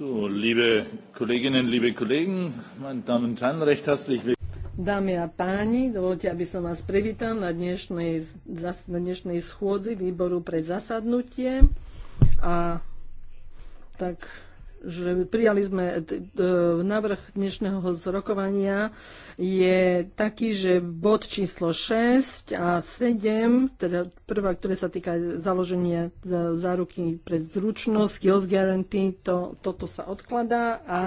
So, liebe Kolleginnen, liebe Kollegen, meine Damen und Herren, recht herzlich willkommen. Dámy a páni, dovolte, aby som vás privítal na dnešnej, na dnešnej schôdzi výboru pre zasadnutie. A tak že prijali sme návrh dnešného zrokovania je taký, že bod číslo 6 a 7, teda prvá, ktoré sa týka založenia záruky pre zručnosť, skills guarantee, to, toto sa odkladá a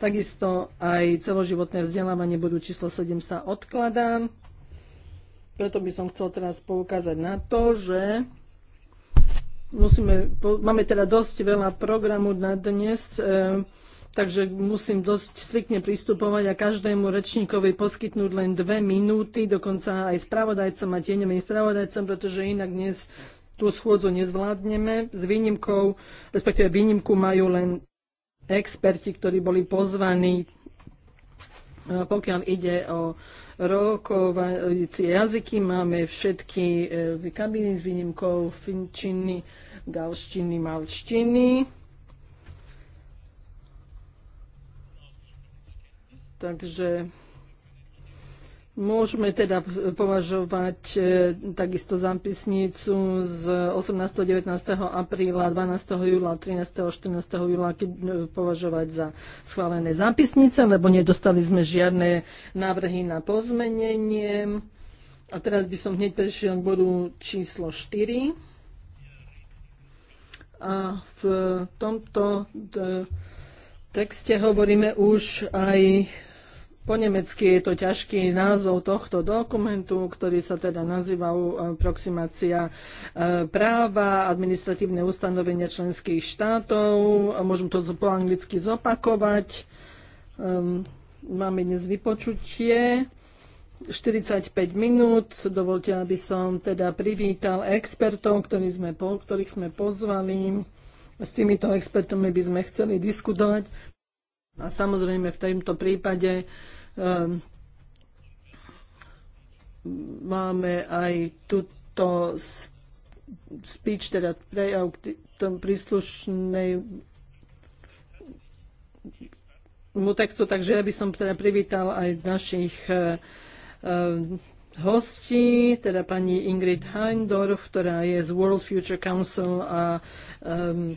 takisto aj celoživotné vzdelávanie bodu číslo 7 sa odkladá. Preto by som chcel teraz poukázať na to, že musíme, máme teda dosť veľa programu na dnes, e, takže musím dosť striktne pristupovať a každému rečníkovi poskytnúť len dve minúty, dokonca aj spravodajcom a tieňovým spravodajcom, pretože inak dnes tú schôdzu nezvládneme. S výnimkou, respektíve výnimku majú len experti, ktorí boli pozvaní pokiaľ ide o rokovacie jazyky, máme všetky e, kabiny s výnimkou finčiny, galštiny, malštiny. Takže Môžeme teda považovať e, takisto zápisnicu z 18. 19. apríla, 12. júla, 13. 14. júla e, považovať za schválené zápisnice, lebo nedostali sme žiadne návrhy na pozmenenie. A teraz by som hneď prešiel k bodu číslo 4. A v tomto e, texte hovoríme už aj po nemecky je to ťažký názov tohto dokumentu, ktorý sa teda nazýva e, aproximácia e, práva, administratívne ustanovenia členských štátov. Môžem to po anglicky zopakovať. Ehm, máme dnes vypočutie. 45 minút. Dovolte, aby som teda privítal expertov, sme, po, ktorých sme pozvali. S týmito expertami by sme chceli diskutovať. A samozrejme v tomto prípade Um, máme aj túto speech, teda prejav k tom príslušnej mu textu, takže ja by som teda privítal aj našich uh, hostí, teda pani Ingrid Heindorf, ktorá je z World Future Council a um,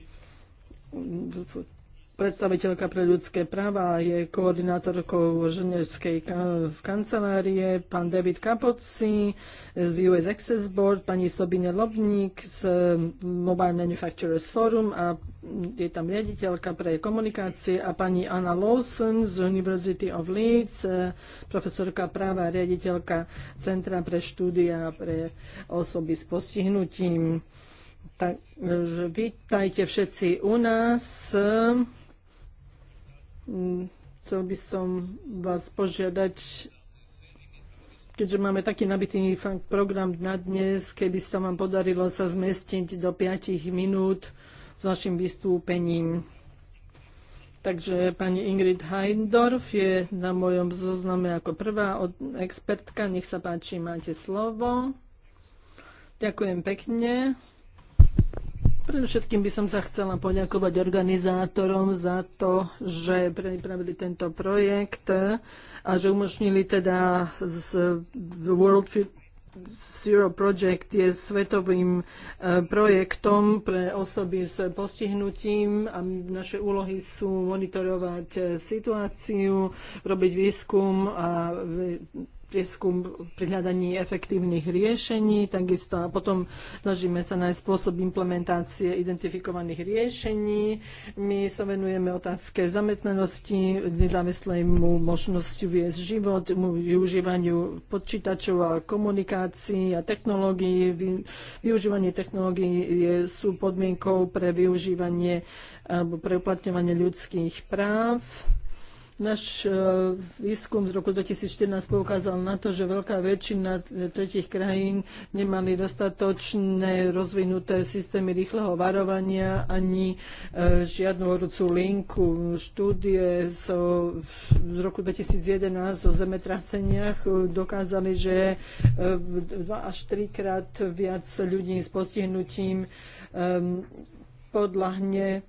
predstaviteľka pre ľudské práva, je koordinátorkou ženevskej v kancelárie, pán David Kapoci z US Access Board, pani Sobine Lobník z Mobile Manufacturers Forum a je tam riaditeľka pre komunikácie a pani Anna Lawson z University of Leeds, e, profesorka práva a riaditeľka Centra pre štúdia pre osoby s postihnutím. Takže vítajte všetci u nás. Mm, chcel by som vás požiadať, keďže máme taký nabitý program na dnes, keby sa vám podarilo sa zmestiť do 5 minút s vašim vystúpením. Takže pani Ingrid Heindorf je na mojom zozname ako prvá od expertka. Nech sa páči, máte slovo. Ďakujem pekne. Predovšetkým by som sa chcela poďakovať organizátorom za to, že pripravili tento projekt a že umožnili teda z World Zero Project je svetovým e, projektom pre osoby s postihnutím a naše úlohy sú monitorovať e, situáciu, robiť výskum a prieskum pri hľadaní efektívnych riešení, takisto a potom snažíme sa nájsť spôsob implementácie identifikovaných riešení. My sa venujeme otázke zametnanosti, nezávislému možnosti viesť život, využívaniu počítačov a komunikácií a technológií. Využívanie technológií je, sú podmienkou pre využívanie alebo pre uplatňovanie ľudských práv. Náš e, výskum z roku 2014 poukázal na to, že veľká väčšina tretich krajín nemali dostatočné rozvinuté systémy rýchleho varovania ani e, žiadnu horúcu linku. Štúdie so, z roku 2011 o zemetraseniach dokázali, že 2 e, až 3 krát viac ľudí s postihnutím podľahne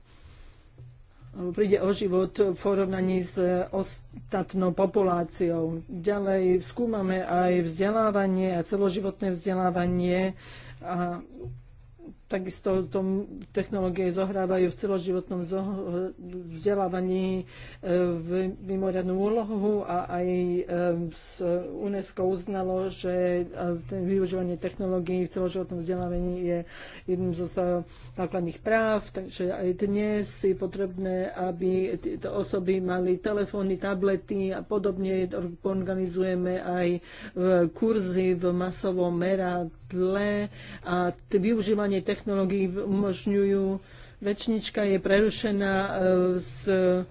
príde o život v porovnaní s e, ostatnou populáciou. Ďalej skúmame aj vzdelávanie a celoživotné vzdelávanie a Takisto tom, technológie zohrávajú v celoživotnom vzdelávaní e, v mimoriadnú úlohu a aj z e, UNESCO uznalo, že e, využívanie technológií v celoživotnom vzdelávaní je jedným zo základných práv, takže aj dnes je potrebné, aby tieto osoby mali telefóny, tablety a podobne. Organizujeme aj kurzy v masovom meradle a využívanie technológií technológií umožňujú. Rečnička je prerušená e, s e,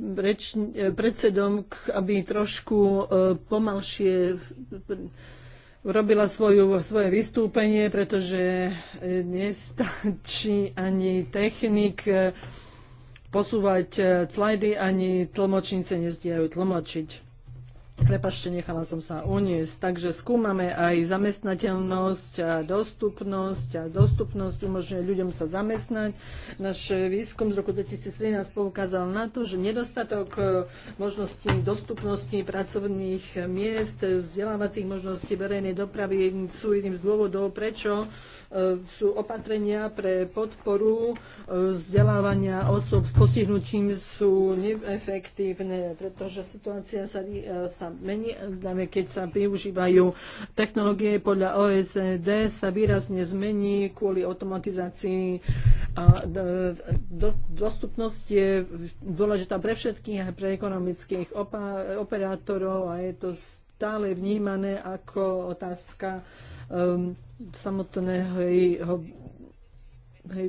e, predsedom, aby trošku pomalšie robila svoju, svoje vystúpenie, pretože nestačí ani technik posúvať slajdy, ani tlmočnice nezdiajú tlmočiť. Prepašte, nechala som sa uniesť. Takže skúmame aj zamestnateľnosť a dostupnosť. A dostupnosť umožňuje ľuďom sa zamestnať. Náš výskum z roku 2013 poukázal na to, že nedostatok e, možností dostupnosti pracovných miest, vzdelávacích možností verejnej dopravy sú jedným z dôvodov, prečo e, sú opatrenia pre podporu e, vzdelávania osob s postihnutím sú neefektívne, pretože situácia sa, sa sa mení, keď sa využívajú technológie podľa OSD, sa výrazne zmení kvôli automatizácii a do, dostupnosť je dôležitá pre všetkých aj pre ekonomických opa, operátorov a je to stále vnímané ako otázka um, samotného jeho, jeho,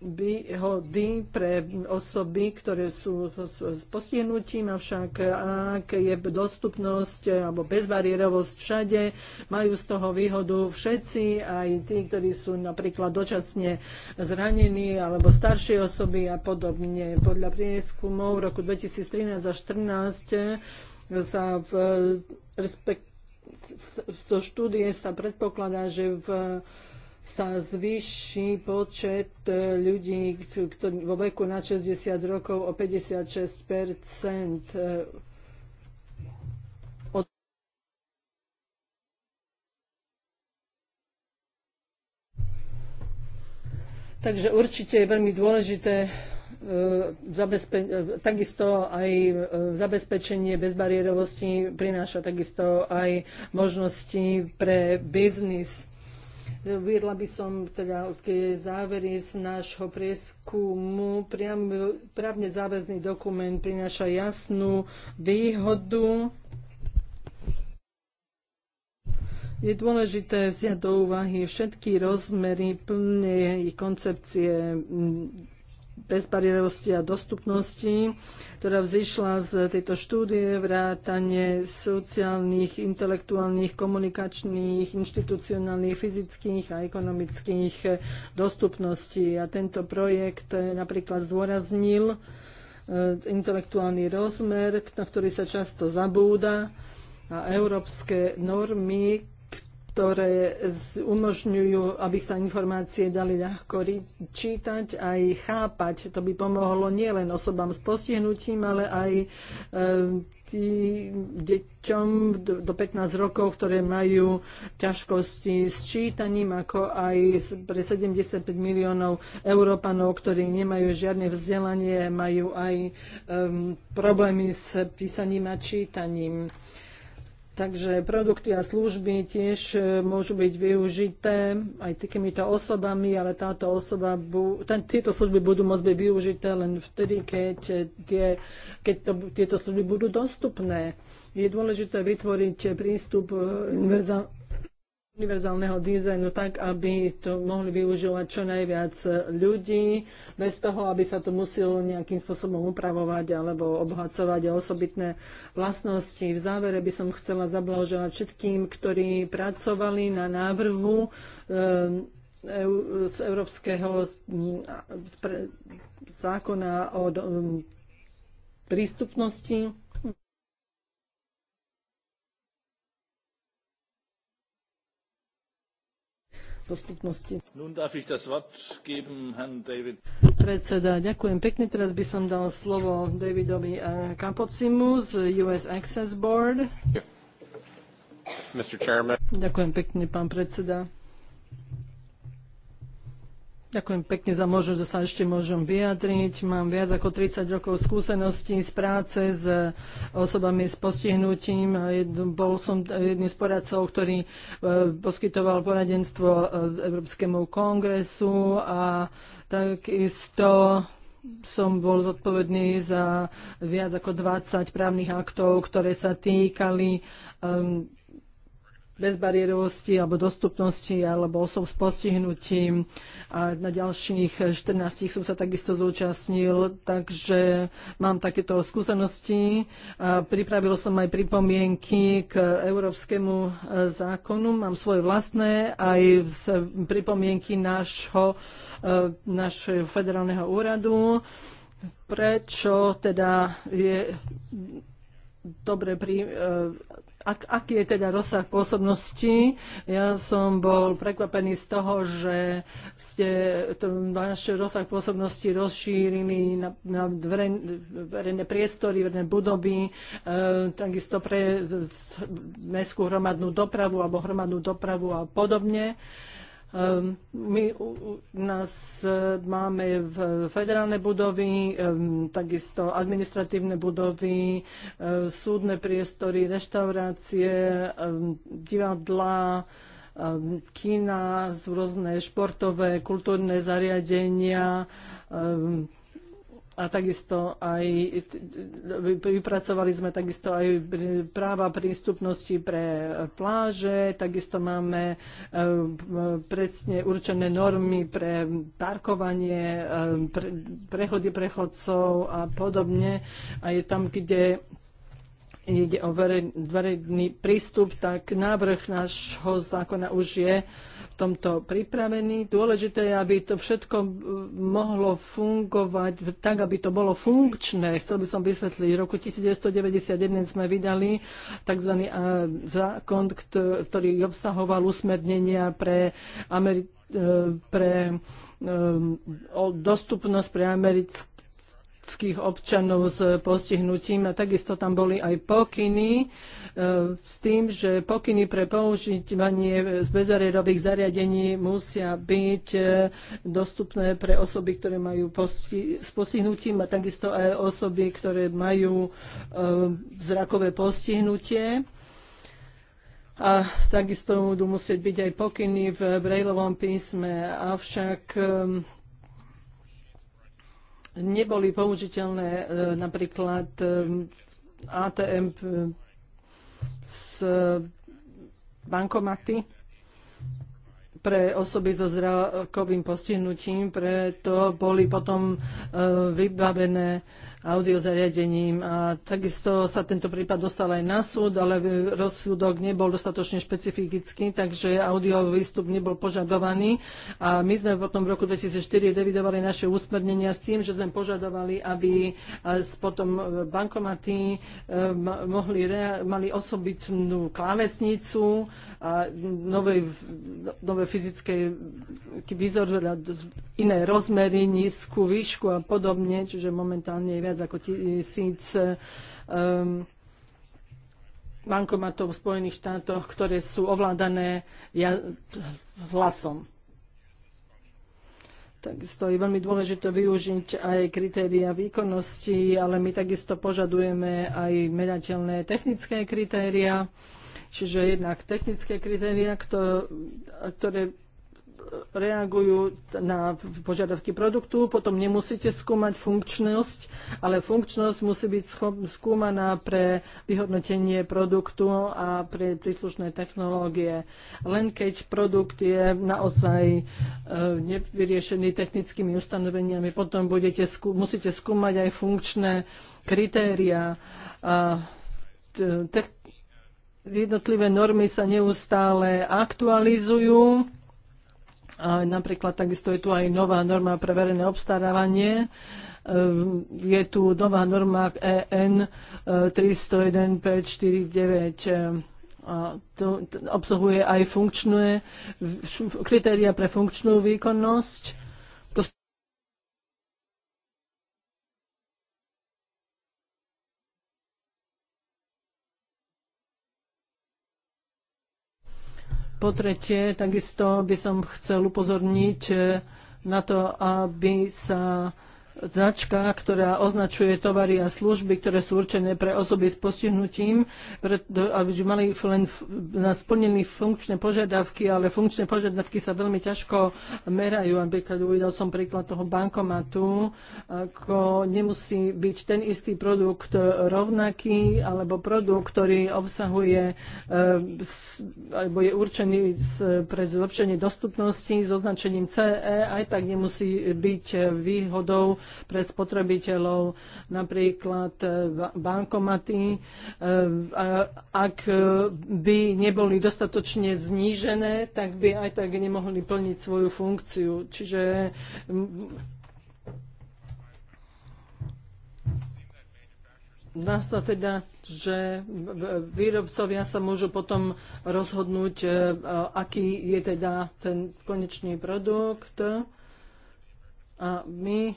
výhody pre osoby, ktoré sú s postihnutím, avšak ak je dostupnosť alebo bezbariérovosť všade, majú z toho výhodu všetci, aj tí, ktorí sú napríklad dočasne zranení alebo staršie osoby a podobne. Podľa prieskumov v roku 2013 a 2014 sa v respekt, štúdie sa predpokladá, že v sa zvýši počet e, ľudí vo veku na 60 rokov o 56 e, Takže určite je veľmi dôležité e, takisto aj zabezpečenie bezbariérovosti prináša takisto aj možnosti pre biznis Viedla by som teda závery z nášho prieskumu. Priam, právne záväzný dokument prináša jasnú výhodu. Je dôležité vziať do úvahy všetky rozmery plnej koncepcie bezbariérovosti a dostupnosti, ktorá vzýšla z tejto štúdie, vrátanie sociálnych, intelektuálnych, komunikačných, inštitucionálnych, fyzických a ekonomických dostupností. A tento projekt napríklad zdôraznil e, intelektuálny rozmer, na ktorý sa často zabúda, a európske normy, ktoré umožňujú, aby sa informácie dali ľahko čítať a aj chápať. To by pomohlo nielen osobám s postihnutím, ale aj e, tí, deťom do, 15 rokov, ktoré majú ťažkosti s čítaním, ako aj pre 75 miliónov Európanov, ktorí nemajú žiadne vzdelanie, majú aj e, problémy s písaním a čítaním. Takže produkty a služby tiež e, môžu byť využité aj takýmito osobami, ale táto osoba, bu- ten, tieto služby budú môcť byť využité len vtedy, keď, e, tie, keď to, tieto služby budú dostupné. Je dôležité vytvoriť prístup e, univerzálny univerzálneho dizajnu tak, aby to mohli využívať čo najviac ľudí, bez toho, aby sa to muselo nejakým spôsobom upravovať alebo obohacovať a osobitné vlastnosti. V závere by som chcela zablahoželať všetkým, ktorí pracovali na návrhu eh, z Európskeho mm, zákona o mm, prístupnosti dostupnosti. Predseda, ďakujem pekne. Teraz by som dal slovo Davidovi Kapocimu eh, z US Access Board. Yeah. Ďakujem pekne, pán predseda. Ďakujem pekne za možnosť, že sa ešte môžem vyjadriť. Mám viac ako 30 rokov skúseností z práce s osobami s postihnutím. Bol som jedným z poradcov, ktorý e, poskytoval poradenstvo e, Európskemu kongresu a takisto som bol zodpovedný za viac ako 20 právnych aktov, ktoré sa týkali e, bezbariérovosti alebo dostupnosti alebo osob s postihnutím. A na ďalších 14 som sa takisto zúčastnil, takže mám takéto skúsenosti. A pripravil som aj pripomienky k európskemu e, zákonu. Mám svoje vlastné aj pripomienky nášho, e, našeho federálneho úradu. Prečo teda je dobre pri, e, ak, aký je teda rozsah pôsobnosti. Ja som bol prekvapený z toho, že ste to, náš rozsah pôsobnosti rozšírili na, na verejné priestory, verejné budovy, e, takisto pre mestskú hromadnú dopravu alebo hromadnú dopravu a podobne. E, Ehm, my u nás e, máme v federálne budovy, ehm, takisto administratívne budovy, e, súdne priestory, reštaurácie, ehm, divadlá, kina, rôzne športové, kultúrne zariadenia, a takisto aj vypracovali sme takisto aj práva prístupnosti pre pláže, takisto máme e, presne určené normy pre parkovanie, e, pre, prechody prechodcov a podobne. A je tam, kde ide o verejný prístup, tak návrh nášho zákona už je v tomto pripravený. Dôležité je, aby to všetko mohlo fungovať tak, aby to bolo funkčné. Chcel by som vysvetliť, v roku 1991 sme vydali tzv. zákon, ktorý obsahoval usmernenia pre Ameri- e, pre e, dostupnosť pre americké európskych občanov s postihnutím a takisto tam boli aj pokyny e, s tým, že pokyny pre používanie bezariadových zariadení musia byť e, dostupné pre osoby, ktoré majú posti- s postihnutím a takisto aj osoby, ktoré majú e, zrakové postihnutie. A takisto budú musieť byť aj pokyny v brejlovom písme. Avšak neboli použiteľné e, napríklad e, ATM z e, bankomaty pre osoby so zrakovým postihnutím, preto boli potom vybavené audiozariadením. A takisto sa tento prípad dostal aj na súd, ale rozsudok nebol dostatočne špecifický, takže audiový výstup nebol požadovaný. A my sme potom v roku 2004 revidovali naše úsmernenia s tým, že sme požadovali, aby potom bankomaty e, mohli, mali osobitnú klávesnicu a nové, nové fyzické výzor, iné rozmery, nízku výšku a podobne, čiže momentálne je viac ako tisíc um, bankomatov v Spojených štátoch, ktoré sú ovládané hlasom. Takisto je veľmi dôležité využiť aj kritéria výkonnosti, ale my takisto požadujeme aj merateľné technické kritéria, čiže jednak technické kritéria, ktoré reagujú na požiadavky produktu, potom nemusíte skúmať funkčnosť, ale funkčnosť musí byť skúmaná pre vyhodnotenie produktu a pre príslušné technológie. Len keď produkt je naozaj e, nevyriešený technickými ustanoveniami, potom budete skú- musíte skúmať aj funkčné kritéria. jednotlivé normy sa neustále aktualizujú napríklad takisto je tu aj nová norma pre verejné obstarávanie. Ehm, je tu nová norma e e, EN 301.549 to obsahuje aj funkčné kritéria pre funkčnú výkonnosť Po tretie, takisto by som chcel upozorniť eh, na to, aby sa značka, ktorá označuje tovary a služby, ktoré sú určené pre osoby s postihnutím, aby mali len na splnené funkčné požiadavky, ale funkčné požiadavky sa veľmi ťažko merajú. Napríklad uvidel som príklad toho bankomatu, ako nemusí byť ten istý produkt rovnaký, alebo produkt, ktorý obsahuje e, alebo je určený pre zlepšenie dostupnosti s označením CE, aj tak nemusí byť výhodou pre spotrebiteľov, napríklad e, bankomaty. E, ak e, by neboli dostatočne znížené, tak by aj tak nemohli plniť svoju funkciu. Čiže mm, Dá sa teda, že výrobcovia sa môžu potom rozhodnúť, aký je teda ten konečný produkt. A my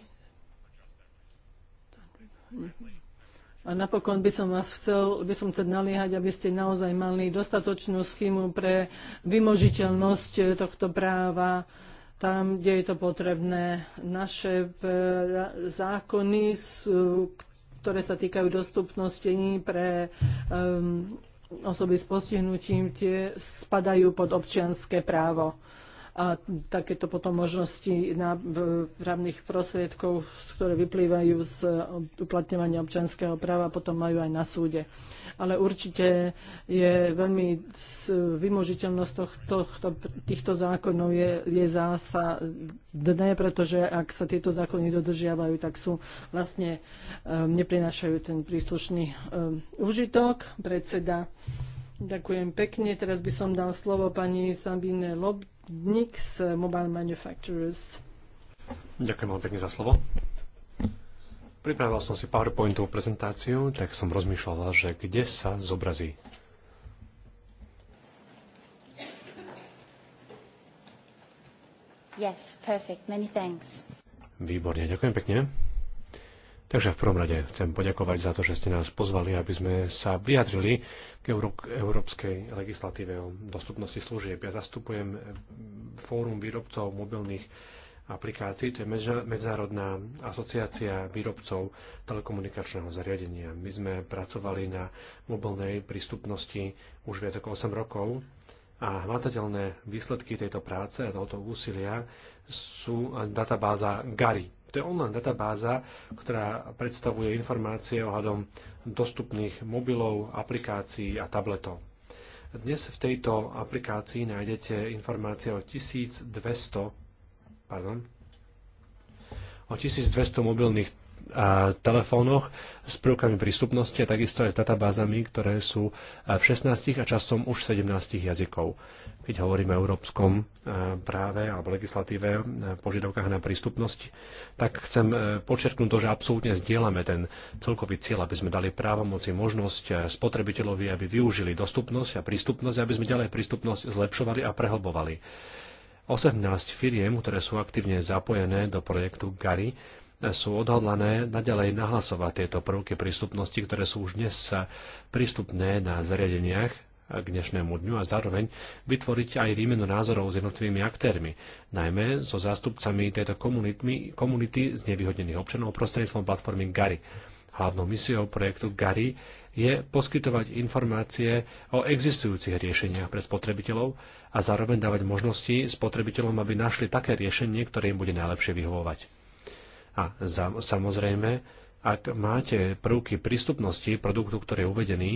a napokon by som vás chcel, by som chcel naliehať, aby ste naozaj mali dostatočnú schému pre vymožiteľnosť tohto práva tam, kde je to potrebné. Naše eh, zákony, sú, ktoré sa týkajú dostupnosti pre um, osoby s postihnutím, tie spadajú pod občianské právo a takéto potom možnosti na právnych prostriedkov, ktoré vyplývajú z uplatňovania občanského práva, potom majú aj na súde. Ale určite je veľmi vymožiteľnosť tohto, týchto zákonov je, je zásadné, pretože ak sa tieto zákony dodržiavajú, tak sú vlastne um, neprinášajú ten príslušný um, užitok. Predseda Ďakujem pekne. Teraz by som dal slovo pani Sabine Lobby. Nix Mobile Manufacturers. Ďakujem vám pekne za slovo. Pripravil som si PowerPointovú prezentáciu, tak som rozmýšľal, že kde sa zobrazí. Yes, perfect. Many thanks. Výborne, ďakujem pekne. Takže v prvom rade chcem poďakovať za to, že ste nás pozvali, aby sme sa vyjadrili k európskej legislatíve o dostupnosti služieb. Ja zastupujem fórum výrobcov mobilných aplikácií, to je Medzinárodná asociácia výrobcov telekomunikačného zariadenia. My sme pracovali na mobilnej prístupnosti už viac ako 8 rokov a hmatateľné výsledky tejto práce a tohoto úsilia sú databáza GARI. To je online databáza, ktorá predstavuje informácie ohľadom dostupných mobilov, aplikácií a tabletov. Dnes v tejto aplikácii nájdete informácie o 1200 pardon, o 1200 mobilných a telefónoch s prvkami prístupnosti a takisto aj s databázami, ktoré sú v 16 a časom už 17 jazykov. Keď hovoríme o európskom e, práve alebo legislatíve e, požiadavkách na prístupnosť, tak chcem e, počerknúť to, že absolútne zdieľame ten celkový cieľ, aby sme dali právomoci možnosť spotrebiteľovi, aby využili dostupnosť a prístupnosť, aby sme ďalej prístupnosť zlepšovali a prehlbovali. 18 firiem, ktoré sú aktívne zapojené do projektu GARI, sú odhodlané naďalej nahlasovať tieto prvky prístupnosti, ktoré sú už dnes prístupné na zariadeniach k dnešnému dňu a zároveň vytvoriť aj výmenu názorov s jednotlivými aktérmi, najmä so zástupcami tejto komunity, komunity z nevyhodnených občanov prostredníctvom platformy GARI. Hlavnou misiou projektu GARI je poskytovať informácie o existujúcich riešeniach pre spotrebiteľov a zároveň dávať možnosti spotrebiteľom, aby našli také riešenie, ktoré im bude najlepšie vyhovovať. A za, samozrejme, ak máte prvky prístupnosti produktu, ktorý je uvedený,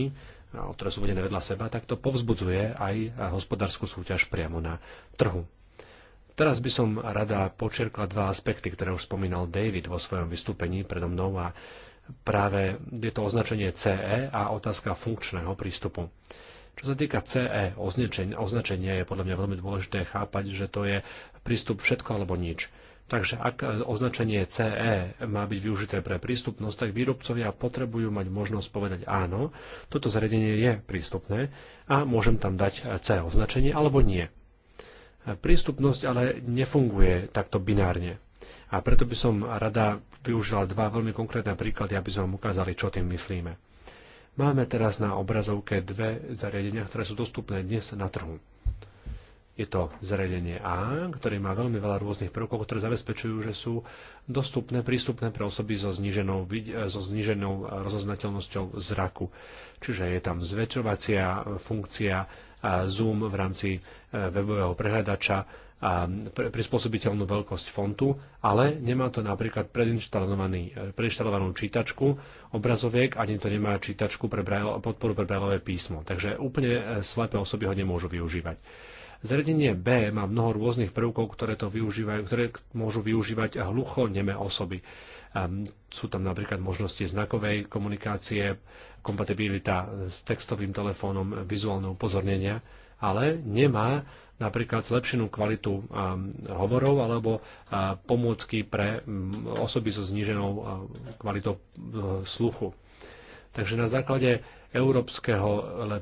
ktoré sú uvedené vedľa seba, tak to povzbudzuje aj hospodárskú súťaž priamo na trhu. Teraz by som rada počerkla dva aspekty, ktoré už spomínal David vo svojom vystúpení predo mnou a práve je to označenie CE a otázka funkčného prístupu. Čo sa týka CE, označenie, označenie je podľa mňa veľmi dôležité chápať, že to je prístup všetko alebo nič. Takže ak označenie CE má byť využité pre prístupnosť, tak výrobcovia potrebujú mať možnosť povedať áno, toto zariadenie je prístupné a môžem tam dať CE označenie alebo nie. Prístupnosť ale nefunguje takto binárne. A preto by som rada využila dva veľmi konkrétne príklady, aby sme vám ukázali, čo tým myslíme. Máme teraz na obrazovke dve zariadenia, ktoré sú dostupné dnes na trhu. Je to zariadenie A, ktoré má veľmi veľa rôznych prvkov, ktoré zabezpečujú, že sú dostupné, prístupné pre osoby so zniženou, so zniženou rozoznateľnosťou zraku. Čiže je tam zväčšovacia funkcia zoom v rámci e, webového prehľadača, a prispôsobiteľnú veľkosť fontu, ale nemá to napríklad predinštalovanú e, čítačku obrazoviek, ani to nemá čítačku pre braille, podporu pre brajlové písmo. Takže úplne e, slepé osoby ho nemôžu využívať. Zredenie B má mnoho rôznych prvkov, ktoré, to využívajú, ktoré môžu využívať hlucho neme osoby. Ehm, sú tam napríklad možnosti znakovej komunikácie, kompatibilita s textovým telefónom, vizuálne upozornenia, ale nemá napríklad zlepšenú kvalitu ehm, hovorov alebo ehm, pomôcky pre osoby so zníženou kvalitou e, sluchu. Takže na základe európskeho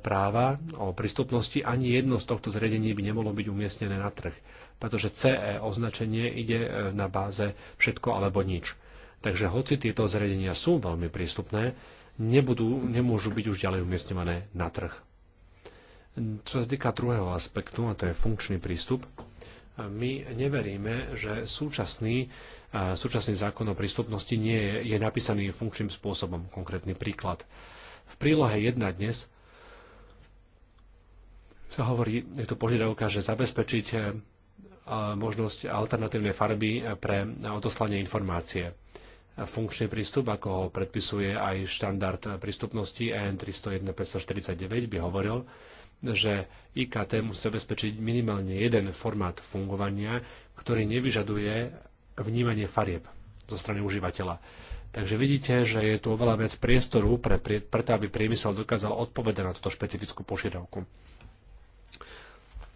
práva o prístupnosti ani jedno z tohto zredení by nemohlo byť umiestnené na trh, pretože CE označenie ide e, na báze všetko alebo nič. Takže hoci tieto zredenia sú veľmi prístupné, nebudú, nemôžu byť už ďalej umiestňované na trh. Čo sa týka druhého aspektu, a to je funkčný prístup, e, my neveríme, že súčasný, e, súčasný zákon o prístupnosti nie je, je napísaný funkčným spôsobom. Konkrétny príklad. V prílohe 1 dnes sa hovorí, je tu požiadavka, že zabezpečiť eh, možnosť alternatívnej farby eh, pre odoslanie informácie. Funkčný prístup, ako ho predpisuje aj štandard eh, prístupnosti EN 301-549, by hovoril, že IKT musí zabezpečiť minimálne jeden formát fungovania, ktorý nevyžaduje vnímanie farieb zo strany užívateľa. Takže vidíte, že je tu oveľa viac priestoru pre, preto, aby priemysel dokázal odpovedať na túto špecifickú požiadavku.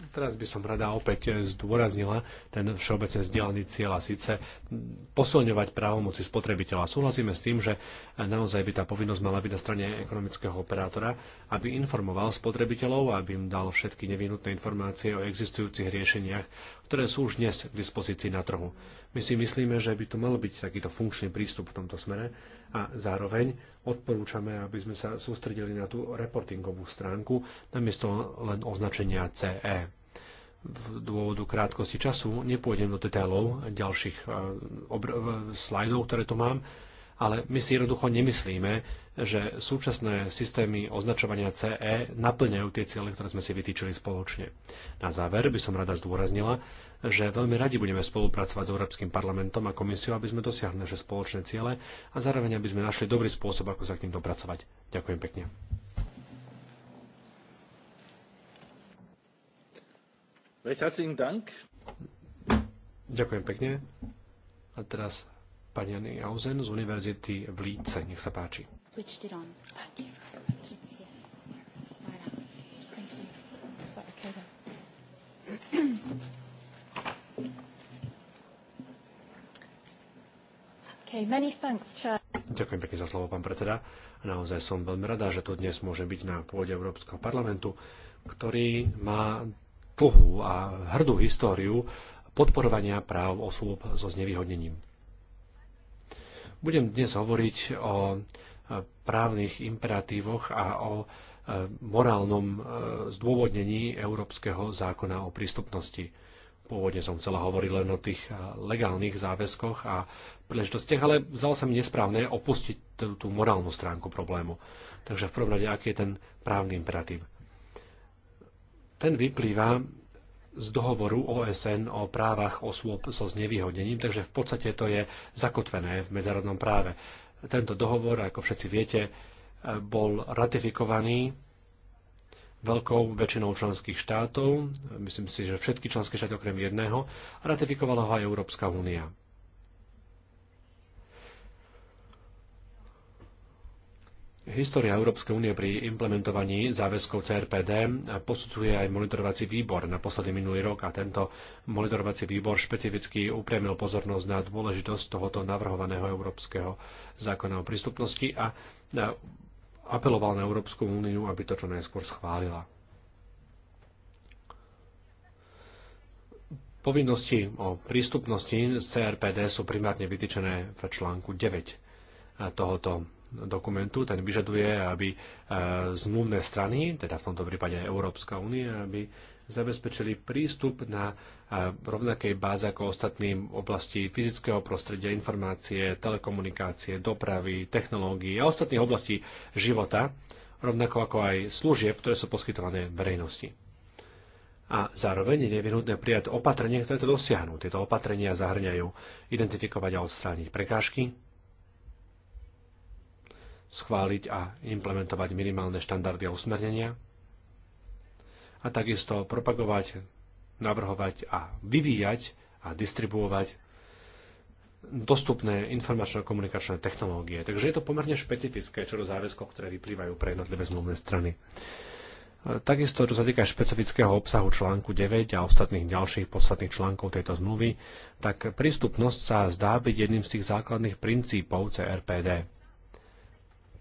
Teraz by som rada opäť zdôraznila ten všeobecne vzdialený cieľ a síce posilňovať právomoci spotrebiteľa. Súhlasíme s tým, že naozaj by tá povinnosť mala byť na strane ekonomického operátora, aby informoval spotrebiteľov, aby im dal všetky nevyhnutné informácie o existujúcich riešeniach, ktoré sú už dnes k dispozícii na trhu. My si myslíme, že by tu mal byť takýto funkčný prístup v tomto smere a zároveň odporúčame, aby sme sa sústredili na tú reportingovú stránku namiesto len označenia CE. V dôvodu krátkosti času nepôjdem do detailov ďalších eh, eh, slajdov, ktoré tu mám, ale my si jednoducho nemyslíme, že súčasné systémy označovania CE naplňajú tie ciele, ktoré sme si vytýčili spoločne. Na záver by som rada zdôraznila, že veľmi radi budeme spolupracovať s Európskym parlamentom a komisiou, aby sme dosiahli naše spoločné ciele a zároveň aby sme našli dobrý spôsob, ako sa k ním dopracovať. Ďakujem pekne. Ďakujem pekne. A teraz pani Anny Hausen z Univerzity v Líce. Nech sa páči switched it on. Thank you very much. It's here. Right on. Thank you. Is that okay then? okay, many thanks, Chair. Ďakujem pekne za slovo, pán predseda. Naozaj som veľmi rada, že tu dnes môže byť na pôde Európskeho parlamentu, ktorý má dlhú a hrdú históriu podporovania práv osôb so znevýhodnením. Budem dnes hovoriť o právnych imperatívoch a o e, morálnom e, zdôvodnení Európskeho zákona o prístupnosti. Pôvodne som chcela hovoriť len o tých e, legálnych záväzkoch a príležitostiach, ale vzal sa mi nesprávne opustiť tú, tú morálnu stránku problému. Takže v prvom rade, aký je ten právny imperatív? Ten vyplýva z dohovoru OSN o právach osôb so znevýhodnením, takže v podstate to je zakotvené v medzárodnom práve. Tento dohovor, ako všetci viete, bol ratifikovaný veľkou väčšinou členských štátov, myslím si, že všetky členské štáty okrem jedného, ratifikovala ho aj Európska únia. História Európskej únie pri implementovaní záväzkov CRPD posudzuje aj monitorovací výbor na posledný minulý rok a tento monitorovací výbor špecificky upriamil pozornosť na dôležitosť tohoto navrhovaného európskeho zákona o prístupnosti a apeloval na Európsku úniu, aby to čo najskôr schválila. Povinnosti o prístupnosti z CRPD sú primárne vytýčené v článku 9 tohoto dokumentu, ten vyžaduje, aby e, zmluvné strany, teda v tomto prípade Európska únia, aby zabezpečili prístup na e, rovnakej báze ako ostatným oblasti fyzického prostredia, informácie, telekomunikácie, dopravy, technológií a ostatných oblastí života, rovnako ako aj služieb, ktoré sú poskytované verejnosti. A zároveň je nevyhnutné prijať opatrenia, ktoré to dosiahnu. Tieto opatrenia zahrňajú identifikovať a odstrániť prekážky, schváliť a implementovať minimálne štandardy a usmernenia a takisto propagovať, navrhovať a vyvíjať a distribuovať dostupné informačno-komunikačné technológie. Takže je to pomerne špecifické čo do záväzkov, ktoré vyplývajú pre jednotlivé zmluvné strany. Takisto, čo sa týka špecifického obsahu článku 9 a ostatných ďalších podstatných článkov tejto zmluvy, tak prístupnosť sa zdá byť jedným z tých základných princípov CRPD.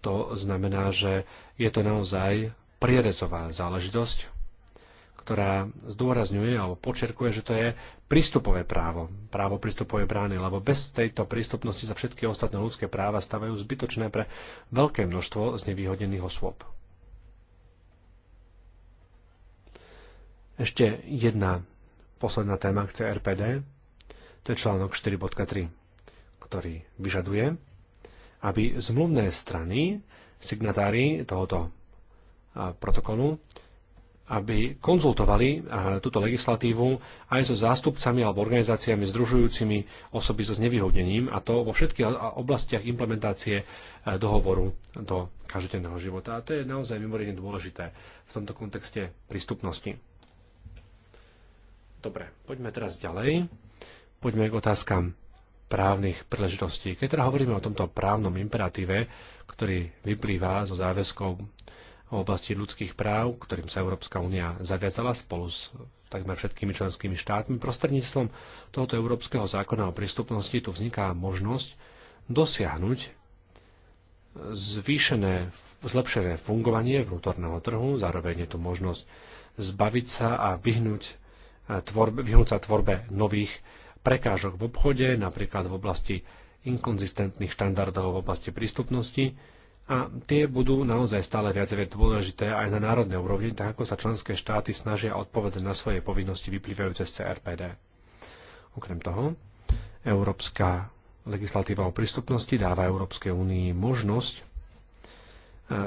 To znamená, že je to naozaj prierezová záležitosť, ktorá zdôrazňuje alebo počerkuje, že to je prístupové právo, právo prístupové brány, lebo bez tejto prístupnosti sa všetky ostatné ľudské práva stavajú zbytočné pre veľké množstvo znevýhodnených osôb. Ešte jedna posledná téma k RPD, to je článok 4.3, ktorý vyžaduje, aby zmluvné strany, signatári tohoto protokolu, aby konzultovali túto legislatívu aj so zástupcami alebo organizáciami združujúcimi osoby so znevýhodnením a to vo všetkých oblastiach implementácie dohovoru do každodenného života. A to je naozaj mimoriadne dôležité v tomto kontexte prístupnosti. Dobre, poďme teraz ďalej. Poďme k otázkam právnych príležitostí. Keď teda hovoríme o tomto právnom imperatíve, ktorý vyplýva zo záväzkov v oblasti ľudských práv, ktorým sa Európska únia zaviazala spolu s takmer všetkými členskými štátmi, prostredníctvom tohoto Európskeho zákona o prístupnosti tu vzniká možnosť dosiahnuť zvýšené, zlepšené fungovanie vnútorného trhu, zároveň je tu možnosť zbaviť sa a vyhnúť, tvorbe, vyhnúť sa tvorbe nových prekážok v obchode, napríklad v oblasti inkonzistentných štandardov v oblasti prístupnosti a tie budú naozaj stále viac dôležité aj na národnej úrovni, tak ako sa členské štáty snažia odpovedať na svoje povinnosti vyplývajúce z CRPD. Okrem toho, európska legislatíva o prístupnosti dáva Európskej únii možnosť eh,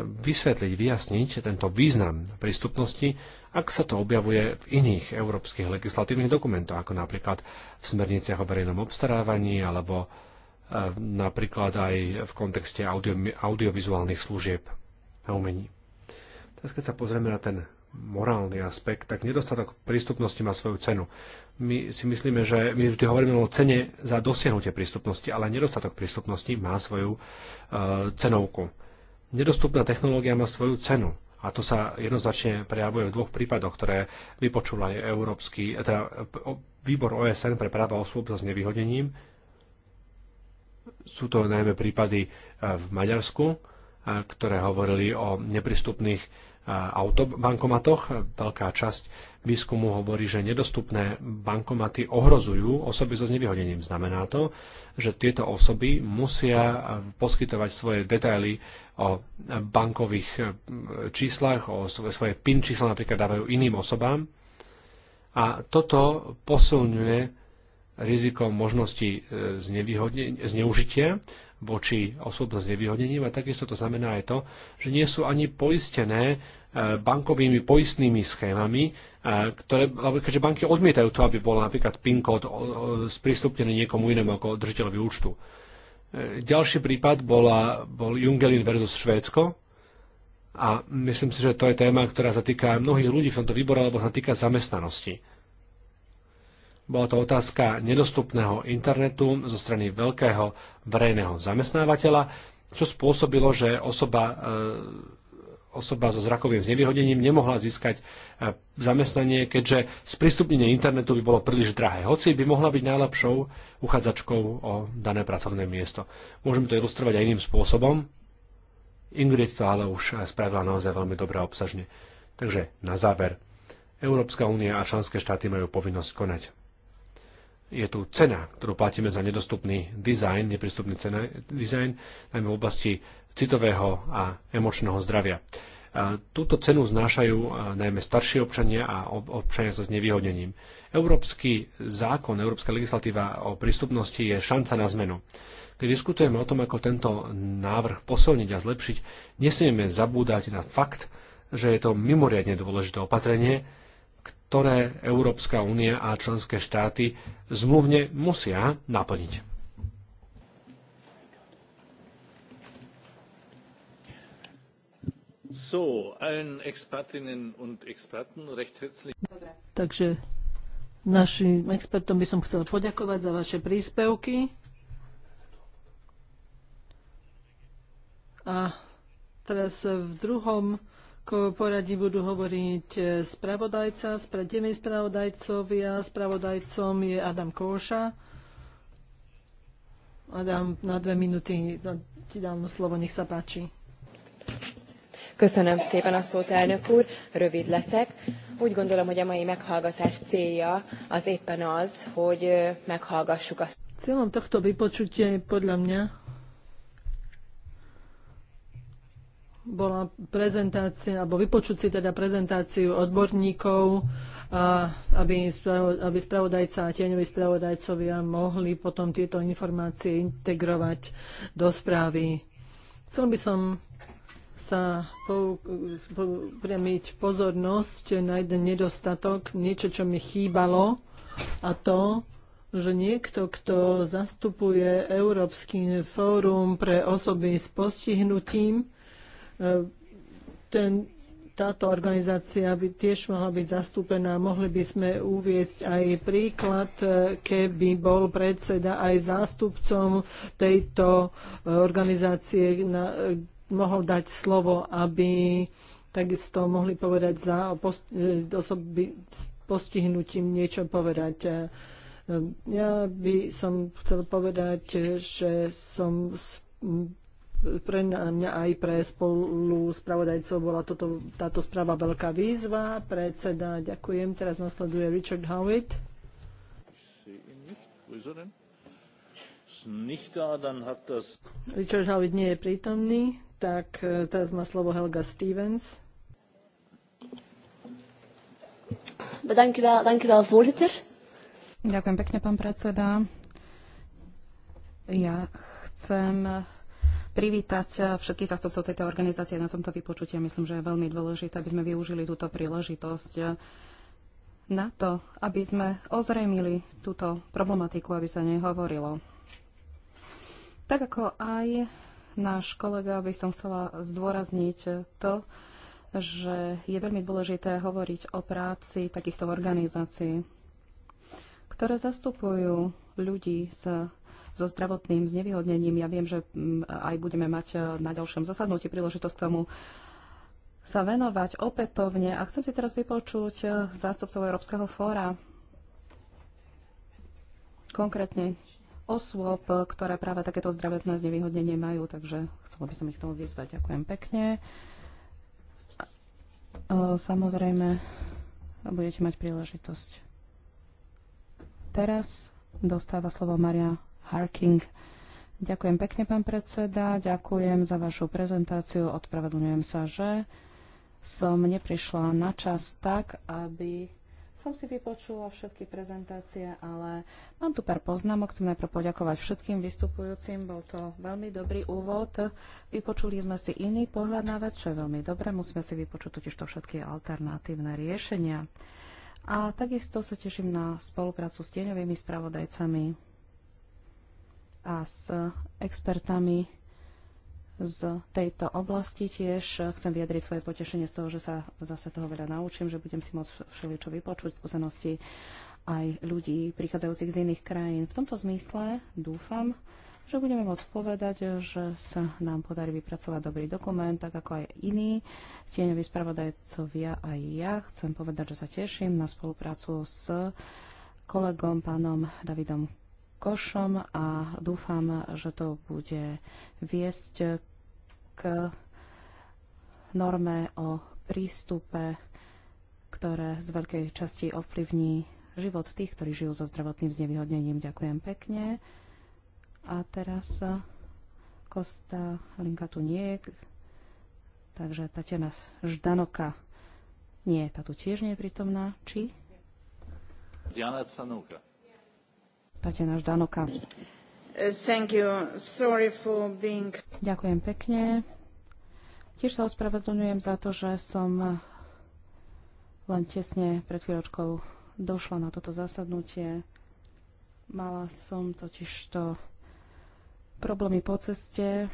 vysvetliť, vyjasniť tento význam prístupnosti ak sa to objavuje v iných európskych legislatívnych dokumentoch, ako napríklad v smerniciach o verejnom obstarávaní alebo e, napríklad aj v kontexte audio, audiovizuálnych služieb a umení. Teraz keď sa pozrieme na ten morálny aspekt, tak nedostatok prístupnosti má svoju cenu. My si myslíme, že my vždy hovoríme o cene za dosiahnutie prístupnosti, ale nedostatok prístupnosti má svoju e, cenovku. Nedostupná technológia má svoju cenu a to sa jednoznačne prejavuje v dvoch prípadoch, ktoré vypočul aj Európsky, teda výbor OSN pre práva osôb s znevýhodnením. Sú to najmä prípady e, v Maďarsku, e, ktoré hovorili o neprístupných e, autobankomatoch. Veľká časť výskumu hovorí, že nedostupné bankomaty ohrozujú osoby so znevýhodením. Znamená to, že tieto osoby musia poskytovať svoje detaily o bankových e, číslach, o svoje PIN čísla napríklad dávajú iným osobám. A toto posilňuje riziko možnosti e, zneužitia voči osobom s a takisto to znamená aj to, že nie sú ani poistené e, bankovými poistnými schémami, ktoré, keďže banky odmietajú to, aby bol napríklad PIN kód sprístupnený niekomu inému ako držiteľovi účtu. E, ďalší prípad bola, bol Jungelin versus Švédsko. A myslím si, že to je téma, ktorá sa týka mnohých ľudí v tomto výbore, alebo sa týka zamestnanosti. Bola to otázka nedostupného internetu zo strany veľkého verejného zamestnávateľa, čo spôsobilo, že osoba e, osoba so zrakovým znevýhodením nemohla získať e, zamestnanie, keďže sprístupnenie internetu by bolo príliš drahé, hoci by mohla byť najlepšou uchádzačkou o dané pracovné miesto. Môžeme to ilustrovať aj iným spôsobom. Ingrid to ale už e, spravila naozaj veľmi dobre a obsažne. Takže na záver, Európska únia a členské štáty majú povinnosť konať. Je tu cena, ktorú platíme za nedostupný dizajn, neprístupný cena, dizajn, najmä v oblasti citového a emočného zdravia. Túto cenu znášajú najmä starší občania a občania so znevýhodnením. Európsky zákon, európska legislatíva o prístupnosti je šanca na zmenu. Keď diskutujeme o tom, ako tento návrh posilniť a zlepšiť, nesmieme zabúdať na fakt, že je to mimoriadne dôležité opatrenie, ktoré Európska únia a členské štáty zmluvne musia naplniť. So, allen Expertinnen und Experten recht herzlich. Takže našim expertom by som chcel poďakovať za vaše príspevky. A teraz v druhom poradí budú hovoriť spravodajca, spredemi spravodajcovia. Spravodajcom je Adam Koša. Adam, na dve minúty no, ti dám slovo, nech sa páči. Köszönöm szépen a szót, elnök úr. Rövid leszek. Úgy gondolom, hogy a mai meghallgatás célja az éppen az, hogy meghallgassuk azt. Célom tohto vypočutia je podľa mňa bola prezentácia, alebo vypočuť si teda prezentáciu odborníkov, a aby, aby spravodajca a tieňoví spravodajcovia mohli potom tieto informácie integrovať do správy. Chcel by som sa priamiť pozornosť na jeden nedostatok, niečo, čo mi chýbalo, a to, že niekto, kto zastupuje Európsky fórum pre osoby s postihnutím, e, ten, táto organizácia by tiež mohla byť zastúpená. Mohli by sme uviesť aj príklad, e, keby bol predseda aj zástupcom tejto e, organizácie, na, mohol dať slovo, aby takisto mohli povedať za post, e, osoby s postihnutím niečo povedať. E, ja by som chcel povedať, že som pre mňa aj pre spolu spravodajcov bola toto, táto správa veľká výzva. Predseda, ďakujem. Teraz nasleduje Richard Howitt. Richard Howitt nie je prítomný, tak e, teraz má slovo Helga Stevens. Ďakujem pekne, pán predseda. Ja chcem privítať všetkých zastupcov tejto organizácie na tomto vypočutí. Myslím, že je veľmi dôležité, aby sme využili túto príležitosť na to, aby sme ozrejmili túto problematiku, aby sa nehovorilo. Tak ako aj náš kolega, by som chcela zdôrazniť to, že je veľmi dôležité hovoriť o práci takýchto organizácií, ktoré zastupujú ľudí s, so zdravotným znevýhodnením. Ja viem, že mm, aj budeme mať e, na ďalšom zasadnutí príležitosť tomu sa venovať opätovne. A chcem si teraz vypočuť e, zástupcov Európskeho fóra, konkrétne osôb, ktoré práve takéto zdravotné znevýhodnenie majú, takže chcela by som ich tomu vyzvať. Ďakujem pekne. E, samozrejme, budete mať príležitosť. Teraz dostáva slovo Maria Harking. Ďakujem pekne, pán predseda. Ďakujem za vašu prezentáciu. Odpravedlňujem sa, že som neprišla na čas tak, aby som si vypočula všetky prezentácie, ale mám tu pár poznámok. Chcem najprv poďakovať všetkým vystupujúcim. Bol to veľmi dobrý úvod. Vypočuli sme si iný pohľad na vec, čo je veľmi dobré. Musíme si vypočuť totiž to všetky alternatívne riešenia. A takisto sa teším na spoluprácu s tieňovými spravodajcami a s expertami z tejto oblasti. Tiež chcem vyjadriť svoje potešenie z toho, že sa zase toho veľa naučím, že budem si môcť všeličo vypočuť skúsenosti aj ľudí prichádzajúcich z iných krajín. V tomto zmysle dúfam, že budeme môcť povedať, že sa nám podarí vypracovať dobrý dokument, tak ako aj iní tieňoví spravodajcovia aj ja. Chcem povedať, že sa teším na spoluprácu s kolegom pánom Davidom košom a dúfam, že to bude viesť k norme o prístupe, ktoré z veľkej časti ovplyvní život tých, ktorí žijú so zdravotným znevýhodnením. Ďakujem pekne. A teraz Kosta Linka tu nie je, takže Tatiana Ždanoka nie, tá tu tiež nie je prítomná. Či? Diana Canuka. Tatiana Ždanoka. Being... Ďakujem pekne. Tiež sa ospravedlňujem za to, že som len tesne pred chvíľočkou došla na toto zasadnutie. Mala som totiž to problémy po ceste.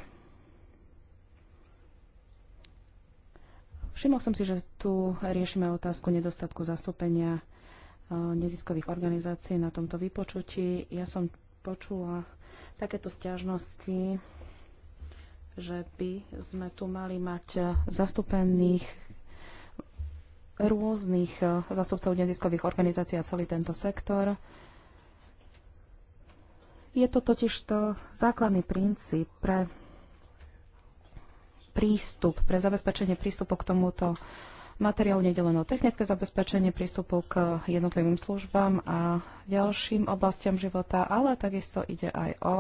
Všimol som si, že tu riešime otázku nedostatku zastúpenia Eh, neziskových organizácií na tomto vypočutí. Ja som počula takéto stiažnosti, že by sme tu mali mať eh, zastúpených rôznych eh, zastupcov neziskových organizácií a celý tento sektor. Je to totiž to základný princíp pre prístup, pre zabezpečenie prístupu k tomuto Materiál nedelen o technické zabezpečenie prístupu k jednotlivým službám a ďalším oblastiam života, ale takisto ide aj o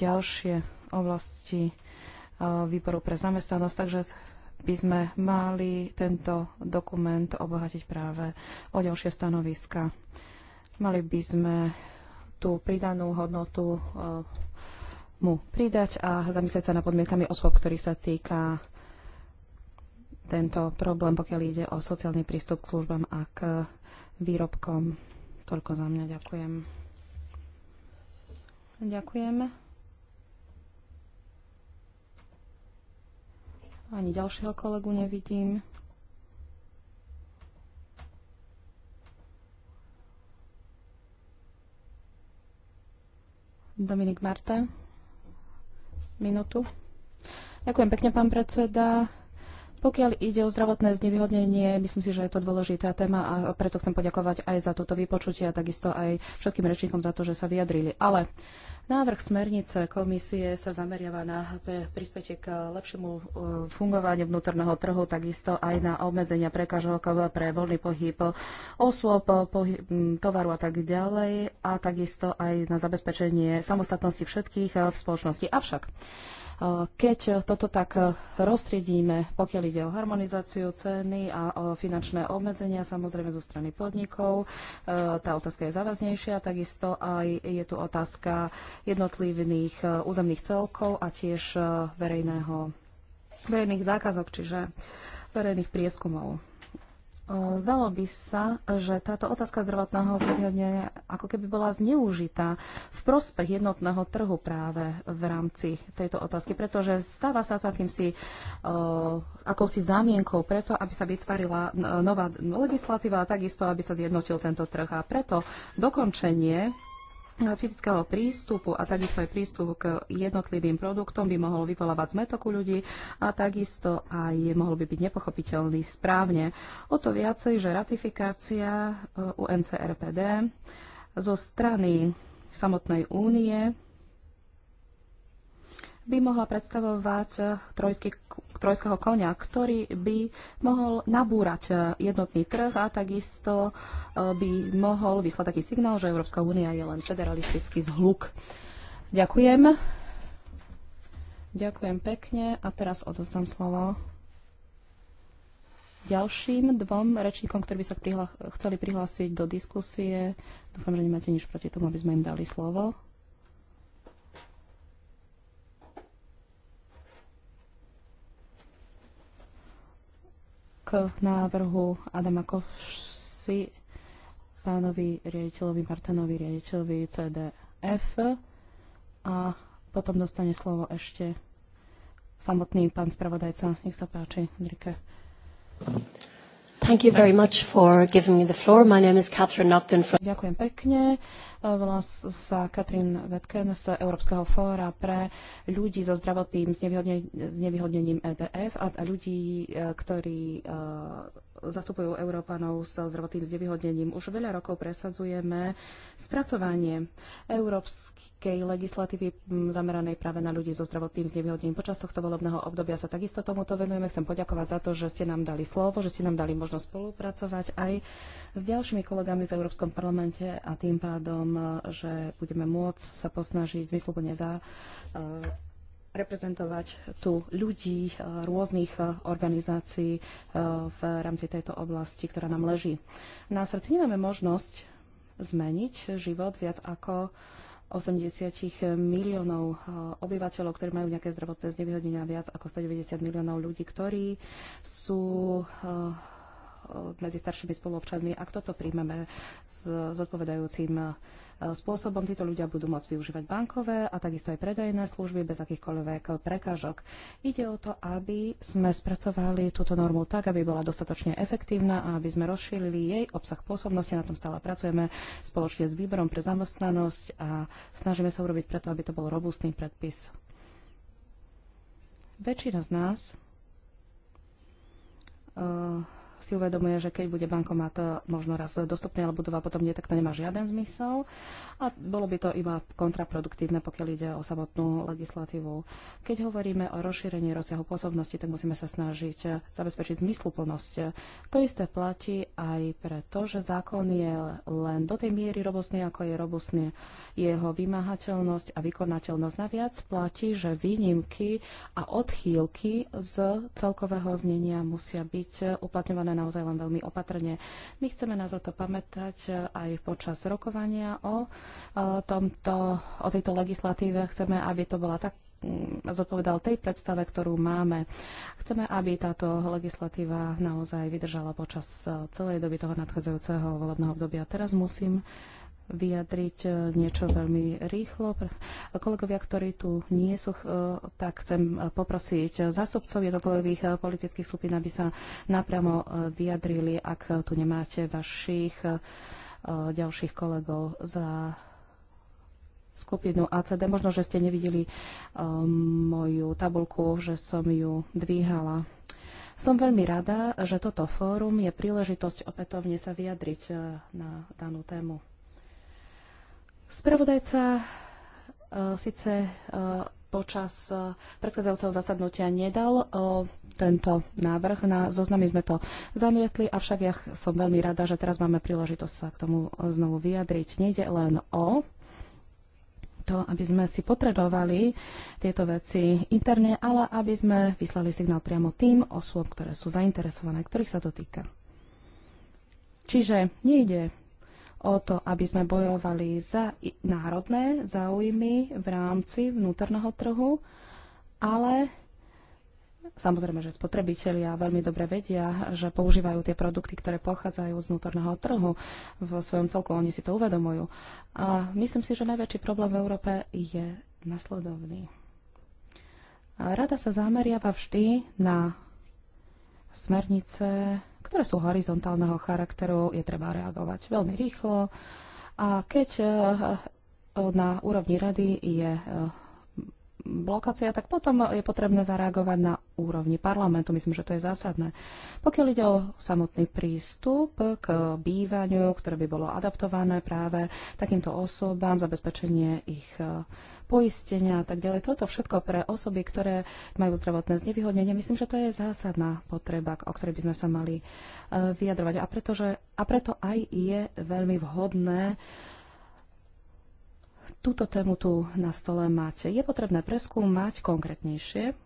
ďalšie oblasti e, výboru pre zamestnanosť. Takže by sme mali tento dokument obohatiť práve o ďalšie stanoviska. Mali by sme tú pridanú hodnotu e, mu pridať a zamyslieť sa na podmienkami osôb, ktorých sa týka tento problém, pokiaľ ide o sociálny prístup k službám a k výrobkom. Toľko za mňa, ďakujem. Ďakujem. Ani ďalšieho kolegu nevidím. Dominik Marta. Minútu. Ďakujem pekne, pán predseda. Pokiaľ ide o zdravotné znevýhodnenie, myslím si, že je to dôležitá téma a preto chcem poďakovať aj za toto vypočutie a takisto aj všetkým rečníkom za to, že sa vyjadrili. Ale návrh smernice komisie sa zameriava na prispätie k lepšiemu e, fungovaniu vnútorného trhu, takisto aj na obmedzenia prekažok pre voľný pohyb osôb, pohyb, tovaru a tak ďalej a takisto aj na zabezpečenie samostatnosti všetkých e, v spoločnosti. Avšak keď toto tak roztriedíme, pokiaľ ide o harmonizáciu ceny a o finančné obmedzenia, samozrejme zo strany podnikov, e, tá otázka je závaznejšia, takisto aj je tu otázka jednotlivých e, územných celkov a tiež e, verejného, verejných zákazok, čiže verejných prieskumov. Hm, e, zdalo by sa, že táto otázka zdravotného znevýhodnenia ako keby bola zneužitá v prospech jednotného trhu práve v rámci tejto otázky, pretože stáva sa to akýmsi e, akousi zámienkou preto, aby sa vytvarila nová legislatíva a takisto, aby sa zjednotil tento trh. A preto dokončenie No, fyzického prístupu a takisto aj prístup k jednotlivým produktom by mohol vyvolávať zmetok u ľudí a takisto aj mohol by byť nepochopiteľný správne. O to viacej, že ratifikácia e, UNCRPD zo strany samotnej únie by mohla predstavovať e, trojský trojského konia, ktorý by mohol nabúrať e, jednotný trh a takisto e, by mohol vyslať taký signál, že Európska únia je len federalistický zhluk. Ďakujem. Ďakujem pekne a teraz odozdám slovo ďalším dvom rečníkom, ktorí by sa prihla- chceli prihlásiť do diskusie. Dúfam, že nemáte nič proti tomu, aby sme im dali slovo. k návrhu Adama Koši, pánovi riaditeľovi Martanovi, riaditeľovi CDF a potom dostane slovo ešte samotný pán spravodajca. Nech sa páči, Drike. Thank you very much for giving me the floor. My name is Catherine Nocton from... Ďakujem pekne. Eh, Volám sa Katrin Vetken z Európskeho fóra pre ľudí so zdravotným znevýhodnením EDF a ľudí, eh, ktorí eh, zastupujú Európanov s zdravotným znevýhodnením. Už veľa rokov presadzujeme spracovanie európskej legislatívy zameranej práve na ľudí so zdravotným znevýhodnením. Počas tohto volebného obdobia sa takisto tomuto venujeme. Chcem poďakovať za to, že ste nám dali slovo, že ste nám dali možnosť spolupracovať aj s ďalšími kolegami v Európskom parlamente a tým pádom, že budeme môcť sa posnažiť zmysluplne za eh, reprezentovať tu ľudí eh, rôznych eh, organizácií eh, v rámci tejto oblasti, ktorá nám leží. Na srdci nemáme možnosť zmeniť život viac ako 80 miliónov obyvateľov, ktorí majú nejaké zdravotné znevýhodnenia, viac ako 190 miliónov ľudí, ktorí sú medzi staršími spoluobčanmi, ak toto príjmeme s zodpovedajúcim spôsobom. Títo ľudia budú môcť využívať bankové a takisto aj predajné služby bez akýchkoľvek prekážok. Ide o to, aby sme spracovali túto normu tak, aby bola dostatočne efektívna a aby sme rozšírili jej obsah pôsobnosti. Na tom stále pracujeme spoločne s výborom pre zamestnanosť a snažíme sa urobiť preto, aby to bol robustný predpis. Väčšina z nás uh, si uvedomuje, že keď bude bankomat e, možno raz dostupný, ale budova potom nie, tak to nemá žiaden zmysel. A bolo by to iba kontraproduktívne, pokiaľ ide o samotnú legislatívu. Keď hovoríme o rozšírení rozsahu pôsobnosti, tak musíme sa snažiť e, zabezpečiť zmysluplnosť. To isté platí aj preto, že zákon je len do tej miery robustný, ako je robustný jeho vymáhateľnosť a vykonateľnosť. Naviac platí, že výnimky a odchýlky z celkového znenia musia byť uplatňované vnímané naozaj len veľmi opatrne. My chceme na toto pamätať eh, aj počas rokovania o, eh, tomto, o tejto legislatíve. Chceme, aby to bola tak mm, zodpovedal tej predstave, ktorú máme. Chceme, aby táto legislatíva naozaj vydržala počas eh, celej doby toho nadchádzajúceho volebného obdobia. Teraz musím vyjadriť e, niečo veľmi rýchlo. Kolegovia, ktorí tu nie sú, e, tak chcem e, poprosiť zástupcov jednotlivých politických skupín, aby sa napriamo vyjadrili, ak tu nemáte vašich ďalších kolegov za skupinu ACD. Možno, že ste nevideli moju tabulku, že som ju dvíhala. Som veľmi rada, že toto fórum je príležitosť opätovne sa vyjadriť na danú tému. Spravodajca e, síce e, počas e, predchádzajúceho zasadnutia nedal tento návrh. Na zoznamy sme to zamietli, avšak ja som veľmi rada, že teraz máme príležitosť sa k tomu znovu vyjadriť. Nejde len o to, aby sme si potrebovali tieto veci interne, ale aby sme vyslali signál priamo tým osôb, ktoré sú zainteresované, ktorých sa to týka. Čiže nejde o to, aby sme bojovali za národné záujmy v rámci vnútorného trhu, ale Samozrejme, že spotrebitelia veľmi dobre vedia, že používajú tie produkty, ktoré pochádzajú z vnútorného trhu vo svojom celku. Oni si to uvedomujú. A myslím si, že najväčší problém v Európe je nasledovný. Rada sa zameriava vždy na smernice ktoré sú horizontálneho charakteru, je treba reagovať veľmi rýchlo. A keď eh, na úrovni rady je eh, blokácia, tak potom je potrebné zareagovať na úrovni parlamentu. Myslím, že to je zásadné. Pokiaľ ide o samotný prístup k bývaniu, ktoré by bolo adaptované práve takýmto osobám, zabezpečenie ich e, poistenia a tak ďalej. Toto všetko pre osoby, ktoré majú zdravotné znevýhodnenie, myslím, že to je zásadná potreba, o ktorej by sme sa mali e, vyjadrovať. A, pretože, a preto aj je veľmi vhodné túto tému tu na stole máte. Je potrebné preskúmať konkrétnejšie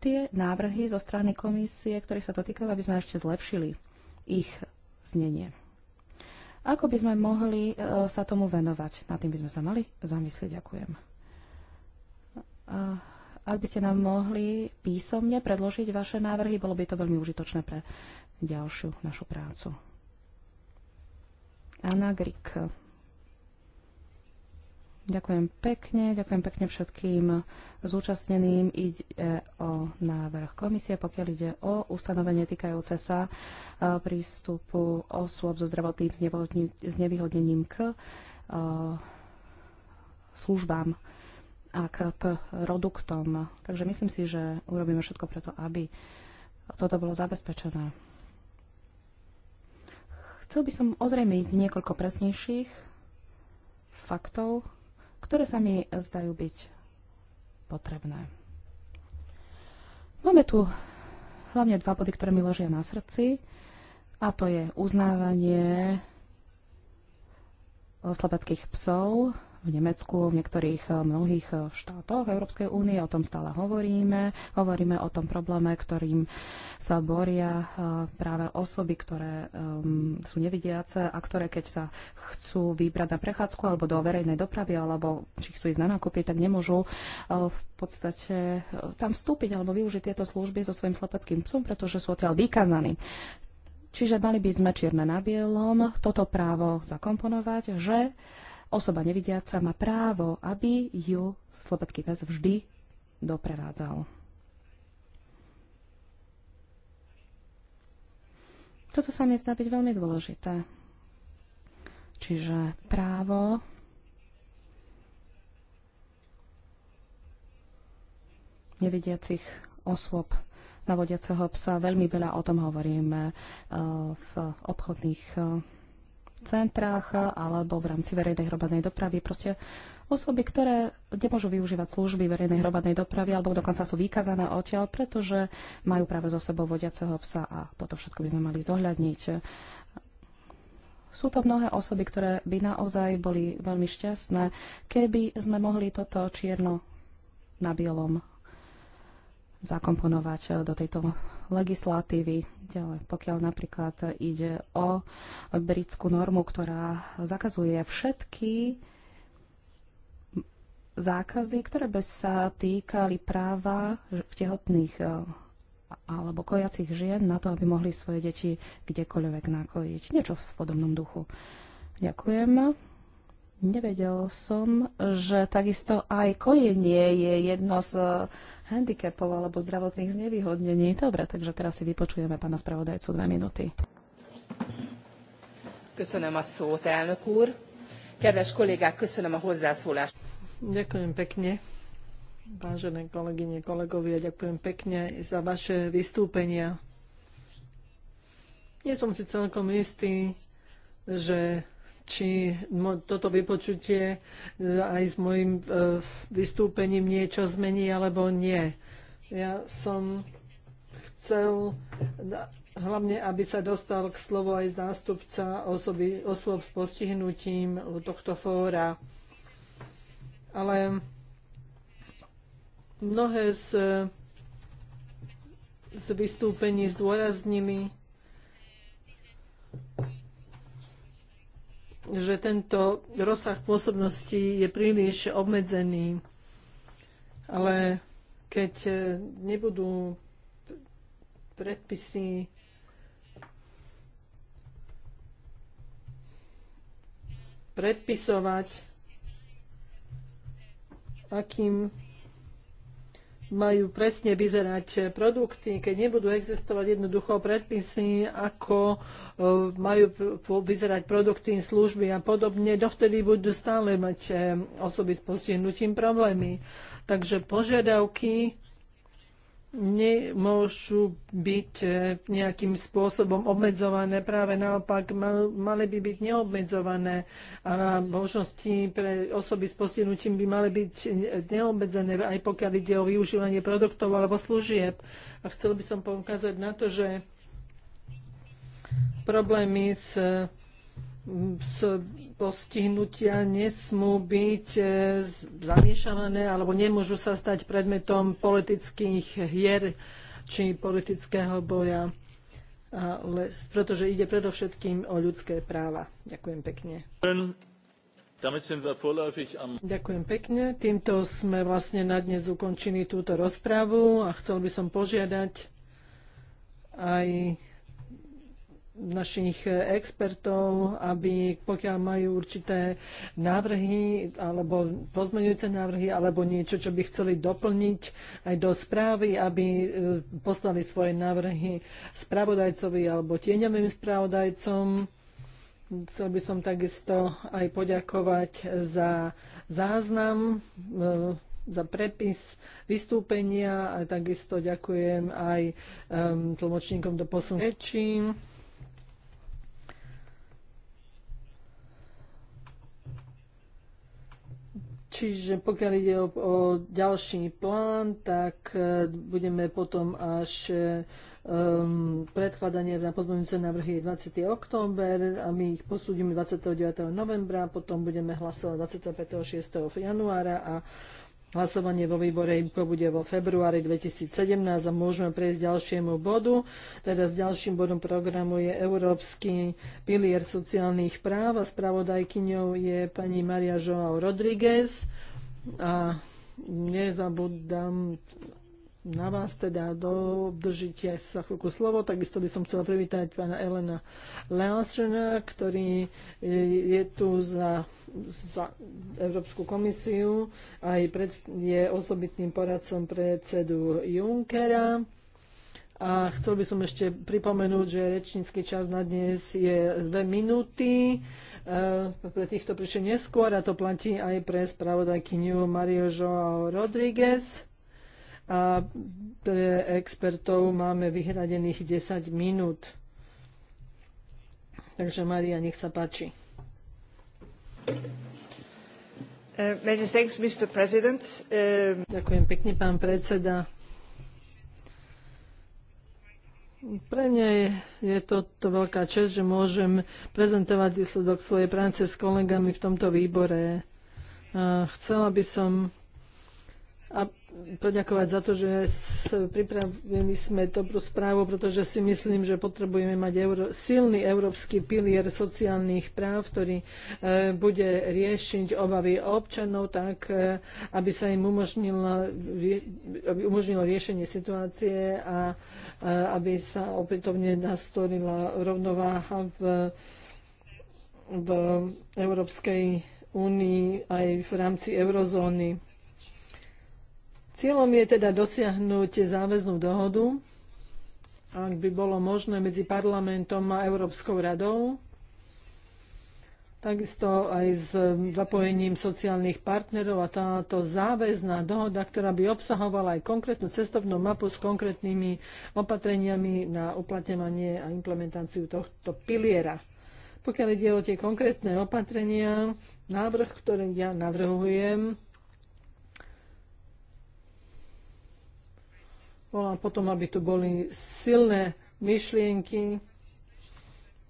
tie návrhy zo strany komisie, ktoré sa dotýkajú, aby sme ešte zlepšili ich znenie. Ako by sme mohli e, sa tomu venovať? Na tým by sme sa mali zamyslieť. Ďakujem. A ak by ste nám mohli písomne predložiť vaše návrhy, bolo by to veľmi užitočné pre ďalšiu našu prácu. Anna Grik. Ďakujem pekne, ďakujem pekne všetkým zúčastneným. Ide e, o návrh komisie, pokiaľ ide o ustanovenie týkajúce sa e, prístupu osôb so zdravotným znevýhodnením k e, službám a k produktom. Takže myslím si, že urobíme všetko preto, aby toto bolo zabezpečené. Chcel by som ozrejmiť niekoľko presnejších faktov ktoré sa mi zdajú byť potrebné. Máme tu hlavne dva body, ktoré mi ležia na srdci, a to je uznávanie slepeckých psov v Nemecku, v niektorých eh, mnohých eh, štátoch Európskej únie. O tom stále hovoríme. Hovoríme o tom probléme, ktorým sa boria eh, práve osoby, ktoré ehm, sú nevidiace a ktoré, keď sa chcú vybrať na prechádzku alebo do verejnej dopravy, alebo či chcú ísť na nákupy, tak nemôžu v podstate tam vstúpiť alebo využiť tieto služby so svojím slepeckým psom, pretože sú odtiaľ vykazaní. Čiže mali by sme čierne na bielom toto právo zakomponovať, že uh, osoba nevidiaca má právo, aby ju slobodsky pes vždy doprevádzal. Toto sa mi zdá byť veľmi dôležité. Čiže právo nevidiacich osôb na vodiaceho psa. Veľmi veľa o tom hovoríme eh, v obchodných eh, centrách eh, alebo v rámci verejnej hromadnej dopravy. Proste osoby, ktoré nemôžu využívať služby verejnej hromadnej dopravy alebo dokonca sú vykazané odtiaľ, pretože majú práve so sebou vodiaceho psa a toto všetko by sme mali zohľadniť. Sú to mnohé osoby, ktoré by naozaj boli veľmi šťastné, keby sme mohli toto čierno na bielom zakomponovať eh, do tejto legislatívy. Ďalej, pokiaľ napríklad ide o britskú normu, ktorá zakazuje všetky zákazy, ktoré by sa týkali práva tehotných e, alebo kojacích žien na to, aby mohli svoje deti kdekoľvek nakojiť. Niečo v podobnom duchu. Ďakujem. Nevedel som, že takisto aj kojenie je jedno z handicapov alebo zdravotných znevýhodnení. Dobre, takže teraz si vypočujeme pána spravodajcu dve minúty. Köszönöm a szót, elnök úr. Kedves kollégák, köszönöm a hozzászólást. Ďakujem pekne. Vážené kolegyne, kolegovia, ďakujem pekne za vaše vystúpenia. Nie som si celkom istý, že či toto vypočutie e, aj s môjim e, vystúpením niečo zmení alebo nie. Ja som chcel hlavne, aby sa dostal k slovu aj zástupca osoby, osôb s postihnutím tohto fóra. Ale mnohé z, z vystúpení zdôraznili, že tento rozsah pôsobnosti je príliš obmedzený. Ale keď e, nebudú predpisy predpisovať, akým majú presne vyzerať produkty, keď nebudú existovať jednoducho predpisy, ako e, majú vyzerať produkty, služby a podobne, dovtedy budú stále mať e, osoby s postihnutím problémy. Takže požiadavky nemôžu byť e, nejakým spôsobom obmedzované. Práve naopak, mal, mali by byť neobmedzované a možnosti pre osoby s postihnutím by mali byť neobmedzené, aj pokiaľ ide o využívanie produktov alebo služieb. A chcel by som poukázať na to, že problémy s, s postihnutia nesmú byť e, zamiešané alebo nemôžu sa stať predmetom politických hier či politického boja, ale, pretože ide predovšetkým o ľudské práva. Ďakujem pekne. Ďakujem pekne. Týmto sme vlastne na dnes ukončili túto rozprávu a chcel by som požiadať aj našich expertov, aby pokiaľ majú určité návrhy alebo pozmeňujúce návrhy alebo niečo, čo by chceli doplniť aj do správy, aby e, poslali svoje návrhy spravodajcovi alebo tieňovým spravodajcom. Chcel by som takisto aj poďakovať za záznam e, za prepis vystúpenia a takisto ďakujem aj um, tlmočníkom do posunú Čiže pokiaľ ide o, o ďalší plán, tak e, budeme potom až e, um, predkladanie na pozmeňujúce návrhy 20. október a my ich posúdime 29. novembra, potom budeme hlasovať 25. 6. januára a Hlasovanie vo výbore IMKO bude vo februári 2017 a môžeme prejsť k ďalšiemu bodu. Teda s ďalším bodom programu je Európsky pilier sociálnych práv a spravodajkyňou je pani Maria Joao Rodriguez. A nezabudám na vás teda obdržíte sa chvíľku slovo. Takisto by som chcela privítať pána Elena Leostrena, ktorý e, je tu za, za Európsku komisiu a je osobitným poradcom predsedu Junckera. A chcel by som ešte pripomenúť, že rečnícky čas na dnes je dve minúty. E, pre týchto prišiel neskôr a to platí aj pre spravodajkyňu Mario Joao Rodriguez a pre expertov máme vyhradených 10 minút. Takže Maria, nech sa páči. Uh, thanks, uh... Ďakujem pekne, pán predseda. Pre mňa je, je toto veľká čest, že môžem prezentovať výsledok svojej práce s kolegami v tomto výbore. Uh, chcela by som a poďakovať za to, že pripravili sme dobrú správu, pretože si myslím, že potrebujeme mať euro, silný európsky pilier sociálnych práv, ktorý e, bude riešiť obavy občanov tak, e, aby sa im umožnilo, rie, aby umožnilo riešenie situácie a e, aby sa opätovne nastorila rovnováha v, v Európskej únii aj v rámci eurozóny Cieľom je teda dosiahnuť záväznú dohodu, ak by bolo možné, medzi parlamentom a Európskou radou, takisto aj s zapojením sociálnych partnerov a táto záväzná dohoda, ktorá by obsahovala aj konkrétnu cestovnú mapu s konkrétnymi opatreniami na uplatňovanie a implementáciu tohto piliera. Pokiaľ ide o tie konkrétne opatrenia, návrh, ktorý ja navrhujem, Volám no potom, aby tu boli silné myšlienky,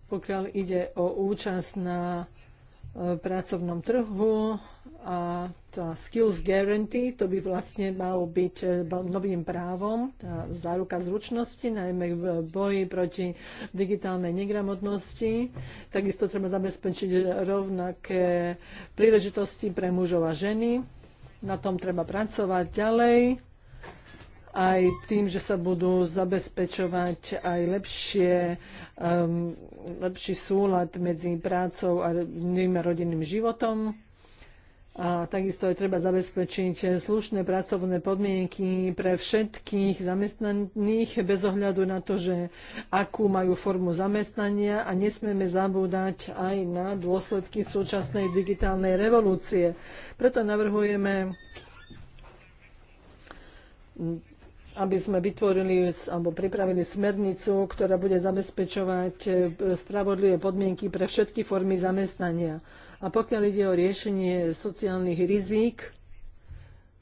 pokiaľ ide o účasť na e, pracovnom trhu a tá skills guarantee, to by vlastne malo byť e, novým právom, tá záruka zručnosti, najmä v boji proti digitálnej negramotnosti. Takisto treba zabezpečiť rovnaké príležitosti pre mužov a ženy. Na tom treba pracovať ďalej aj tým, že sa budú zabezpečovať aj lepšie, um, lepší súlad medzi prácou a rodinným životom. A takisto je treba zabezpečiť slušné pracovné podmienky pre všetkých zamestnaných bez ohľadu na to, že akú majú formu zamestnania a nesmieme zabúdať aj na dôsledky súčasnej digitálnej revolúcie. Preto navrhujeme aby sme vytvorili alebo pripravili smernicu, ktorá bude zabezpečovať e, spravodlivé podmienky pre všetky formy zamestnania. A pokiaľ ide o riešenie sociálnych rizík,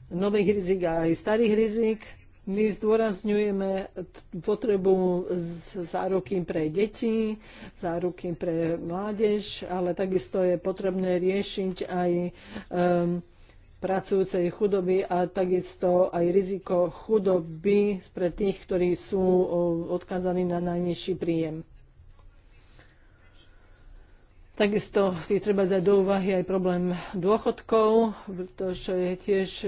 nových rizik a aj starých rizik, my zdôrazňujeme potrebu záruky pre deti, záruky pre mládež, ale takisto je potrebné riešiť aj um, pracujúcej chudoby a takisto aj riziko chudoby pre tých, ktorí sú odkázaní na najnižší príjem. Takisto tu treba zať do úvahy aj problém dôchodkov, pretože tiež e,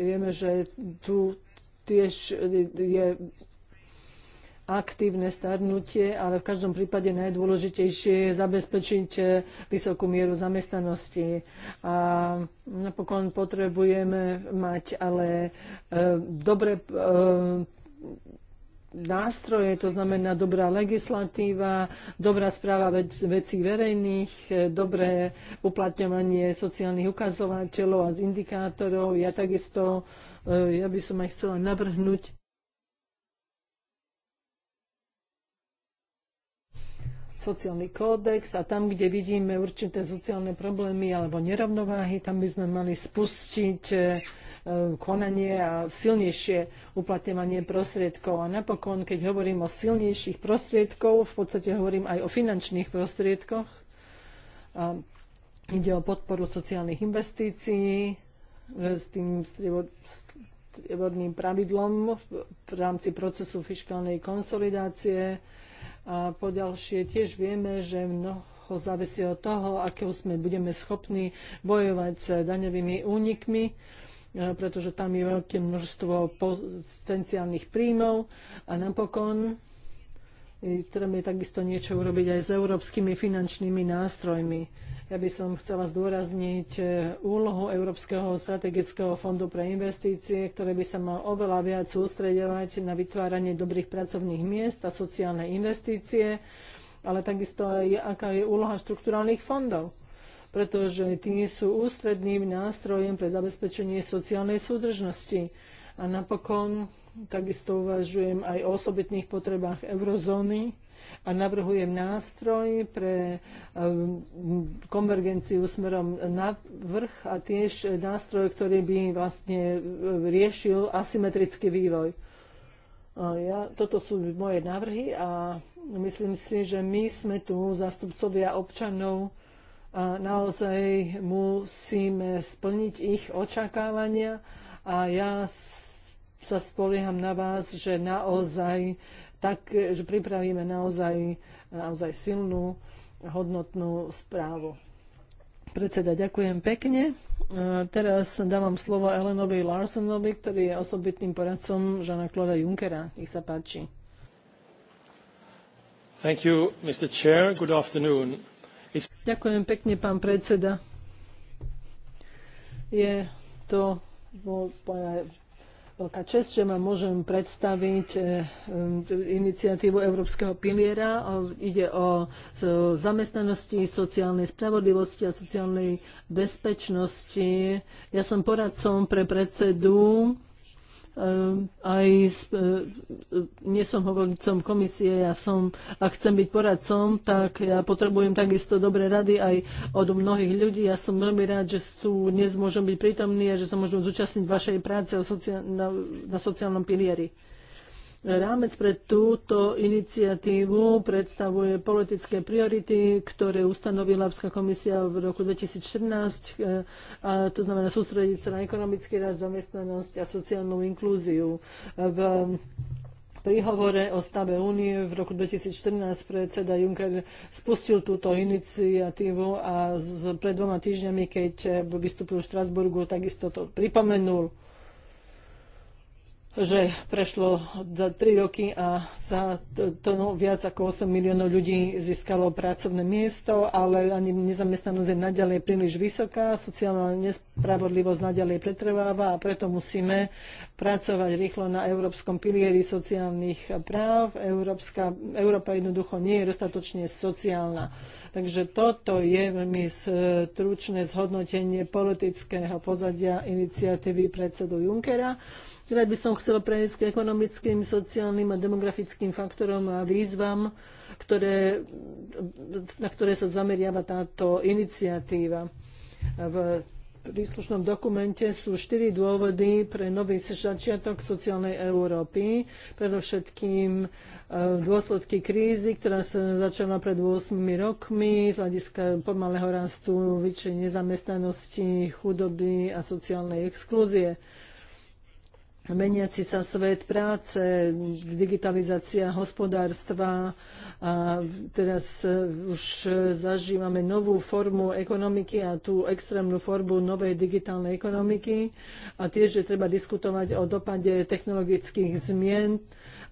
vieme, že tu tiež je aktívne starnutie, ale v každom prípade najdôležitejšie je zabezpečiť eh, vysokú mieru zamestnanosti. A napokon potrebujeme mať ale eh, dobre eh, nástroje, to znamená dobrá legislatíva, dobrá správa vec, vecí verejných, dobré uplatňovanie sociálnych ukazovateľov a z indikátorov. Ja takisto, ja by som aj chcela navrhnúť sociálny kódex a tam, kde vidíme určité sociálne problémy alebo nerovnováhy, tam by sme mali spustiť e, e, konanie a silnejšie uplatňovanie prostriedkov. A napokon, keď hovorím o silnejších prostriedkov, v podstate hovorím aj o finančných prostriedkoch. A ide o podporu sociálnych investícií e, s tým strieborným pravidlom v rámci procesu fiskálnej konsolidácie a poďalšie tiež vieme, že mnoho závisí od toho, akého sme budeme schopní bojovať s daňovými únikmi e, pretože tam je veľké množstvo potenciálnych príjmov a napokon treba takisto niečo urobiť aj s európskymi finančnými nástrojmi. Ja by som chcela zdôrazniť e, úlohu Európskeho strategického fondu pre investície, ktoré by sa mal oveľa viac sústredovať na vytváranie dobrých pracovných miest a sociálne investície, ale takisto aj aká je úloha štrukturálnych fondov pretože tí sú ústredným nástrojem pre zabezpečenie sociálnej súdržnosti. A napokon takisto uvažujem aj o osobitných potrebách eurozóny, a navrhujem nástroj pre eh, konvergenciu smerom na vrch a tiež nástroj, ktorý by vlastne eh, riešil asymetrický vývoj. Ja, toto sú moje návrhy a myslím si, že my sme tu zastupcovia občanov a naozaj musíme splniť ich očakávania a ja sa spolieham na vás, že naozaj tak, e, že pripravíme naozaj, naozaj silnú hodnotnú správu. Predseda, ďakujem pekne. E, teraz dávam slovo Elenovi Larsonovi, ktorý je osobitným poradcom Žana Klora Junkera. Nech sa páči. Thank you, Mr. Chair. Good afternoon. It's... Ďakujem pekne, pán predseda. Je to veľká čest, že vám môžem predstaviť e, e, iniciatívu Európskeho piliera. Ide o zamestnanosti, sociálnej spravodlivosti a sociálnej bezpečnosti. Ja som poradcom pre predsedu Ehm, aj e, nie som hovoricom komisie, ja som, a chcem byť poradcom, tak ja potrebujem takisto dobré rady aj od mnohých ľudí. Ja som veľmi rád, že tu dnes môžem byť prítomný a že sa môžem zúčastniť vašej práce na, na sociálnom pilieri. Rámec pre túto iniciatívu predstavuje politické priority, ktoré ustanovila Európska komisia v roku 2014, e, to znamená sústrediť sa na ekonomický rast, zamestnanosť a sociálnu inklúziu. V prihovore o stave únie v roku 2014 predseda Juncker spustil túto iniciatívu a pred dvoma týždňami, keď vystúpil v Štrasburgu, takisto to pripomenul že prešlo 3 roky a sa to, to no, viac ako 8 miliónov ľudí získalo pracovné miesto, ale ani nezamestnanosť je naďalej príliš vysoká, sociálna nespravodlivosť naďalej pretrváva a preto musíme pracovať rýchlo na európskom pilieri sociálnych práv. Európska, Európa jednoducho nie je dostatočne sociálna. Takže toto je veľmi stručné zhodnotenie politického pozadia iniciatívy predsedu Junckera Rád by som chcela prejsť k ekonomickým, sociálnym a demografickým faktorom a výzvam, ktoré, na ktoré sa zameriava táto iniciatíva. V príslušnom dokumente sú štyri dôvody pre nový začiatok sociálnej Európy. Predovšetkým e, dôsledky krízy, ktorá sa začala pred 8 rokmi, z hľadiska pomalého rastu, väčšej nezamestnanosti, chudoby a sociálnej exklúzie meniaci sa svet práce, digitalizácia hospodárstva a teraz e, už zažívame novú formu ekonomiky a tú extrémnu formu novej digitálnej ekonomiky a tiež je treba diskutovať o dopade technologických zmien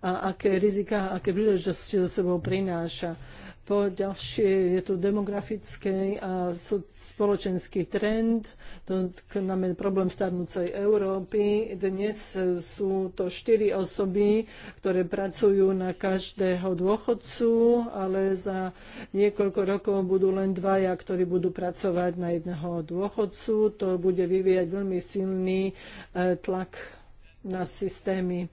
a aké rizika, aké príležitosti so sebou prináša. Po ďalšie je tu demografický a spoločenský trend, máme problém starnúcej Európy. Dnes e, sú to štyri osoby, ktoré pracujú na každého dôchodcu, ale za niekoľko rokov budú len dvaja, ktorí budú pracovať na jedného dôchodcu. To bude vyvíjať veľmi silný e, tlak na systémy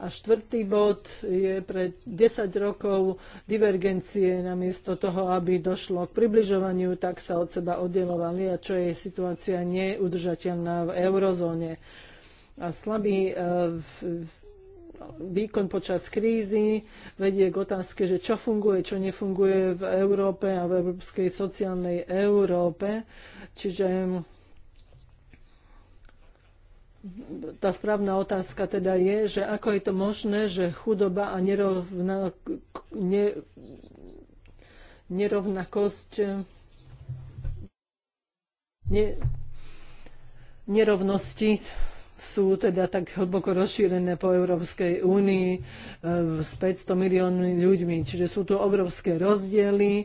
a štvrtý bod je pre 10 rokov divergencie. Namiesto toho, aby došlo k približovaniu, tak sa od seba oddelovali a čo je situácia neudržateľná v eurozóne. A slabý e, výkon počas krízy vedie k otázke, že čo funguje, čo nefunguje v Európe a v európskej sociálnej Európe. Čiže tá správna otázka teda je, že ako je to možné, že chudoba a nerovna, ne, nerovnakosť ne, nerovnosti sú teda tak hlboko rozšírené po Európskej únii e, s 500 miliónmi ľuďmi. Čiže sú tu obrovské rozdiely, e,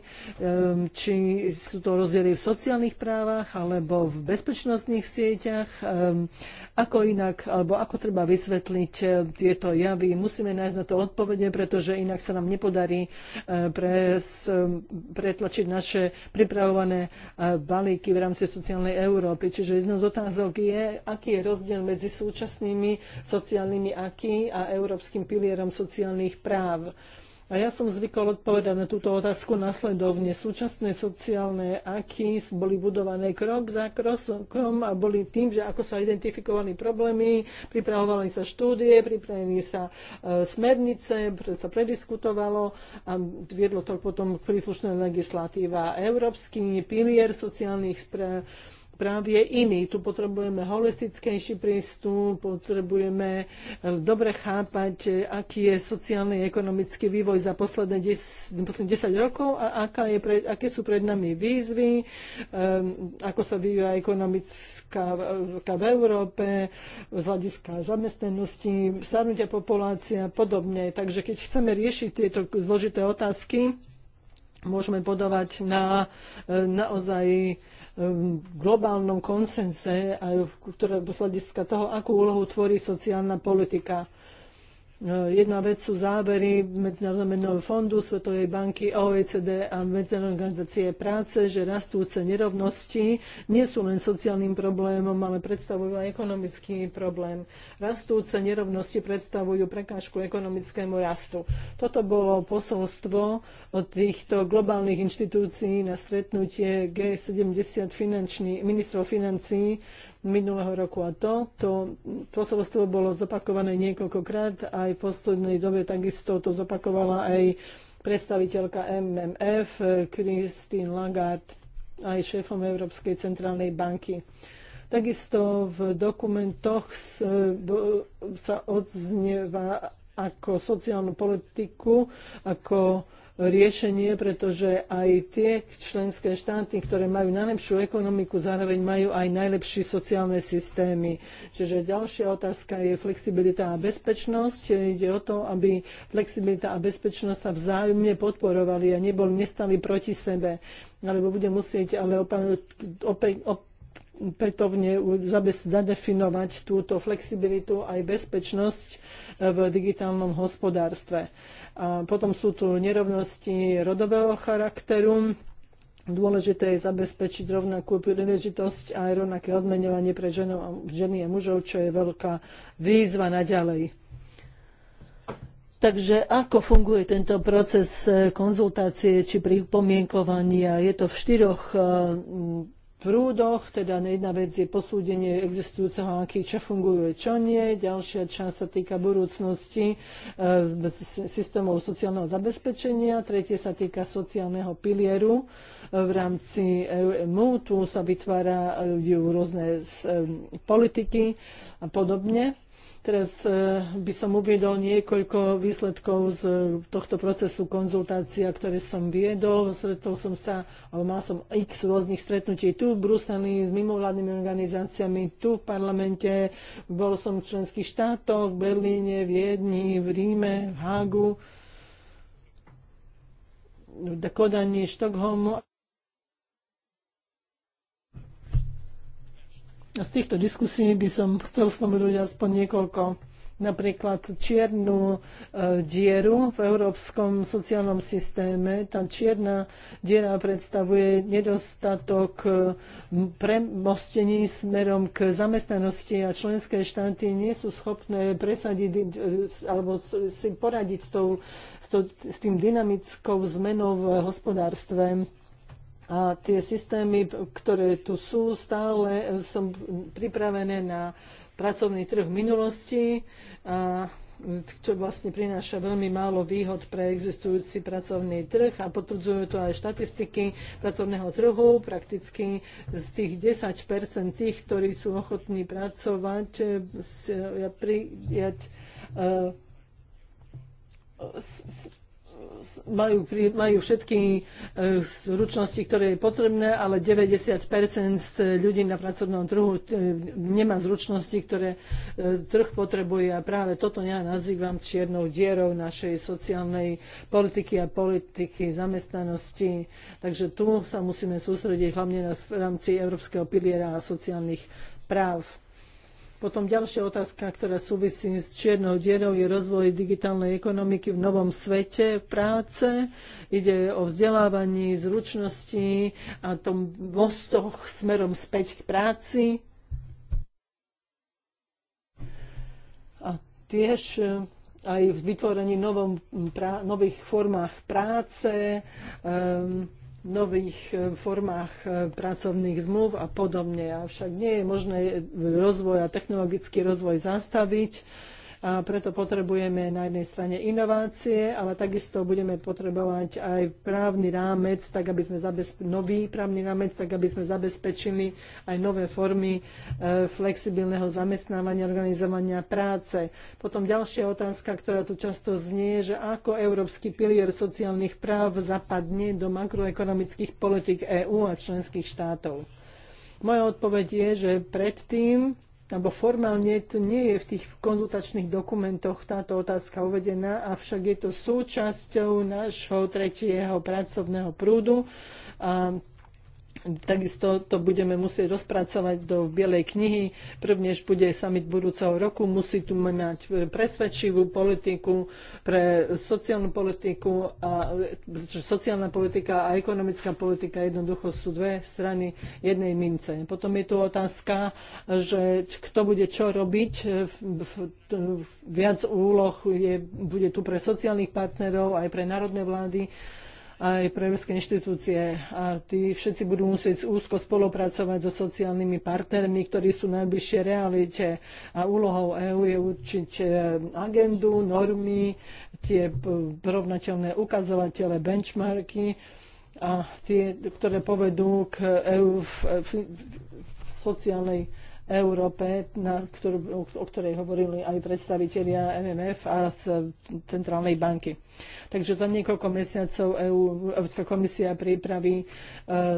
či sú to rozdiely v sociálnych právach alebo v bezpečnostných sieťach, e, ako inak, alebo ako treba vysvetliť e, tieto javy? Musíme nájsť na to odpovede, pretože inak sa nám nepodarí e, pres, e, pretlačiť naše pripravované balíky v rámci sociálnej Európy. Čiže jednou z otázok je, aký je rozdiel medzi súčasnými sociálnymi aký a európskym pilierom sociálnych práv. A ja som zvykol odpovedať na túto otázku nasledovne. Súčasné sociálne aky boli budované krok za krokom a boli tým, že ako sa identifikovali problémy, pripravovali sa štúdie, pripravili sa e, smernice, sa prediskutovalo a viedlo to potom príslušná legislatíva. Európsky pilier sociálnych správ práve iný. Tu potrebujeme holistickejší prístup, potrebujeme e, dobre chápať, e, aký je sociálny a ekonomický vývoj za posledné 10, 10 rokov a aká je pre, aké sú pred nami výzvy, um, ako sa vyvíja ekonomická v Európe, z hľadiska zamestnanosti, starnutia populácia a podobne. Takže keď chceme riešiť tieto zložité otázky, môžeme podovať na naozaj globálnom konsense, aj v, ktoré, z hľadiska toho, akú úlohu tvorí sociálna politika. E, jedna vec sú zábery Medzinárodného fondu, Svetovej banky, OECD a Medzinárodnej organizácie práce, že rastúce nerovnosti nie sú len sociálnym problémom, ale predstavujú aj ekonomický problém. Rastúce nerovnosti predstavujú prekážku ekonomickému rastu. Toto bolo posolstvo od týchto globálnych inštitúcií na stretnutie G70 ministrov financí minulého roku a to. To posolstvo bolo zopakované niekoľkokrát aj v poslednej dobe takisto to zopakovala aj predstaviteľka MMF Christine Lagarde, aj šéfom Európskej centrálnej banky. Takisto v dokumentoch sa odznieva ako sociálnu politiku, ako riešenie, pretože aj tie členské štáty, ktoré majú najlepšiu ekonomiku, zároveň majú aj najlepšie sociálne systémy. Čiže ďalšia otázka je flexibilita a bezpečnosť. Ide o to, aby flexibilita a bezpečnosť sa vzájomne podporovali a nebol, nestali proti sebe. Alebo bude musieť ale opäť, opäť, opäť opätovne zadefinovať túto flexibilitu aj bezpečnosť v digitálnom hospodárstve. A potom sú tu nerovnosti rodového charakteru. Dôležité je zabezpečiť rovnakú príležitosť a aj rovnaké odmenovanie pre ženov, ženy a mužov, čo je veľká výzva naďalej. Takže ako funguje tento proces eh, konzultácie či pripomienkovania? Je to v štyroch eh, prúdoch, teda jedna vec je posúdenie existujúceho, aký čo funguje, čo nie. Ďalšia časť sa týka budúcnosti e, systémov sociálneho zabezpečenia. Tretie sa týka sociálneho pilieru e, v rámci EMU. Tu sa vytvárajú rôzne e, politiky a podobne. Teraz e, by som uviedol niekoľko výsledkov z tohto procesu konzultácia, ktoré som viedol. Stretol som sa, ale mal som x rôznych stretnutí tu v Bruseli s mimovládnymi organizáciami, tu v parlamente. Bol som v členských štátoch, v Berlíne, v Viedni, v Ríme, v Hágu, v Kodani, Štokholmu Z týchto diskusí by som chcel spomenúť aspoň niekoľko napríklad čiernu e, dieru v európskom sociálnom systéme. Tá čierna diera predstavuje nedostatok e, premostení smerom k zamestnanosti a členské štáty nie sú schopné presadiť e, alebo si poradiť s, tou, s, tým dynamickou zmenou v hospodárstve a tie systémy, ktoré tu sú, stále som pripravené na pracovný trh v minulosti, a čo vlastne prináša veľmi málo výhod pre existujúci pracovný trh a potvrdzujú to aj štatistiky pracovného trhu. Prakticky z tých 10 tých, ktorí sú ochotní pracovať, e, prijať e, majú, majú všetky e, zručnosti, ktoré je potrebné, ale 90% ľudí na pracovnom trhu e, nemá zručnosti, ktoré e, trh potrebuje a práve toto ja nazývam čiernou dierou našej sociálnej politiky a politiky zamestnanosti. Takže tu sa musíme sústrediť hlavne v rámci Európskeho piliera a sociálnych práv. Potom ďalšia otázka, ktorá súvisí s čiernou dierou, je rozvoj digitálnej ekonomiky v novom svete práce. Ide o vzdelávaní, zručnosti a tom mostoch smerom späť k práci. A tiež eh, aj v vytvorení novom, nových formách práce, um, nových e, formách e, pracovných zmluv a podobne. Avšak nie je možné e, rozvoj a technologický rozvoj zastaviť a preto potrebujeme na jednej strane inovácie, ale takisto budeme potrebovať aj právny rámec, tak aby sme zabezpe- nový právny rámec, tak aby sme zabezpečili aj nové formy e, flexibilného zamestnávania, organizovania práce. Potom ďalšia otázka, ktorá tu často znie, že ako európsky pilier sociálnych práv zapadne do makroekonomických politik EÚ a členských štátov. Moja odpoveď je, že predtým alebo formálne to nie je v tých konzultačných dokumentoch táto otázka uvedená, avšak je to súčasťou nášho tretieho pracovného prúdu a Takisto to budeme musieť rozpracovať do Bielej knihy. Prvnež bude summit budúceho roku. Musí tu mať e, presvedčivú politiku pre sociálnu politiku, a, pretože sociálna politika a ekonomická politika jednoducho sú dve strany jednej mince. Potom je tu otázka, že kto bude čo robiť. E, viac úloh je, bude tu pre sociálnych partnerov, aj pre národné vlády aj pre európske inštitúcie. A tí všetci budú musieť úzko spolupracovať so sociálnymi partnermi, ktorí sú najbližšie realite. A úlohou EÚ je určiť e, agendu, normy, tie porovnateľné ukazovatele, benchmarky, a tie, ktoré povedú k v, e v, v, v sociálnej Európe, na ktorú, o ktorej hovorili aj predstavitelia MMF a z Centrálnej banky. Takže za niekoľko mesiacov EU, Európska komisia pripraví e,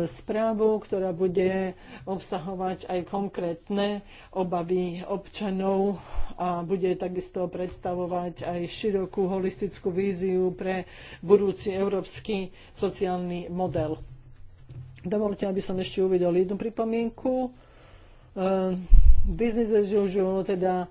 správu, ktorá bude obsahovať aj konkrétne obavy občanov a bude takisto predstavovať aj širokú holistickú víziu pre budúci európsky sociálny model. Dovolte, aby som ešte uvedol jednu pripomienku Ehm, business as usual, no teda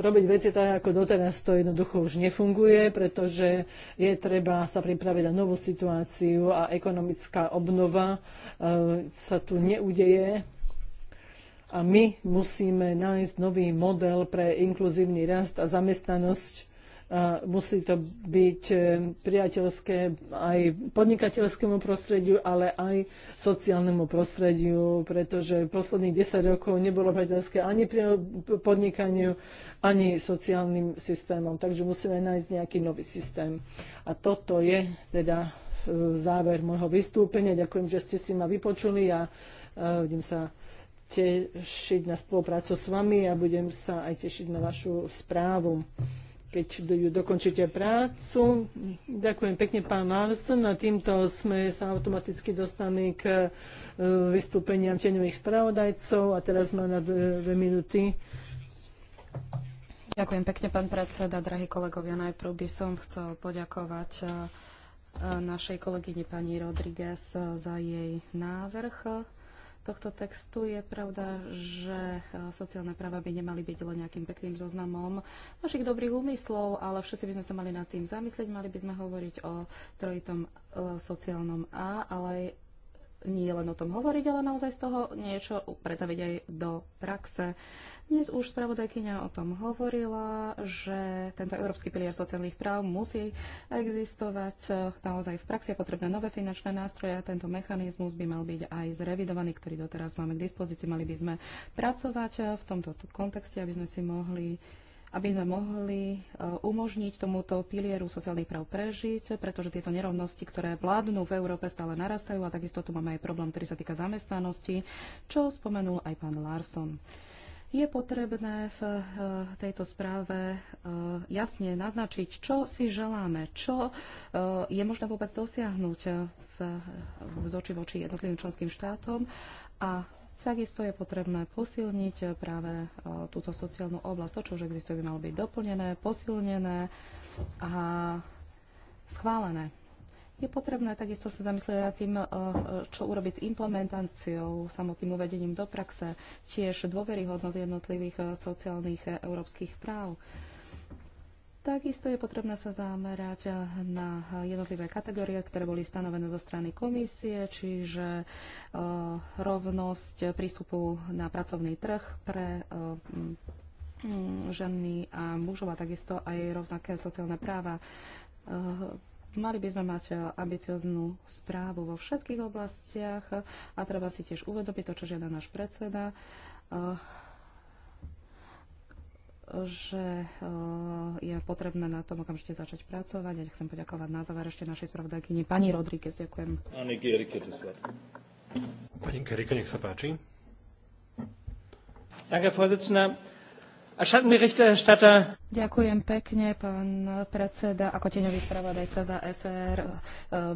robiť veci tak, ako doteraz to jednoducho už nefunguje, pretože je treba sa pripraviť na novú situáciu a ekonomická obnova ehm, sa tu neudeje. A my musíme nájsť nový model pre inkluzívny rast a zamestnanosť, musí to byť e, priateľské aj podnikateľskému prostrediu, ale aj sociálnemu prostrediu, pretože posledných 10 rokov nebolo priateľské ani pri podnikaniu, ani sociálnym systémom. Takže musíme nájsť nejaký nový systém. A toto je teda e, záver môjho vystúpenia. Ďakujem, že ste si ma vypočuli a e, budem sa tešiť na spoluprácu s vami a budem sa aj tešiť na vašu správu keď dokončíte prácu. Ďakujem pekne, pán Larsen. A týmto sme sa automaticky dostali k e, vystúpeniam tieňových spravodajcov. A teraz má na dve minúty. Ďakujem pekne, pán predseda, drahí kolegovia. Najprv by som chcel poďakovať e, e, našej kolegyni pani Rodriguez za jej návrh tohto textu je pravda, že e, sociálne práva by nemali byť len nejakým pekným zoznamom našich dobrých úmyslov, ale všetci by sme sa mali nad tým zamyslieť, mali by sme hovoriť o trojitom e, sociálnom A, ale nie len o tom hovoriť, ale naozaj z toho niečo pretaviť aj do praxe. Dnes už spravodajkyňa o tom hovorila, že tento Európsky pilier sociálnych práv musí existovať eh, naozaj v praxi a potrebné nové finančné nástroje a tento mechanizmus by mal byť aj zrevidovaný, ktorý doteraz máme k dispozícii. Mali by sme pracovať eh, v tomto kontexte, aby sme si mohli aby sme mohli eh, umožniť tomuto pilieru sociálnych práv prežiť, pretože tieto nerovnosti, ktoré vládnu v Európe, stále narastajú a takisto tu máme aj problém, ktorý sa týka zamestnanosti, čo spomenul aj pán Larson je potrebné v eh, tejto správe eh, jasne naznačiť, čo si želáme, čo eh, je možné vôbec dosiahnuť v, v zoči voči jednotlivým členským štátom a Takisto je potrebné posilniť práve túto sociálnu oblasť. To, čo už existuje, by malo byť doplnené, posilnené a schválené. Je potrebné takisto sa zamyslieť nad tým, eh, čo urobiť s implementáciou, samotným uvedením do praxe, tiež dôveryhodnosť jednotlivých eh, sociálnych eh, európskych práv. Takisto je potrebné sa zamerať na jednotlivé kategórie, ktoré boli stanovené zo strany komisie, čiže rovnosť prístupu na pracovný trh pre mm, ženy a mužov a takisto aj rovnaké sociálne práva Mali by sme mať e, ambicioznú správu vo všetkých oblastiach a treba si tiež uvedomiť to, čo žiada náš predseda e, že e, je potrebné na tom okamžite začať pracovať. Ja chcem poďakovať na záver ešte našej spravodajkyni pani Rodríguez. Ďakujem. Pani Gerike, nech sa páči. Danke, Ďakujem pekne, pán predseda. Ako teňový spravodajca za ECR e,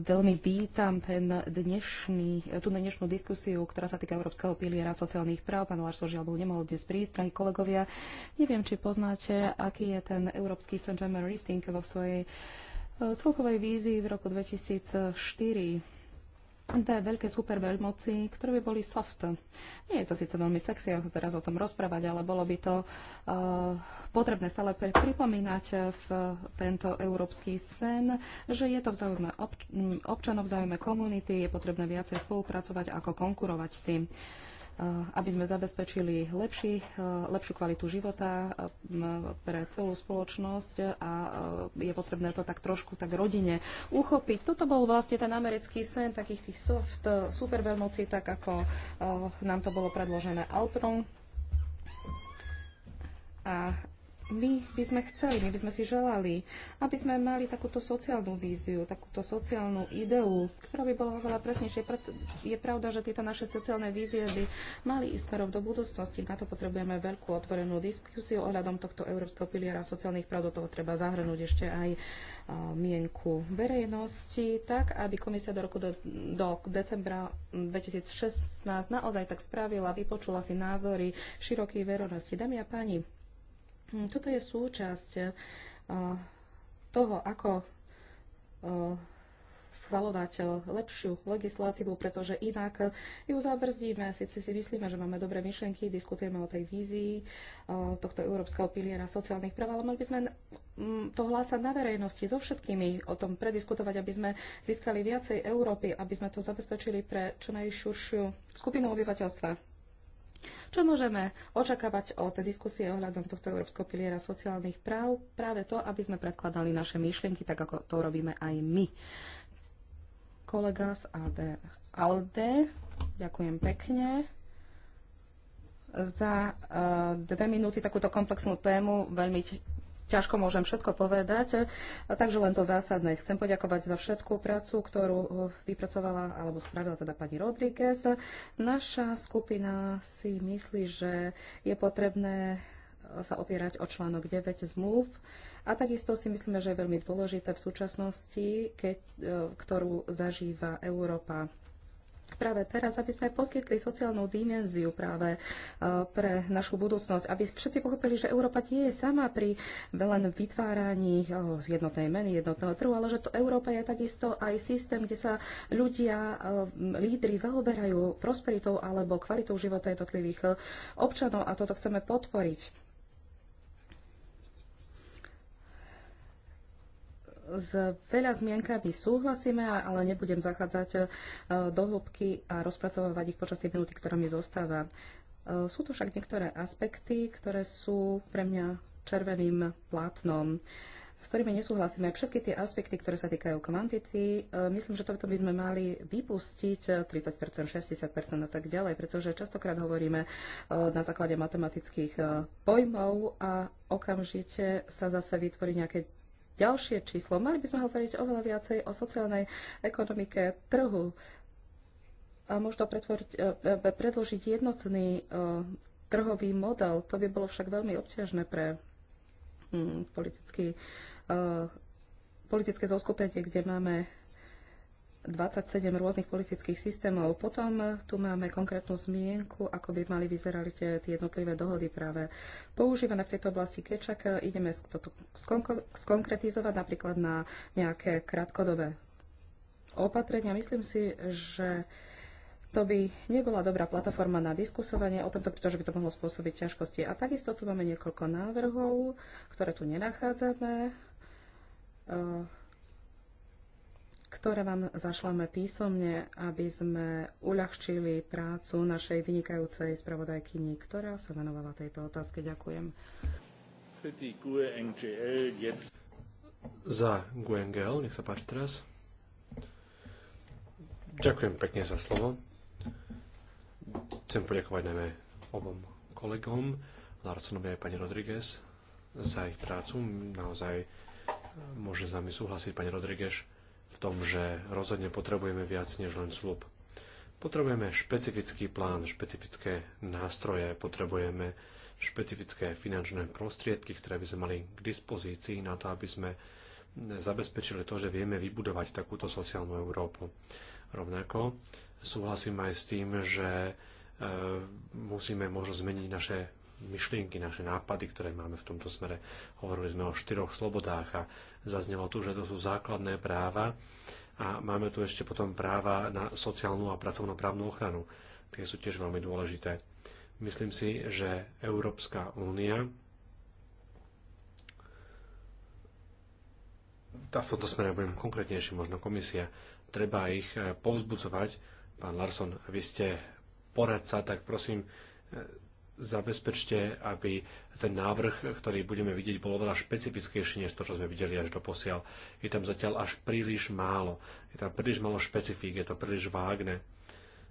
veľmi vítam ten dnešný, tú dnešnú diskusiu, ktorá sa týka Európskeho piliera sociálnych práv. Pán Larso žiaľ nemohol dnes prísť, drahí kolegovia. Neviem, či poznáte, aký je ten Európsky St. German Rifting vo svojej e, celkovej vízii v roku 2004 dve veľké superveľmoci, ktoré by boli soft. Nie je to síce veľmi sexy, ako teraz o tom rozprávať, ale bolo by to uh, potrebné stále pripomínať eh, v tento európsky sen, že je to v záujme obč- občanov, v záujme komunity, je potrebné viacej spolupracovať ako konkurovať si. Uh, Eh, aby sme zabezpečili lepší, eh, lepšiu kvalitu života eh, pre celú spoločnosť a je potrebné to tak trošku tak rodine uchopiť. Toto bol vlastne ten americký sen takých tých soft superveľmocí, tak ako nám to bolo predložené Alprom. A my by sme chceli, my by sme si želali, aby sme mali takúto sociálnu víziu, takúto sociálnu ideu, ktorá by bola oveľa presnejšia. Je pravda, že tieto naše sociálne vízie by mali ísť smerom do budúcnosti. Na to potrebujeme veľkú otvorenú diskusiu ohľadom tohto európskeho piliera sociálnych práv. Do toho treba zahrnúť ešte aj mienku verejnosti, tak aby komisia do roku do, do decembra 2016 naozaj tak spravila, vypočula si názory širokej verejnosti. Dámy a páni, Hm, toto je súčasť eh, toho, ako eh, schvalovať eh, lepšiu legislatívu, pretože inak ju zabrzdíme. Sice si myslíme, že máme dobré myšlienky, diskutujeme o tej vízii tohto európskeho piliera sociálnych práv, ale mali by sme hm, to hlásať na verejnosti so všetkými, o tom prediskutovať, aby sme získali viacej Európy, aby sme to zabezpečili pre čo najširšiu skupinu obyvateľstva. Čo môžeme očakávať od diskusie ohľadom tohto Európskeho piliera sociálnych práv? Práve to, aby sme predkladali naše myšlienky, tak ako to robíme aj my. Kolega z AD, ALDE, ďakujem pekne za uh, dve minúty takúto komplexnú tému veľmi ťažko môžem všetko povedať, takže len to zásadné. Chcem poďakovať za všetkú prácu, ktorú e, vypracovala alebo spravila teda pani Rodríguez. Naša skupina si myslí, že je potrebné e, sa opierať o článok 9 zmluv, a takisto si myslíme, že je veľmi dôležité v súčasnosti, keď, e, ktorú zažíva Európa práve teraz, aby sme poskytli sociálnu dimenziu práve e, pre našu budúcnosť, aby všetci pochopili, že Európa nie je sama pri len vytváraní e, jednotnej meny, jednotného trhu, ale že to Európa je takisto aj systém, kde sa ľudia, e, lídry zaoberajú prosperitou alebo kvalitou života jednotlivých občanov a toto chceme podporiť. s veľa zmienkami súhlasíme, ale nebudem zachádzať e, do hĺbky a rozpracovávať ich počas tej minúty, ktorá mi zostáva. E, sú tu však niektoré aspekty, ktoré sú pre mňa červeným plátnom s ktorými nesúhlasíme. Všetky tie aspekty, ktoré sa týkajú kvantity, e, myslím, že toto by sme mali vypustiť 30%, 60% a tak ďalej, pretože častokrát hovoríme na základe matematických pojmov a okamžite sa zase vytvorí nejaké ďalšie číslo. Mali by sme hovoriť oveľa viacej o sociálnej ekonomike trhu a možno e, e, predložiť jednotný e, trhový model. To by bolo však veľmi obťažné pre mm, politický, politické zoskupenie, kde máme 27 rôznych politických systémov. Potom eh, tu máme konkrétnu zmienku, ako by mali vyzerali tie, tie jednotlivé dohody práve používané v tejto oblasti, keď však eh, ideme toto skonkretizovať napríklad na nejaké krátkodobé opatrenia. Myslím si, že to by nebola dobrá plataforma na diskusovanie o tomto, pretože by to mohlo spôsobiť ťažkosti. A takisto tu máme niekoľko návrhov, ktoré tu nenachádzame eh, ktoré vám zašleme písomne, aby sme uľahčili prácu našej vynikajúcej spravodajkyni, ktorá sa venovala tejto otázke. Ďakujem. Za Guengel, nech sa páči teraz. Ďakujem pekne za slovo. Chcem poďakovať najmä obom kolegom, Larsonovi aj pani Rodriguez, za ich prácu. Naozaj môže s nami súhlasiť pani Rodriguez, v tom, že rozhodne potrebujeme viac než len slub. Potrebujeme špecifický plán, špecifické nástroje, potrebujeme špecifické finančné prostriedky, ktoré by sme mali k dispozícii na to, aby sme zabezpečili to, že vieme vybudovať takúto sociálnu Európu. Rovnako súhlasím aj s tým, že e, musíme možno zmeniť naše myšlienky, naše nápady, ktoré máme v tomto smere. Hovorili sme o štyroch slobodách a zaznelo tu, že to sú základné práva a máme tu ešte potom práva na sociálnu a pracovnoprávnu ochranu. Tie sú tiež veľmi dôležité. Myslím si, že Európska únia tá v tomto smere budem konkrétnejší, možno komisia, treba ich eh, povzbudzovať. Pán Larson, vy ste poradca, tak prosím, eh, zabezpečte, aby ten návrh, ktorý budeme vidieť, bol oveľa špecifickejší než to, čo sme videli až do posiaľ. Je tam zatiaľ až príliš málo. Je tam príliš málo špecifík, je to príliš vágne.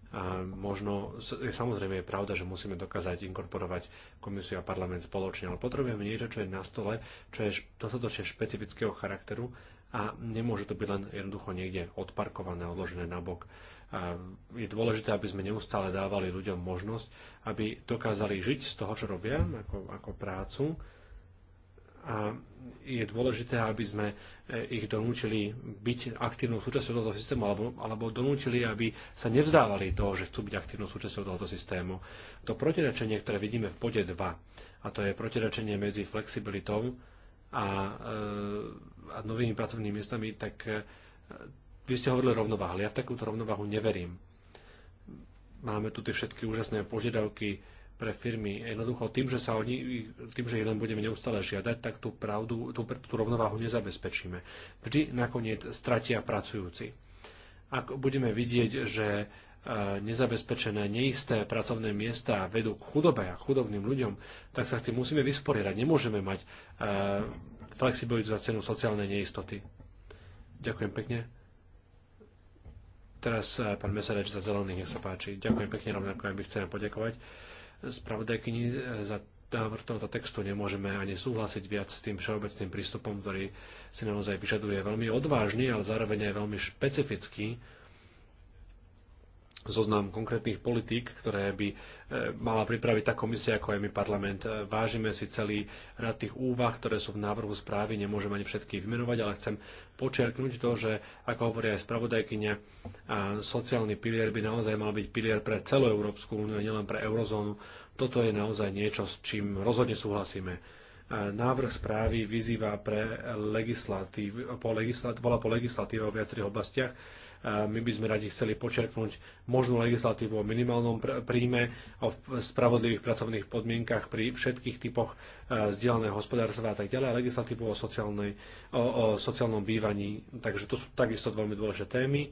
A možno, samozrejme je pravda, že musíme dokázať inkorporovať komisiu a parlament spoločne, ale potrebujeme niečo, čo je na stole, čo je dostatočne špecifického charakteru a nemôže to byť len jednoducho niekde odparkované, odložené nabok. bok a je dôležité, aby sme neustále dávali ľuďom možnosť, aby dokázali žiť z toho, čo robia, ako, ako prácu. A je dôležité, aby sme e, ich donútili byť aktívnou súčasťou tohoto systému, alebo, alebo donútili, aby sa nevzdávali toho, že chcú byť aktívnou súčasťou tohoto systému. To protirečenie, ktoré vidíme v bode 2, a to je protirečenie medzi flexibilitou a, e, a novými pracovnými miestami, tak e, vy ste hovorili rovnováhu, ale ja v takúto rovnováhu neverím. Máme tu tie všetky úžasné požiadavky pre firmy. Jednoducho tým, že, sa oni, tým, že ich len budeme neustále žiadať, tak tú, pravdu, tú, tú rovnováhu nezabezpečíme. Vždy nakoniec stratia pracujúci. Ak budeme vidieť, že e, nezabezpečené, neisté pracovné miesta vedú k chudobe a chudobným ľuďom, tak sa tým musíme vysporiadať. Nemôžeme mať uh, e, flexibilizovať cenu sociálnej neistoty. Ďakujem pekne. Teraz eh, pán Mesereč za zelený, nech sa páči. Ďakujem pekne, rovnako aj by chceme poďakovať spravodajkyni eh, za návrh tohoto textu nemôžeme ani súhlasiť viac s tým všeobecným prístupom, ktorý si naozaj vyžaduje veľmi odvážny, ale zároveň aj veľmi špecifický zoznam konkrétnych politík, ktoré by e, mala pripraviť tá komisia, ako aj my parlament. E, vážime si celý rad tých úvah, ktoré sú v návrhu správy, nemôžem ani všetky vymenovať, ale chcem počerknúť to, že, ako hovorí aj spravodajkyňa, sociálny pilier by naozaj mal byť pilier pre celú Európsku úniu, nielen pre eurozónu. Toto je naozaj niečo, s čím rozhodne súhlasíme e, návrh správy vyzýva pre legislatív, po legislatív, bola po legislatíve o viacerých oblastiach, my by sme radi chceli počerknúť možnú legislatívu o minimálnom príjme, o spravodlivých pracovných podmienkach pri všetkých typoch e, vzdielaného hospodárstva a tak ďalej, a legislatívu o, sociálnej, o, o sociálnom bývaní. Takže to sú takisto veľmi dôležité témy.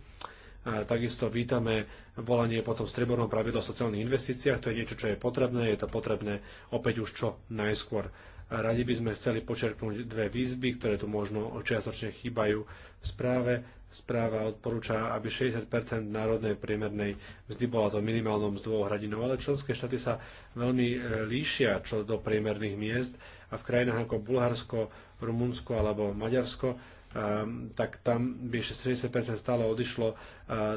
Takisto vítame volanie potom strebornom pravidlo o sociálnych investíciách. To je niečo, čo je potrebné. Je to potrebné opäť už čo najskôr. Radi by sme chceli počerknúť dve výzby, ktoré tu možno čiastočne chýbajú v správe správa odporúča, aby 60 národnej priemernej mzdy bola to minimálnou mzdovou hradinou, ale členské štáty sa veľmi e, líšia čo do priemerných miest a v krajinách ako Bulharsko, Rumunsko alebo Maďarsko, e, tak tam by 60 stále odišlo e,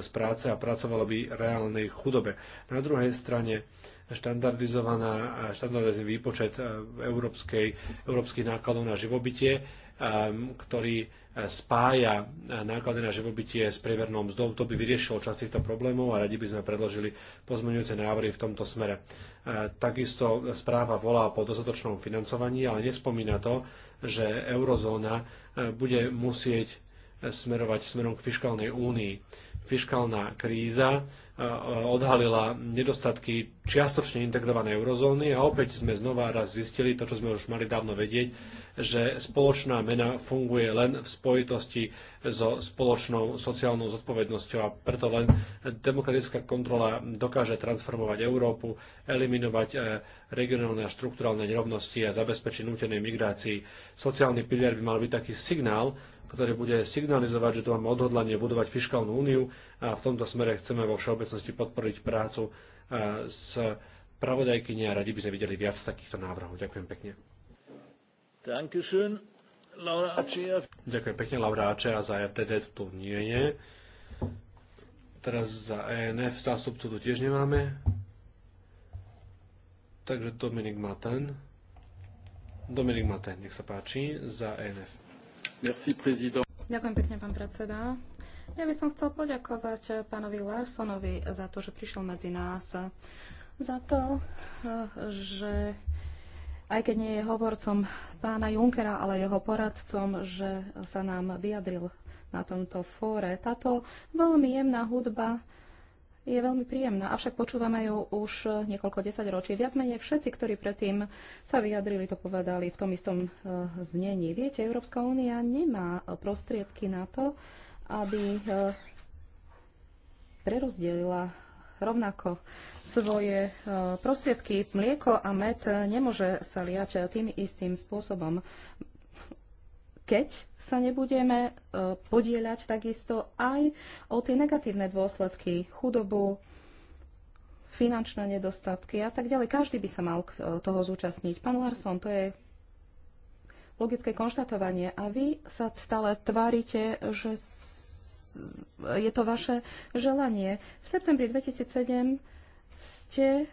z práce a pracovalo by reálnej chudobe. Na druhej strane štandardizovaná, štandardizovaný výpočet európskej, európskych nákladov na živobytie Um, ktorý eh, spája eh, náklady na živobytie s priemernou mzdou. To by vyriešilo časť týchto problémov a radi by sme predložili pozmeňujúce návrhy v tomto smere. Eh, takisto správa volá po dostatočnom financovaní, ale nespomína to, že eurozóna bude musieť smerovať smerom k fiskálnej únii. Fiskálna kríza odhalila nedostatky čiastočne integrovanej eurozóny a opäť sme znova raz zistili to, čo sme už mali dávno vedieť, že spoločná mena funguje len v spojitosti so spoločnou sociálnou zodpovednosťou a preto len demokratická kontrola dokáže transformovať Európu, eliminovať e, regionálne a štruktúralne nerovnosti a zabezpečiť nútenej migrácii. Sociálny pilier by mal byť taký signál, ktorý bude signalizovať, že tu máme odhodlanie budovať fiskálnu úniu a v tomto smere chceme vo všeobecnosti podporiť prácu e, s pravodajkyne a radi by sme videli viac takýchto návrhov. Ďakujem pekne. Ďakujem pekne, Laura Ačea za RTD e tu nie je. Teraz za ENF zástupcu tu tiež nemáme. Takže Dominik Maten. Dominik Maten, nech sa páči, za ENF. Merci, prezident. Ďakujem pekne, pán predseda. Ja by som chcel poďakovať pánovi Larsonovi za to, že prišiel medzi nás, za to, eh, že aj keď nie je hovorcom pána Junkera, ale jeho poradcom, že sa nám vyjadril na tomto fóre. Táto veľmi jemná hudba je veľmi príjemná, avšak počúvame ju už niekoľko desaťročí. Viac menej všetci, ktorí predtým sa vyjadrili, to povedali v tom istom eh, znení. Viete, Európska únia nemá prostriedky na to, aby eh, prerozdelila rovnako svoje e, prostriedky. Mlieko a med nemôže sa liať tým istým spôsobom keď sa nebudeme e, podieľať takisto aj o tie negatívne dôsledky, chudobu, finančné nedostatky a tak ďalej. Každý by sa mal e, toho zúčastniť. Pán Larson, to je logické konštatovanie. A vy sa stále tvárite, že je to vaše želanie. V septembri 2007 ste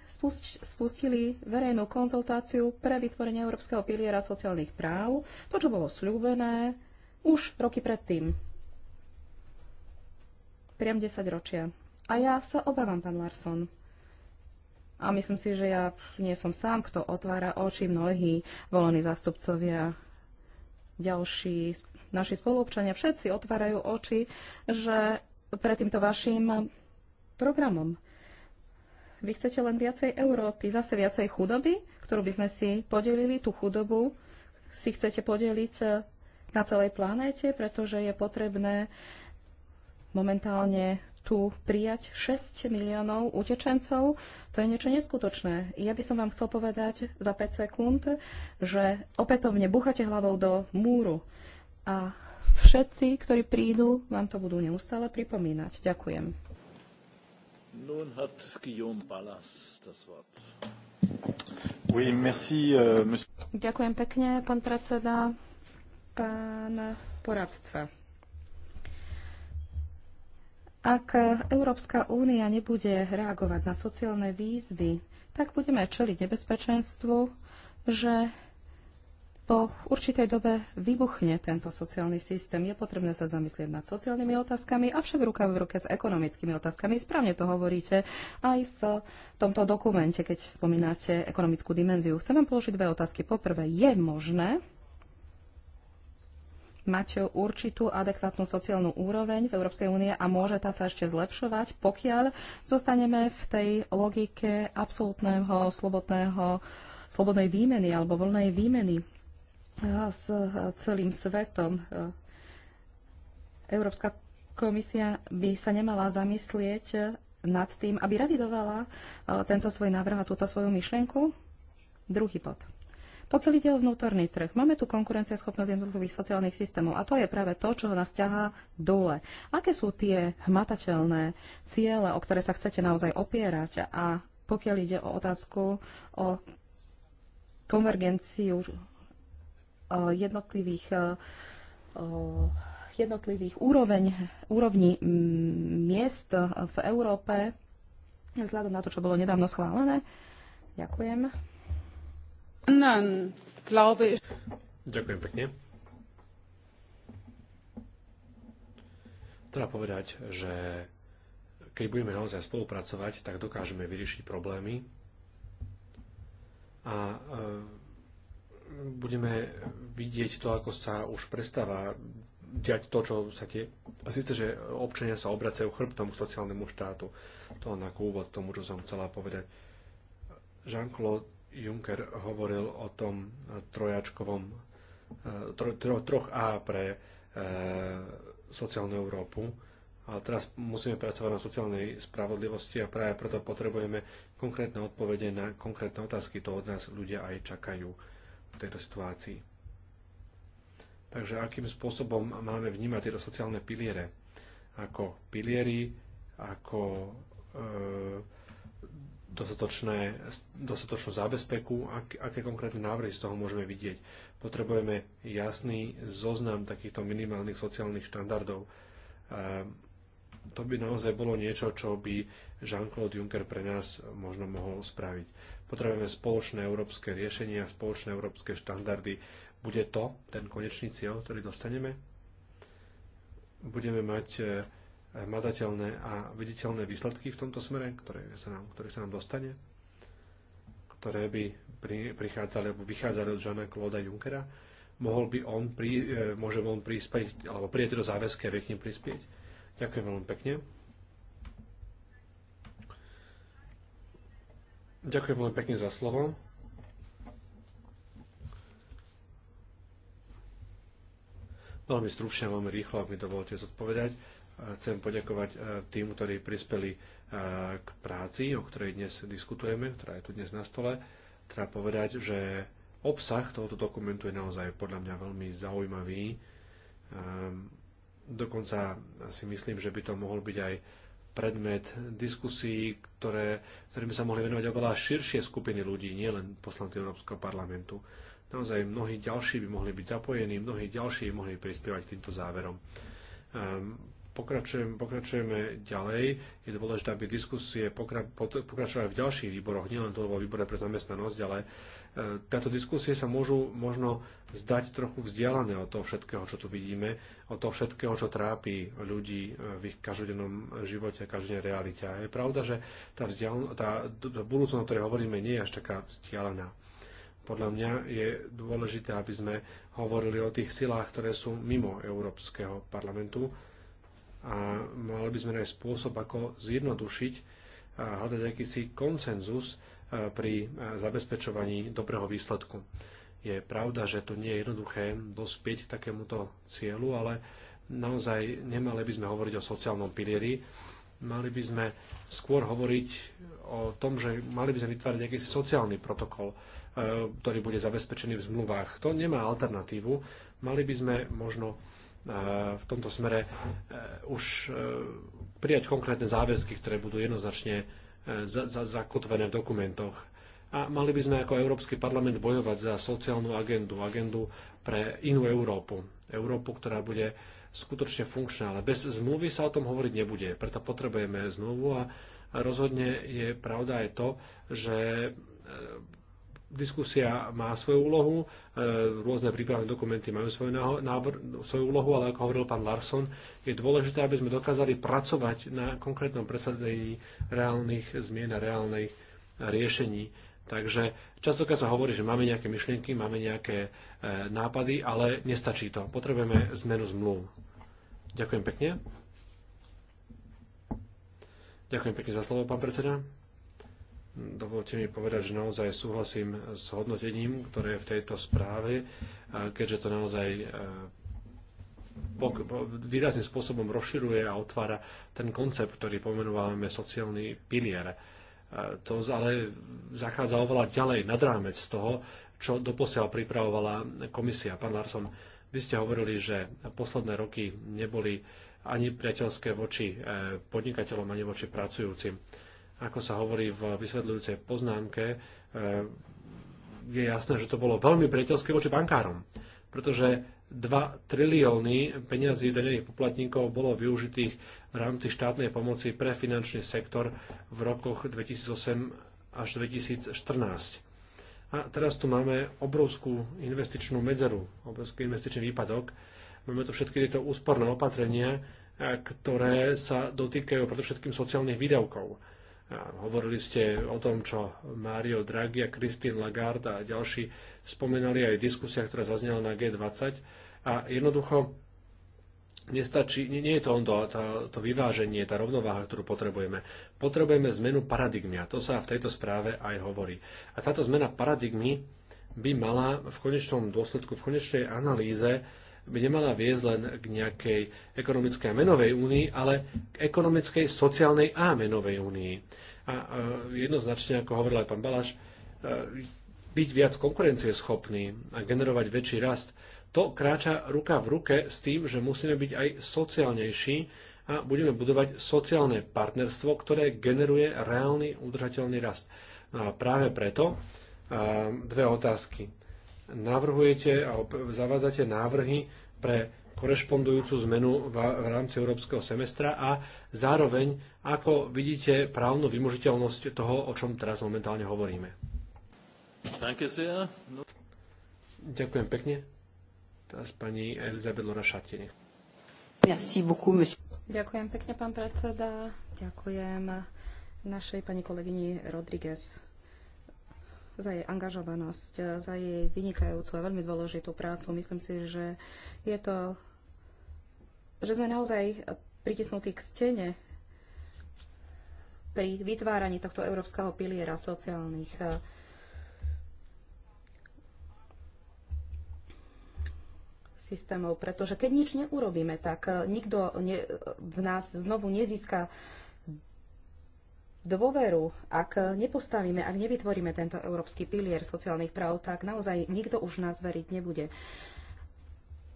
spustili verejnú konzultáciu pre vytvorenie Európskeho piliera sociálnych práv, to, čo bolo slúbené už roky predtým. Priam 10 ročia. A ja sa obávam, pán Larson. A myslím si, že ja nie som sám, kto otvára oči mnohí volení zástupcovia ďalší naši spoluobčania všetci otvárajú oči, že pred týmto vašim programom. Vy chcete len viacej Európy, zase viacej chudoby, ktorú by sme si podelili, tú chudobu si chcete podeliť e, na celej planéte, pretože je potrebné momentálne tu prijať 6 miliónov utečencov, to je niečo neskutočné. Ja by som vám chcel povedať za 5 sekúnd, že opätovne buchate hlavou do múru. A všetci, ktorí prídu, vám to budú neustále pripomínať. Ďakujem. Nun hat Guillaume Ballas das Wort. Oui, merci, uh, monsieur... Ďakujem pekne, pán predseda, pán poradca. Ak Európska únia nebude reagovať na sociálne výzvy, tak budeme čeliť nebezpečenstvu, že po určitej dobe vybuchne tento sociálny systém. Je potrebné sa zamyslieť nad sociálnymi otázkami, avšak ruka v ruke s ekonomickými otázkami. Správne to hovoríte aj v tomto dokumente, keď spomínate ekonomickú dimenziu. Chcem vám položiť dve otázky. Poprvé, je možné mať určitú adekvátnu sociálnu úroveň v Európskej únie a môže tá sa ešte zlepšovať, pokiaľ zostaneme v tej logike absolútneho, slobodného, slobodnej výmeny alebo voľnej výmeny s celým svetom. Európska komisia by sa nemala zamyslieť nad tým, aby revidovala e, tento svoj návrh a túto svoju myšlienku? Druhý bod. Pokiaľ ide o vnútorný trh, máme tu konkurencieschopnosť jednotlivých sociálnych systémov a to je práve to, čo nás ťahá dole. Aké sú tie hmatateľné ciele, o ktoré sa chcete naozaj opierať a pokiaľ ide o otázku o konvergenciu Eh, jednotlivých eh, eh, jednotlivých úroveň, úrovní mm, miest v Európe, vzhľadom na to, čo bolo nedávno schválené. Ďakujem. Ďakujem pekne. Treba povedať, že keď budeme naozaj spolupracovať, tak dokážeme vyriešiť problémy a budeme vidieť to, ako sa už prestáva diať to, čo sa tie... A síce, že občania sa obracajú chrbtom k sociálnemu štátu. To na úvod tomu, čo som chcela povedať. Jean-Claude Juncker hovoril o tom trojačkovom eh, tro, tro, troch A pre e, sociálnu Európu. Ale teraz musíme pracovať na sociálnej spravodlivosti a práve preto potrebujeme konkrétne odpovede na konkrétne otázky. To od nás ľudia aj čakajú v tejto situácii. Takže akým spôsobom máme vnímať tieto sociálne piliere? Ako piliery, ako e, dostatočnú zábezpeku, ak, aké konkrétne návrhy z toho môžeme vidieť. Potrebujeme jasný zoznam takýchto minimálnych sociálnych štandardov. E, to by naozaj bolo niečo, čo by Jean-Claude Juncker pre nás možno mohol spraviť. Potrebujeme spoločné európske riešenia, spoločné európske štandardy. Bude to ten konečný cieľ, ktorý dostaneme? Budeme mať e, mazateľné a viditeľné výsledky v tomto smere, ktoré sa nám, ktoré sa nám dostane, ktoré by pri, prichádzali alebo vychádzali od Žana Klóda Junckera, mohol by on, prí, e, môže on prispieť, alebo prieť do záväzky a vie k nim prispieť. Ďakujem veľmi pekne. Ďakujem veľmi pekne za slovo. Veľmi stručne, veľmi rýchlo, ak mi dovolíte zodpovedať. Chcem poďakovať e, tým, ktorí prispeli e, k práci, o ktorej dnes diskutujeme, ktorá je tu dnes na stole. Treba povedať, že obsah tohoto dokumentu je naozaj podľa mňa veľmi zaujímavý. Ehm, dokonca si myslím, že by to mohol byť aj predmet diskusí, ktoré, ktorým sa mohli venovať oveľa širšie skupiny ľudí, nielen poslanci Európskeho parlamentu. Naozaj mnohí ďalší by mohli byť zapojení, mnohí ďalší by mohli prispievať k týmto záverom. Ehm, pokračujem, pokračujeme ďalej. Je dôležité, aby diskusie pokra, pokračovali v ďalších výboroch, nielen to vo výbore pre zamestnanosť, ale E, táto diskusie sa môžu možno zdať trochu vzdialené od toho všetkého, čo tu vidíme, od toho všetkého, čo trápi ľudí e, v ich každodennom živote, každodennej realite. A je pravda, že tá, vzdialen- tá budúcnosť, o ktorej hovoríme, nie je až taká vzdialená. Podľa mňa je dôležité, aby sme hovorili o tých silách, ktoré sú mimo Európskeho parlamentu a mali by sme nájsť spôsob, ako zjednodušiť a hľadať akýsi koncenzus, pri e, zabezpečovaní dobrého výsledku. Je pravda, že to nie je jednoduché dospieť k takémuto cieľu, ale naozaj nemali by sme hovoriť o sociálnom pilieri, mali by sme skôr hovoriť o tom, že mali by sme vytvárať nejaký sociálny protokol, e, ktorý bude zabezpečený v zmluvách. To nemá alternatívu. Mali by sme možno e, v tomto smere už prijať konkrétne záväzky, ktoré budú jednoznačne E, zakotvené v dokumentoch. A mali by sme ako Európsky parlament bojovať za sociálnu agendu, agendu pre inú Európu. Európu, ktorá bude skutočne funkčná, ale bez zmluvy sa o tom hovoriť nebude. Preto potrebujeme zmluvu a rozhodne je pravda aj to, že e, Diskusia má svoju úlohu, e, rôzne prípravné dokumenty majú svoju, nábor, svoju úlohu, ale ako hovoril pán Larson, je dôležité, aby sme dokázali pracovať na konkrétnom presadzení reálnych zmien a reálnych e, riešení. Takže častokrát sa hovorí, že máme nejaké myšlienky, máme nejaké e, nápady, ale nestačí to. Potrebujeme zmenu zmluv. Ďakujem pekne. Ďakujem pekne za slovo, pán predseda. Dovolte mi povedať, že naozaj súhlasím s hodnotením, ktoré je v tejto správe, keďže to naozaj e, výrazným spôsobom rozširuje a otvára ten koncept, ktorý pomenúvame sociálny pilier. E, to ale zachádza oveľa ďalej nad rámec toho, čo doposiaľ pripravovala komisia. Pán Larson, vy ste hovorili, že posledné roky neboli ani priateľské voči e, podnikateľom, ani voči pracujúcim ako sa hovorí v vysvetľujúcej poznámke, e, je jasné, že to bolo veľmi priateľské voči bankárom, pretože 2 trilióny peniazí daňových poplatníkov bolo využitých v rámci štátnej pomoci pre finančný sektor v rokoch 2008 až 2014. A teraz tu máme obrovskú investičnú medzeru, obrovský investičný výpadok. Máme tu všetky tieto úsporné opatrenia, e, ktoré sa dotýkajú predovšetkým sociálnych výdavkov. Hovorili ste o tom, čo Mário Draghi a Christine Lagarde a ďalší spomenali aj v diskusiách, ktorá zaznela na G20. A jednoducho nestačí, nie, nie je to on to, to, to vyváženie, tá rovnováha, ktorú potrebujeme. Potrebujeme zmenu paradigmy a to sa v tejto správe aj hovorí. A táto zmena paradigmy by mala v konečnom dôsledku, v konečnej analýze by nemala viesť len k nejakej ekonomickej a menovej únii, ale k ekonomickej, sociálnej a menovej únii. A jednoznačne, ako hovoril aj pán Balaš, e, byť viac konkurencieschopný a generovať väčší rast, to kráča ruka v ruke s tým, že musíme byť aj sociálnejší a budeme budovať sociálne partnerstvo, ktoré generuje reálny udržateľný rast. No a práve preto e, dve otázky navrhujete a zavádzate návrhy pre korešpondujúcu zmenu v rámci európskeho semestra a zároveň, ako vidíte právnu vymožiteľnosť toho, o čom teraz momentálne hovoríme. No. Ďakujem pekne. Teraz pani Elizabeth Lora Šatine. Ďakujem pekne, pán predseda. Ďakujem našej pani kolegyni Rodriguez za jej angažovanosť, e, za jej vynikajúcu a veľmi dôležitú prácu. Myslím si, že je to, že sme naozaj pritisnutí k stene pri vytváraní tohto európskeho piliera sociálnych e, systémov, pretože keď nič neurobíme, tak e, nikto ne, v nás znovu nezíska dôveru, ak nepostavíme, ak nevytvoríme tento európsky pilier sociálnych práv, tak naozaj nikto už nás veriť nebude.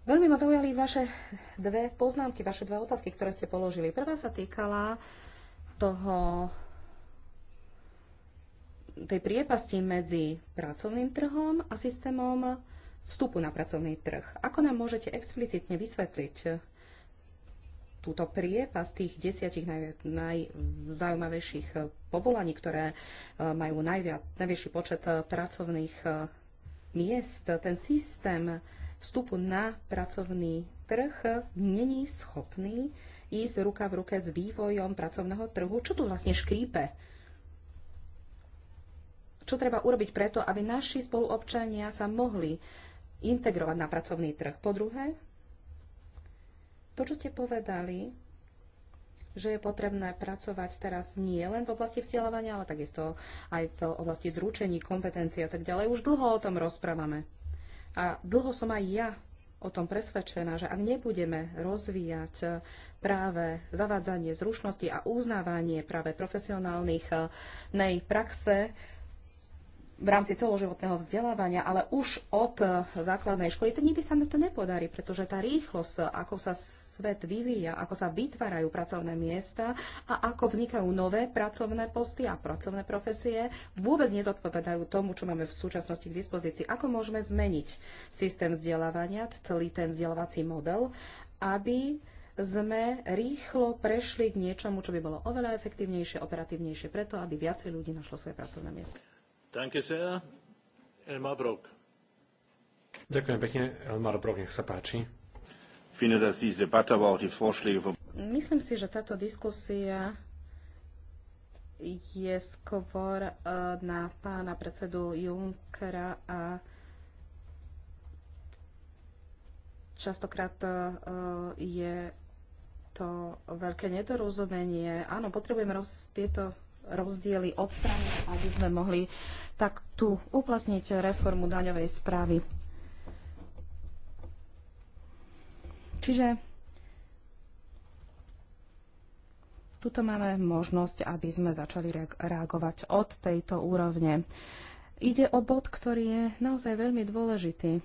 Veľmi ma zaujali vaše dve poznámky, vaše dve otázky, ktoré ste položili. Prvá sa týkala toho tej priepasti medzi pracovným trhom a systémom vstupu na pracovný trh. Ako nám môžete explicitne vysvetliť, túto priepas tých desiatich naj, najzaujímavejších eh, povolaní, ktoré eh, majú najviac, najvyšší počet eh, pracovných miest, ten systém vstupu na pracovný trh není schopný ísť ruka v ruke s vývojom pracovného trhu. Čo tu vlastne škrípe? Čo treba urobiť preto, aby naši spoluobčania sa mohli integrovať na pracovný trh? Po druhé, to, čo ste povedali, že je potrebné pracovať teraz nie len v oblasti vzdelávania, ale takisto aj v oblasti zručení, kompetencií a tak ďalej. Už dlho o tom rozprávame. A dlho som aj ja o tom presvedčená, že ak nebudeme rozvíjať eh, práve zavádzanie zručnosti a uznávanie práve profesionálnych nej praxe, v rámci celoživotného vzdelávania, ale už od eh, základnej školy, to nikdy sa nám to nepodarí, pretože tá rýchlosť, ako sa svet vyvíja, ako sa vytvárajú pracovné miesta a ako vznikajú nové pracovné posty a pracovné profesie, vôbec nezodpovedajú tomu, čo máme v súčasnosti k dispozícii. Ako môžeme zmeniť systém vzdelávania, celý ten vzdelávací model, aby sme rýchlo prešli k niečomu, čo by bolo oveľa efektívnejšie, operatívnejšie, preto aby viacej ľudí našlo svoje pracovné miesto. Ďakujem pekne. Elmar Brok, nech sa páči. Myslím si, že táto diskusia je skôr e, na pána predsedu Junckera a častokrát e, e, je to veľké nedorozumenie. Áno, potrebujeme roz, tieto rozdiely odstrániť, aby sme mohli tak tu uplatniť reformu daňovej správy. Čiže tuto máme možnosť, aby sme začali reagovať od tejto úrovne. Ide o bod, ktorý je naozaj veľmi dôležitý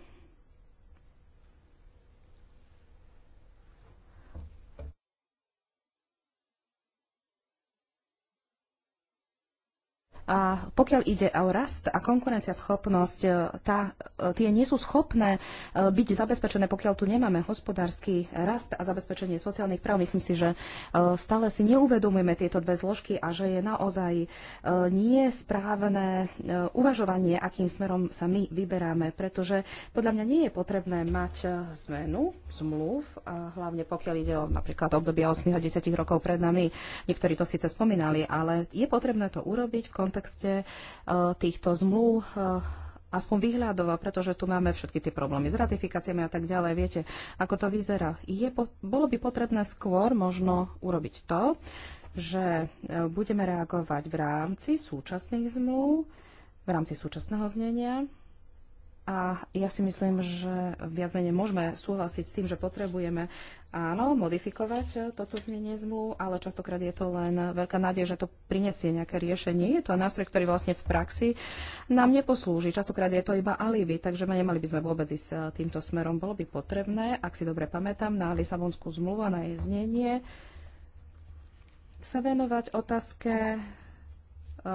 A pokiaľ ide o rast a konkurenciaschopnosť, e, tá, e, tie nie sú schopné e, byť zabezpečené, pokiaľ tu nemáme hospodársky rast a zabezpečenie sociálnych práv. Myslím si, že stále si neuvedomujeme tieto dve zložky a že je naozaj nie správne uvažovanie, akým smerom sa my vyberáme, pretože podľa mňa nie je potrebné mať zmenu zmluv, hlavne pokiaľ ide o napríklad obdobie 8-10 rokov pred nami. Niektorí to síce spomínali, ale je potrebné to urobiť v kont- kontexte e, týchto zmluv e, aspoň vyhľadova, pretože tu máme všetky tie problémy s ratifikáciami a tak ďalej. Viete, ako to vyzerá. Je, bolo by potrebné skôr možno urobiť to, že e, budeme reagovať v rámci súčasných zmluv, v rámci súčasného znenia a ja si myslím, že viac menej môžeme súhlasiť s tým, že potrebujeme áno, modifikovať toto znenie zmluv, ale častokrát je to len veľká nádej, že to prinesie nejaké riešenie. Je to nástroj, ktorý vlastne v praxi nám neposlúži. Častokrát je to iba alibi, takže my nemali by sme vôbec ísť eh, týmto smerom. Bolo by potrebné, ak si dobre pamätám, na Lisabonskú zmluvu a na jej znenie sa venovať otázke eh,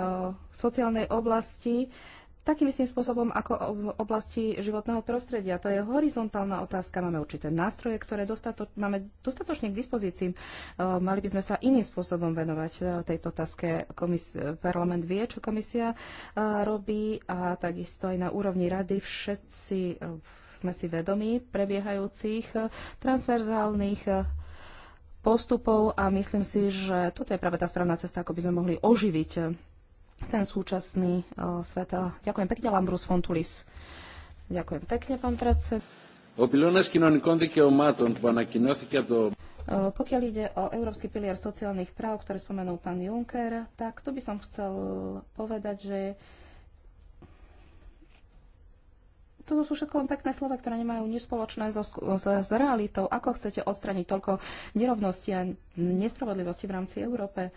sociálnej oblasti takým istým spôsobom ako v oblasti životného prostredia. To je horizontálna otázka. Máme určité nástroje, ktoré dostato, máme dostatočne k dispozícii. E, mali by sme sa iným spôsobom venovať e, tejto otázke. Komis, parlament vie, čo komisia e, robí a takisto aj na úrovni rady všetci sme si vedomí prebiehajúcich transverzálnych postupov a myslím si, že toto je práve tá správna cesta, ako by sme mohli oživiť ten súčasný e, svet. E, ďakujem pekne, Lambrus Fontulis. Ďakujem pekne, pán predsed. O pilónas κοινωνικών δικαιωμάτων που ανακοινώθηκε από pokiaľ ide o Európsky pilier sociálnych práv, ktoré spomenul pán Juncker, tak tu by som chcel povedať, že toto sú všetko len pekné slova, ktoré nemajú nič spoločné so, s, s realitou. Ako chcete odstraniť toľko nerovnosti a nespravodlivosti v rámci Európe?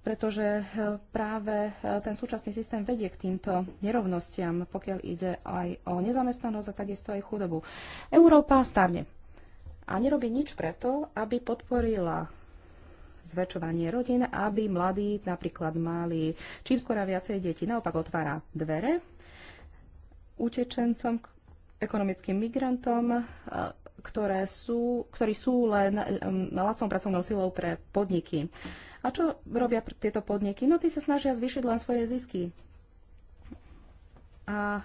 pretože e, práve e, ten súčasný systém vedie k týmto nerovnostiam, pokiaľ ide aj o nezamestnanosť a takisto aj chudobu. Európa starne a nerobí nič preto, aby podporila zväčšovanie rodín, aby mladí napríklad mali čím skôr viacej detí. Naopak otvára dvere utečencom, ekonomickým migrantom, e, ktoré sú, ktorí sú len lacnou pracovnou silou pre podniky. A čo robia tieto podniky? No, tí sa snažia zvyšiť len svoje zisky. A e,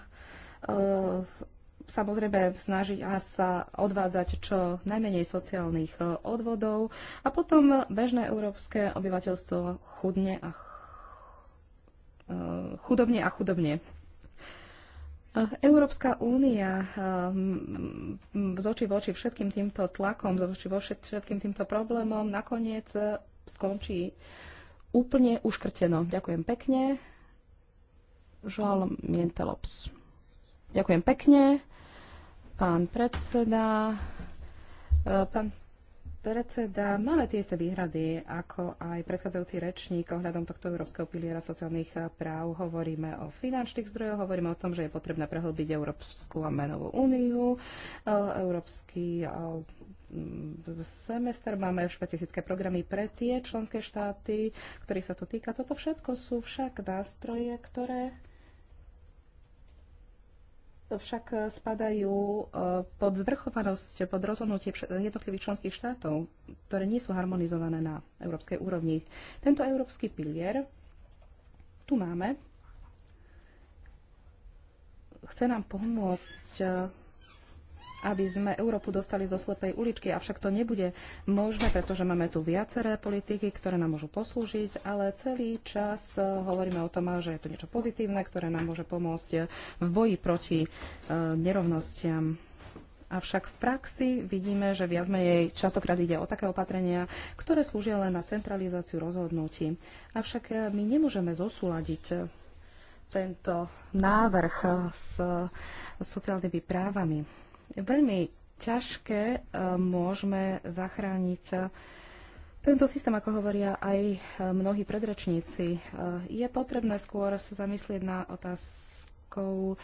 samozrejme snažia sa odvádzať čo najmenej sociálnych e, odvodov a potom bežné európske obyvateľstvo chudne a e, chudobne a chudobne. E, Európska únia z oči voči všetkým týmto tlakom, z oči vo všetkým týmto problémom nakoniec skončí úplne uškrteno. Ďakujem pekne. Žal Mientelops. Ďakujem pekne. Pán predseda, e, pán predseda, máme tie isté výhrady, ako aj predchádzajúci rečník ohľadom tohto Európskeho piliera sociálnych práv. Hovoríme o finančných zdrojoch, hovoríme o tom, že je potrebné prehlbiť Európsku a menovú úniu, e, Európsky e, semester, máme špecifické programy pre tie členské štáty, ktorých sa to týka. Toto všetko sú však nástroje, ktoré však eh, spadajú eh, pod zvrchovanosť, pod rozhodnutie jednotlivých členských štátov, ktoré nie sú harmonizované na európskej úrovni. Tento európsky pilier tu máme. Chce nám pomôcť eh, aby sme Európu dostali zo slepej uličky, avšak to nebude možné, pretože máme tu viaceré politiky, ktoré nám môžu poslúžiť, ale celý čas eh, hovoríme o tom, že je to niečo pozitívne, ktoré nám môže pomôcť eh, v boji proti eh, nerovnostiam. Avšak v praxi vidíme, že viac menej častokrát ide o také opatrenia, ktoré slúžia len na centralizáciu rozhodnutí. Avšak my nemôžeme zosúľadiť tento návrh s sociálnymi právami veľmi ťažké e, môžeme zachrániť e, tento systém, ako hovoria aj e, mnohí predračníci. Je potrebné skôr sa zamyslieť na otázkou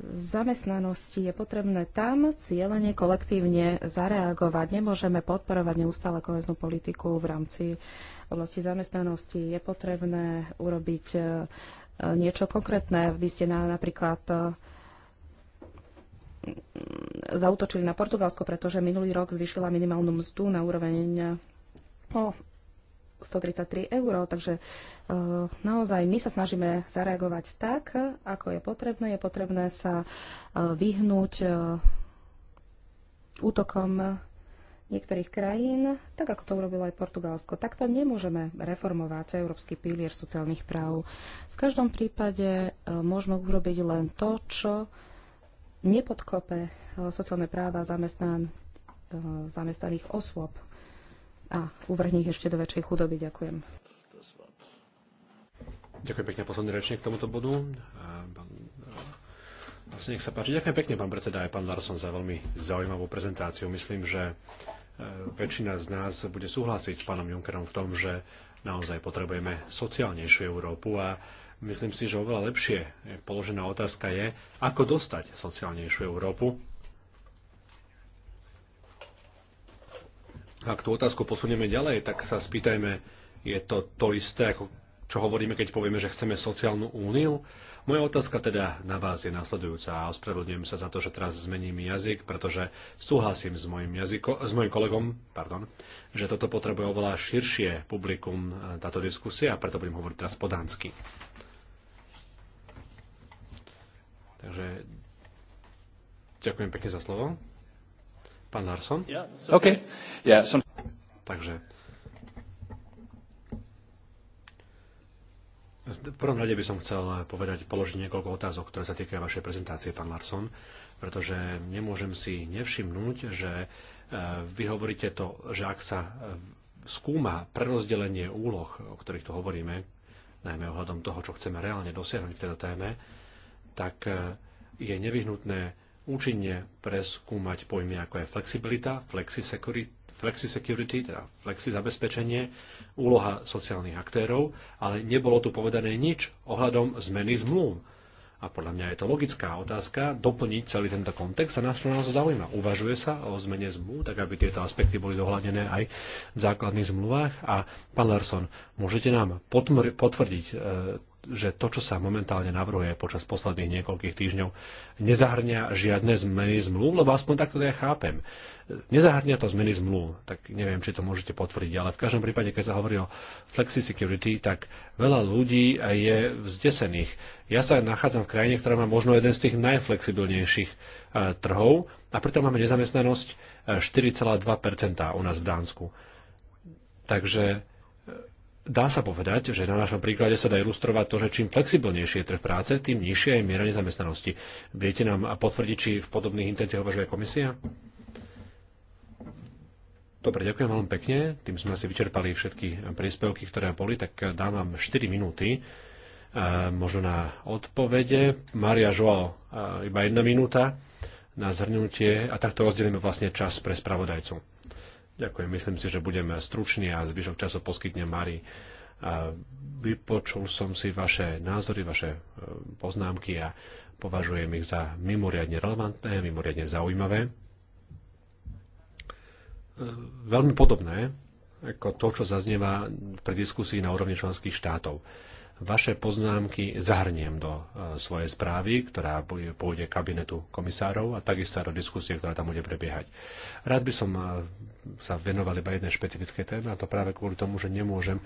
zamestnanosti je potrebné tam cieľene kolektívne zareagovať. Nemôžeme podporovať neustále koheznú politiku v rámci oblasti zamestnanosti. Je potrebné urobiť niečo konkrétne. Vy ste na, napríklad zautočili na Portugalsko, pretože minulý rok zvyšila minimálnu mzdu na úroveň eh, o 133 eur, takže eh, naozaj my sa snažíme zareagovať tak, ako je potrebné. Je potrebné sa eh, vyhnúť útokom niektorých krajín, tak ako to urobilo aj Portugalsko. Takto nemôžeme reformovať európsky pilier sociálnych práv. V každom prípade môžeme urobiť len to, čo nepodkope eh, sociálne práva zamestnan, eh, zamestnaných osôb a uvrhne ich ešte do väčšej chudoby. Ďakujem. Ďakujem pekne, posledný rečník k tomuto bodu. Eh, vlastne nech sa páči. Ďakujem pekne, pán predseda, aj pán Larson, za veľmi zaujímavú prezentáciu. Myslím, že väčšina z nás bude súhlasiť s pánom Junckerom v tom, že naozaj potrebujeme sociálnejšiu Európu a Myslím si, že oveľa lepšie položená otázka je, ako dostať sociálnejšiu Európu. Ak tú otázku posunieme ďalej, tak sa spýtajme, je to to isté, ako čo hovoríme, keď povieme, že chceme sociálnu úniu? Moja otázka teda na vás je následujúca a ospravedlňujem sa za to, že teraz zmením jazyk, pretože súhlasím s mojim, jazyko, s mojim kolegom, pardon, že toto potrebuje oveľa širšie publikum e, táto diskusia a preto budem hovoriť teraz po dánsky. Takže ďakujem pekne za slovo. Pán Larson? Yeah, okay. okay. Yeah, some... Takže V prvom rade by som chcel povedať, položiť niekoľko otázok, ktoré sa týkajú vašej prezentácie, pán Larson, pretože nemôžem si nevšimnúť, že e, vy hovoríte to, že ak sa skúma prerozdelenie úloh, o ktorých tu hovoríme, najmä ohľadom toho, čo chceme reálne dosiahnuť v tejto téme, tak e, je nevyhnutné účinne preskúmať pojmy ako je flexibilita, flexi security, teda flexi zabezpečenie, úloha sociálnych aktérov, ale nebolo tu povedané nič ohľadom zmeny zmluv. A podľa mňa je to logická otázka doplniť celý tento kontext a nás to nás zaujíma. Uvažuje sa o zmene zmluv, tak aby tieto aspekty boli dohľadené aj v základných zmluvách. A pán Larson, môžete nám potvrdiť e, že to, čo sa momentálne navrhuje počas posledných niekoľkých týždňov, nezahrňa žiadne zmeny zmluv, lebo aspoň takto ja chápem. Nezahrňa to zmeny zmluv, tak neviem, či to môžete potvrdiť, ale v každom prípade, keď sa hovorí o flexi security, tak veľa ľudí je vzdesených. Ja sa nachádzam v krajine, ktorá má možno jeden z tých najflexibilnejších e, trhov a preto máme nezamestnanosť 4,2% e, u nás v Dánsku. Takže dá sa povedať, že na našom príklade sa dá ilustrovať to, že čím flexibilnejší je trh práce, tým nižšia je miera nezamestnanosti. Viete nám potvrdiť, či v podobných intenciách uvažuje komisia? Dobre, ďakujem veľmi pekne. Tým sme si vyčerpali všetky príspevky, ktoré boli, tak dám vám 4 minúty e, možno na odpovede. Maria Joao, e, iba jedna minúta na zhrnutie a takto rozdelíme vlastne čas pre spravodajcu. Ďakujem. Myslím si, že budeme struční a zvyšok času poskytne Mari. Vypočul som si vaše názory, vaše e, poznámky a považujem ich za mimoriadne relevantné, mimoriadne zaujímavé. E, veľmi podobné ako to, čo zaznieva pri diskusii na úrovni členských štátov vaše poznámky zahrniem do e, svojej správy, ktorá pôjde kabinetu komisárov a takisto aj do diskusie, ktorá tam bude prebiehať. Rád by som e, sa venoval iba jednej špecifickej téme a to práve kvôli tomu, že nemôžem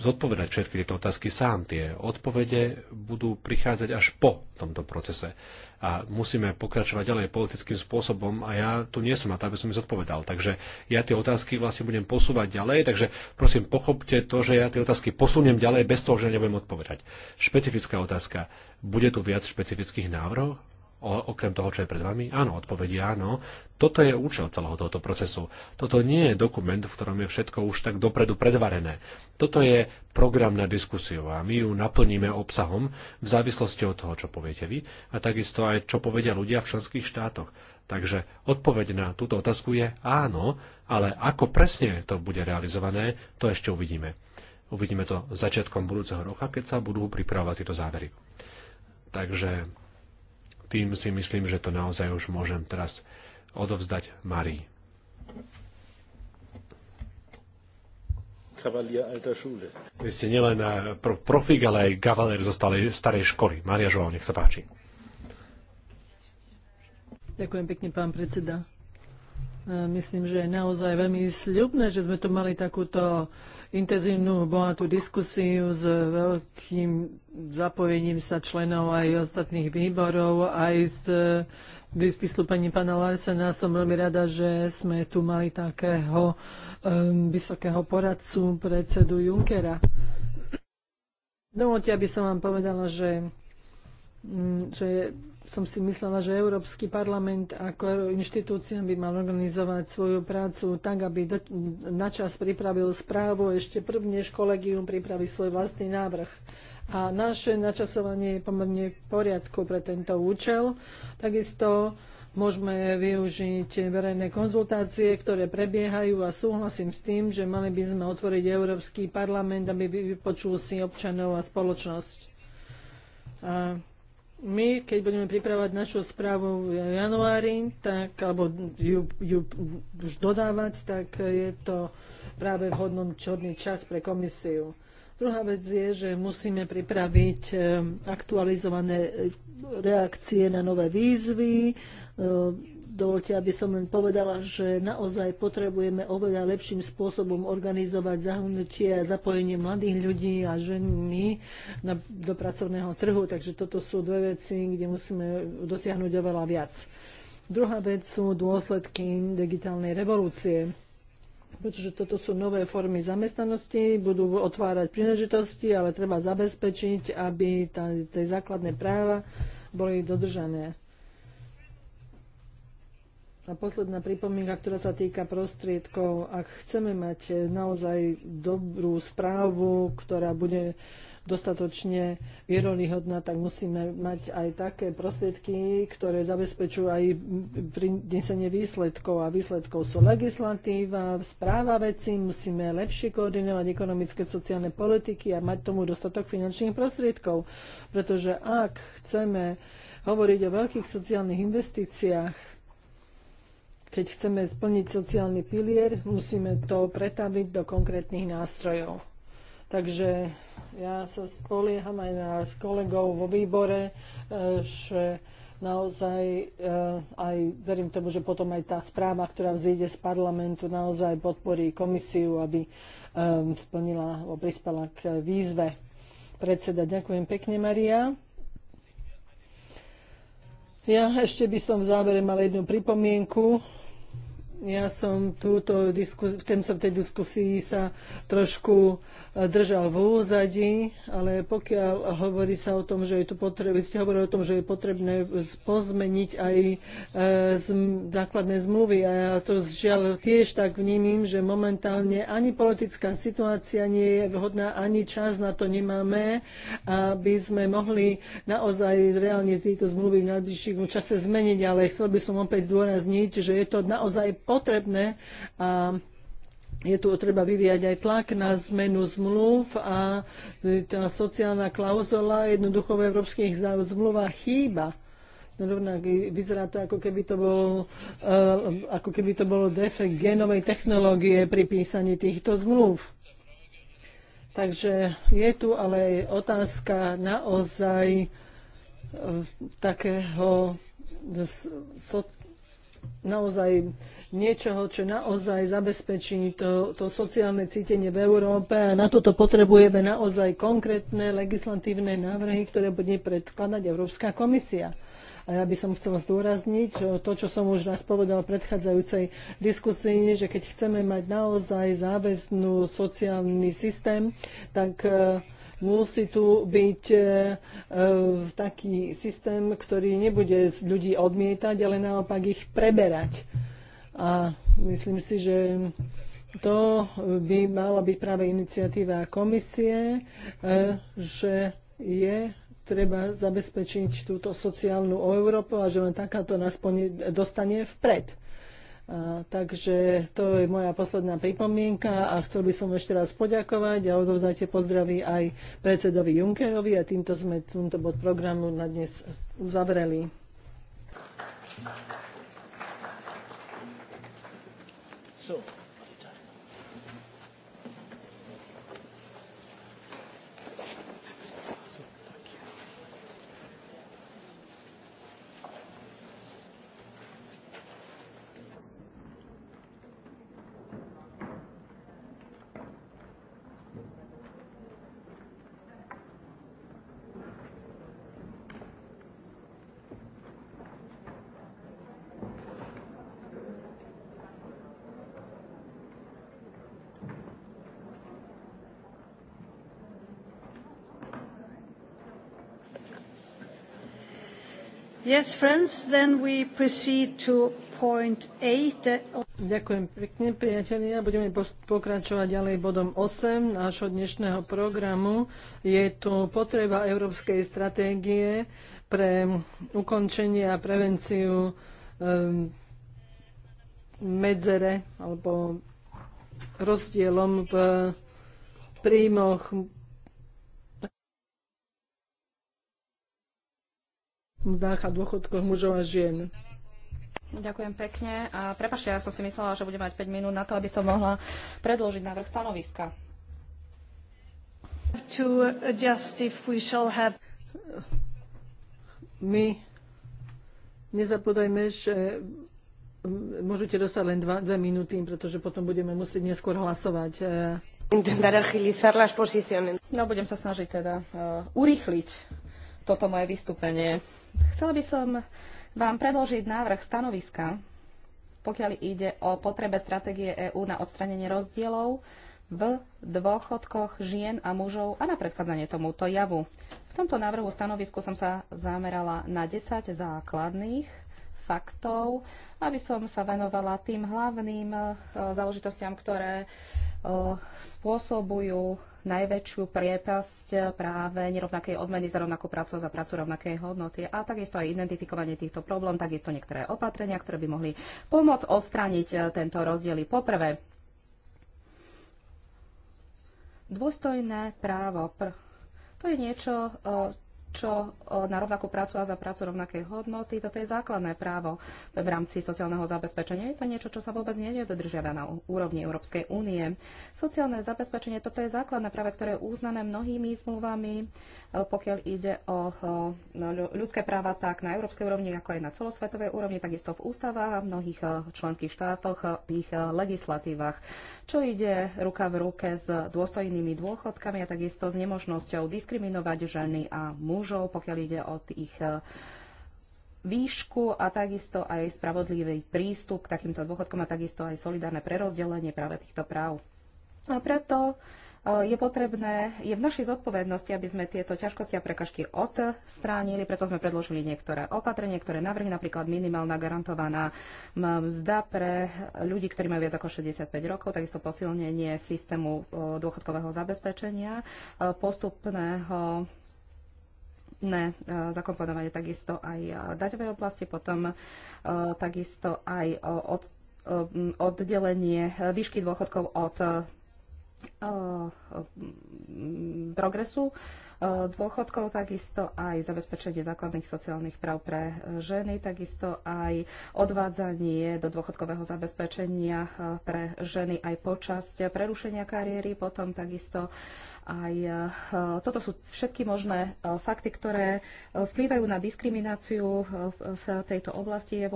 zodpovedať všetky tieto otázky sám. Tie odpovede budú prichádzať až po tomto procese a musíme pokračovať ďalej politickým spôsobom a ja tu nie som na to, aby som mi zodpovedal. Takže ja tie otázky vlastne budem posúvať ďalej, takže prosím pochopte to, že ja tie otázky posuniem ďalej bez toho, že nebudem odpovedať. Špecifická otázka. Bude tu viac špecifických návrhov? okrem toho, čo je pred vami? Áno, odpovedia áno. Toto je účel celého tohoto procesu. Toto nie je dokument, v ktorom je všetko už tak dopredu predvarené. Toto je program na diskusiu a my ju naplníme obsahom v závislosti od toho, čo poviete vy a takisto aj čo povedia ľudia v členských štátoch. Takže odpoveď na túto otázku je áno, ale ako presne to bude realizované, to ešte uvidíme. Uvidíme to začiatkom budúceho roka, keď sa budú pripravovať tieto závery. Takže tým si myslím, že to naozaj už môžem teraz odovzdať Marii. Vy ste nielen eh, profík, ale aj kavalier zo starej školy. Maria Žoval, nech sa páči. Ďakujem pekne, pán predseda. Eh, myslím, že je naozaj veľmi sľubné, že sme tu mali takúto intenzívnu, bohatú diskusiu s veľkým zapojením sa členov aj ostatných výborov, aj s e, vystúpením pána Larsena. Som veľmi rada, že sme tu mali takého um, vysokého poradcu predsedu Junkera. Dovolte, aby som vám povedala, že, um, že som si myslela, že Európsky parlament ako inštitúcia by mal organizovať svoju prácu tak, aby do, načas pripravil správu ešte prvne kolegium pripraví svoj vlastný návrh. A naše načasovanie je pomerne v poriadku pre tento účel. Takisto môžeme využiť verejné konzultácie, ktoré prebiehajú a súhlasím s tým, že mali by sme otvoriť Európsky parlament, aby vypočul si občanov a spoločnosť. A my, keď budeme pripravať našu správu v januári, tak, alebo ju, ju už dodávať, tak je to práve vhodnom čodný čas pre komisiu. Druhá vec je, že musíme pripraviť e, aktualizované reakcie na nové výzvy, e, dovolte, aby som len povedala, že naozaj potrebujeme oveľa lepším spôsobom organizovať zahrnutie a zapojenie mladých ľudí a ženy na, do pracovného trhu. Takže toto sú dve veci, kde musíme dosiahnuť oveľa viac. Druhá vec sú dôsledky digitálnej revolúcie pretože toto sú nové formy zamestnanosti, budú otvárať príležitosti, ale treba zabezpečiť, aby tie základné práva boli dodržané. A posledná pripomienka, ktorá sa týka prostriedkov. Ak chceme mať naozaj dobrú správu, ktorá bude dostatočne vierolihodná, tak musíme mať aj také prostriedky, ktoré zabezpečujú aj prinesenie výsledkov. A výsledkov sú legislatíva, správa veci, musíme lepšie koordinovať ekonomické, sociálne politiky a mať tomu dostatok finančných prostriedkov. Pretože ak chceme hovoriť o veľkých sociálnych investíciách, keď chceme splniť sociálny pilier, musíme to pretaviť do konkrétnych nástrojov. Takže ja sa spolieham aj na kolegov vo výbore, e, že naozaj e, aj verím tomu, že potom aj tá správa, ktorá vzíde z parlamentu, naozaj podporí komisiu, aby e, splnila alebo prispela k výzve predseda. Ďakujem pekne, Maria. Ja ešte by som v závere mal jednu pripomienku ja som túto diskus- v som tej diskusii sa trošku e, držal v úzadi, ale pokiaľ hovorí sa o tom, že je tu potrebné, ste hovorili o tom, že je potrebné pozmeniť aj e, z, základné zmluvy a ja to žiaľ tiež tak vnímim, že momentálne ani politická situácia nie je vhodná, ani čas na to nemáme, aby sme mohli naozaj reálne z tieto zmluvy v najbližším čase zmeniť, ale chcel by som opäť zdôrazniť, že je to naozaj potrebné a je tu treba vyvíjať aj tlak na zmenu zmluv a tá sociálna klauzula jednoducho v európskych zmluvách chýba. Rovnak vyzerá to, ako keby to, bol, eh, ako keby to bolo defekt genovej technológie pri písaní týchto zmluv. Takže je tu ale aj otázka naozaj eh, takého naozaj niečoho, čo naozaj zabezpečí to, to sociálne cítenie v Európe a na toto potrebujeme naozaj konkrétne legislatívne návrhy, ktoré bude predkladať Európska komisia. A ja by som chcela zdôrazniť to, čo som už raz povedal v predchádzajúcej diskusii, že keď chceme mať naozaj záväznú sociálny systém, tak e, musí tu byť e, e, taký systém, ktorý nebude ľudí odmietať, ale naopak ich preberať. A myslím si, že to by mala byť práve iniciatíva komisie, e, že je treba zabezpečiť túto sociálnu Európu a že len takáto nás dostane vpred. A, takže to je moja posledná pripomienka a chcel by som ešte raz poďakovať a odovzdajte pozdravy aj predsedovi Junckerovi a týmto sme tento bod programu na dnes uzavreli. So. Yes, friends, then we proceed to point 8. Ďakujem pekne, priatelia. Budeme pokračovať ďalej bodom 8 nášho dnešného programu. Je tu potreba európskej stratégie pre ukončenie a prevenciu um, medzere alebo rozdielom v príjmoch mzdách a dôchodkoch mužov a žien. Ďakujem pekne. A prepašte, ja som si myslela, že budem mať 5 minút na to, aby som mohla predložiť návrh stanoviska. Have... My nezapodajme, že môžete dostať len 2 dve minúty, pretože potom budeme musieť neskôr hlasovať. No, budem sa snažiť teda uh, urýchliť toto moje vystúpenie. Chcela by som vám predložiť návrh stanoviska, pokiaľ ide o potrebe stratégie EÚ na odstranenie rozdielov v dôchodkoch žien a mužov a na predchádzanie tomuto javu. V tomto návrhu stanovisku som sa zamerala na 10 základných faktov, aby som sa venovala tým hlavným eh, záležitostiam, ktoré eh, spôsobujú najväčšiu priepasť práve nerovnakej odmeny za rovnakú prácu a za prácu rovnakej hodnoty a takisto aj identifikovanie týchto problém, takisto niektoré opatrenia, ktoré by mohli pomôcť odstrániť e, tento rozdiely. Poprvé, dôstojné právo. Pr- to je niečo, e, čo na rovnakú prácu a za prácu rovnakej hodnoty. Toto je základné právo v rámci sociálneho zabezpečenia. Je to niečo, čo sa vôbec nedodržiava na úrovni Európskej únie. Sociálne zabezpečenie, toto je základné práve, ktoré je uznané mnohými zmluvami, e, pokiaľ ide o no, ľudské práva tak na európskej úrovni, ako aj na celosvetovej úrovni, takisto v ústavách a v mnohých e, členských štátoch, e, v ich legislatívach čo ide ruka v ruke s dôstojnými dôchodkami a takisto s nemožnosťou diskriminovať ženy a mužov, pokiaľ ide o ich e, výšku a takisto aj spravodlivý prístup k takýmto dôchodkom a takisto aj solidárne prerozdelenie práve týchto práv. A preto Eh, je potrebné, je v našej zodpovednosti, aby sme tieto ťažkosti a prekažky odstránili, preto sme predložili niektoré opatrenie, ktoré navrhy, napríklad minimálna garantovaná mzda pre ľudí, ktorí majú viac ako 65 rokov, takisto posilnenie systému eh, dôchodkového zabezpečenia, eh, postupného ne, zakomponovanie takisto aj daťovej oblasti, potom takisto aj od oddelenie výšky dôchodkov od Eh, progresu eh, dôchodkov, takisto aj zabezpečenie základných sociálnych práv pre ženy, takisto aj odvádzanie do dôchodkového zabezpečenia eh, pre ženy aj počas prerušenia kariéry, potom takisto aj e, toto sú všetky možné e, fakty, ktoré e, vplývajú na diskrimináciu v tejto oblasti. Je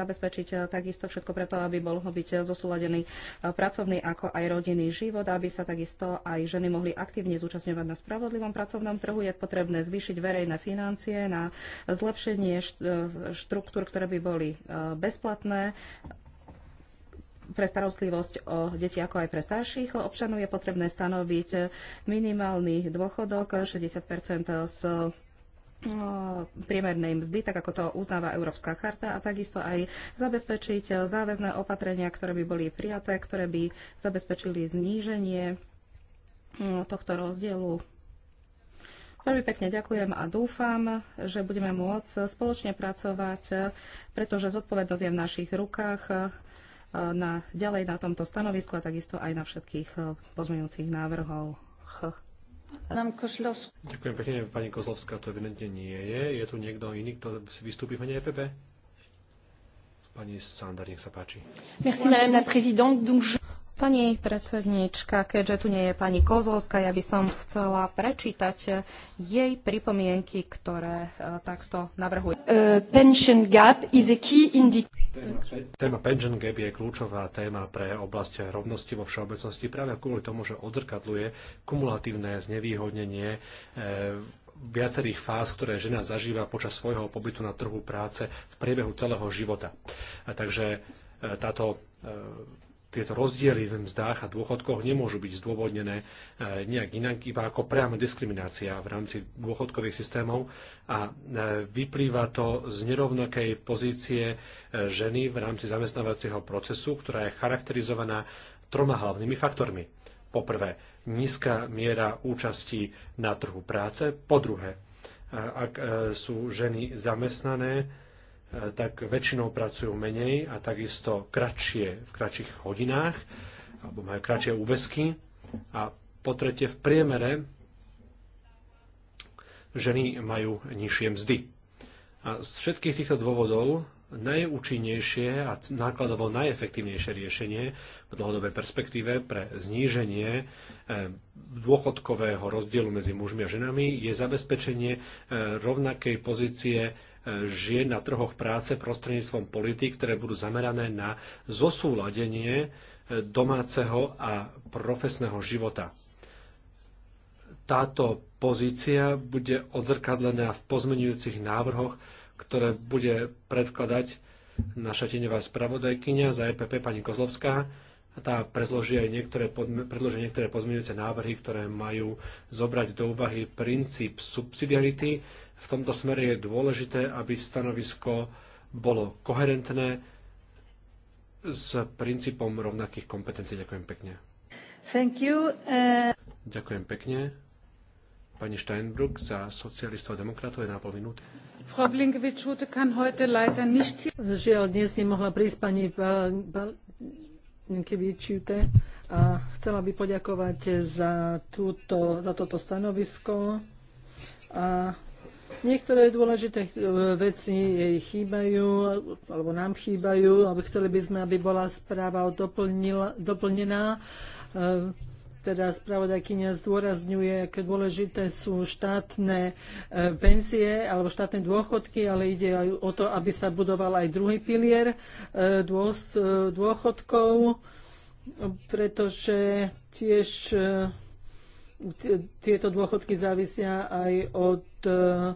zabezpečiť takisto všetko preto, aby bol byť zosúladený pracovný ako aj rodinný život, aby sa takisto aj ženy mohli aktívne zúčastňovať na spravodlivom pracovnom trhu. Je potrebné zvýšiť verejné financie na zlepšenie štruktúr, ktoré by boli bezplatné pre starostlivosť o deti ako aj pre starších občanov je potrebné stanoviť minimálny dôchodok 60 z priemernej mzdy, tak ako to uznáva Európska charta a takisto aj zabezpečiť záväzné opatrenia, ktoré by boli prijaté, ktoré by zabezpečili zníženie tohto rozdielu Veľmi pekne ďakujem a dúfam, že budeme môcť spoločne pracovať, pretože zodpovednosť je v našich rukách na, ďalej na tomto stanovisku a takisto aj na všetkých eh, pozmeňujúcich návrhov. Nám Ďakujem pekne, pani Kozlovská, to evidentne nie je. Je tu niekto iný, kto si vystúpi v mene EPP? Pani Sandar, nech sa páči. Merci, madame la présidente. Donc, je... Pani predsednička, keďže tu nie je pani Kozlovská, ja by som chcela prečítať jej pripomienky, ktoré e, takto navrhuje. Uh, pension gap is a key Téma, pension gap je kľúčová téma pre oblasť rovnosti vo všeobecnosti práve kvôli tomu, že odzrkadluje kumulatívne znevýhodnenie e, viacerých fáz, ktoré žena zažíva počas svojho pobytu na trhu práce v priebehu celého života. A takže e, táto tieto rozdiely v mzdách a dôchodkoch nemôžu byť zdôvodnené e, nejak inak, iba ako priama diskriminácia v rámci dôchodkových systémov a e, vyplýva to z nerovnakej pozície e, ženy v rámci zamestnávacieho procesu, ktorá je charakterizovaná troma hlavnými faktormi. Po prvé, nízka miera účasti na trhu práce. Po druhé, ak sú ženy zamestnané, E, tak väčšinou pracujú menej a takisto kratšie, v kratších hodinách, alebo majú kratšie úvesky. A po tretie, v priemere ženy majú nižšie mzdy. A z všetkých týchto dôvodov najúčinnejšie a nákladovo najefektívnejšie riešenie v dlhodobej perspektíve pre zníženie e, dôchodkového rozdielu medzi mužmi a ženami je zabezpečenie e, rovnakej pozície žien na trhoch práce prostredníctvom politik, ktoré budú zamerané na zosúladenie e, domáceho a profesného života. Táto pozícia bude odzrkadlená v pozmenujúcich návrhoch, ktoré bude predkladať naša teňová spravodajkynia za EPP pani Kozlovská tá predloží aj niektoré, predloží niektoré pozmenujúce návrhy, ktoré majú zobrať do úvahy princíp subsidiarity, v tomto smere je dôležité, aby stanovisko bolo koherentné s princípom rovnakých kompetencií. Ďakujem pekne. Thank you. Uh... Ďakujem pekne. Pani Steinbrück za socialistov a demokratov je na pol minúty. Frau Blinkevičute kan heute leider nicht hier... Žiaľ, dnes nemohla prísť pani Blinkevičute a chcela by poďakovať za, túto, za toto stanovisko a Niektoré dôležité e, veci jej chýbajú, alebo nám chýbajú, ale chceli by sme, aby bola správa doplnená. E, teda spravodajkynia zdôrazňuje, aké dôležité sú štátne e, penzie alebo štátne dôchodky, ale ide aj o to, aby sa budoval aj druhý pilier dôchodkov, pretože tiež tieto dôchodky závisia aj od Eh,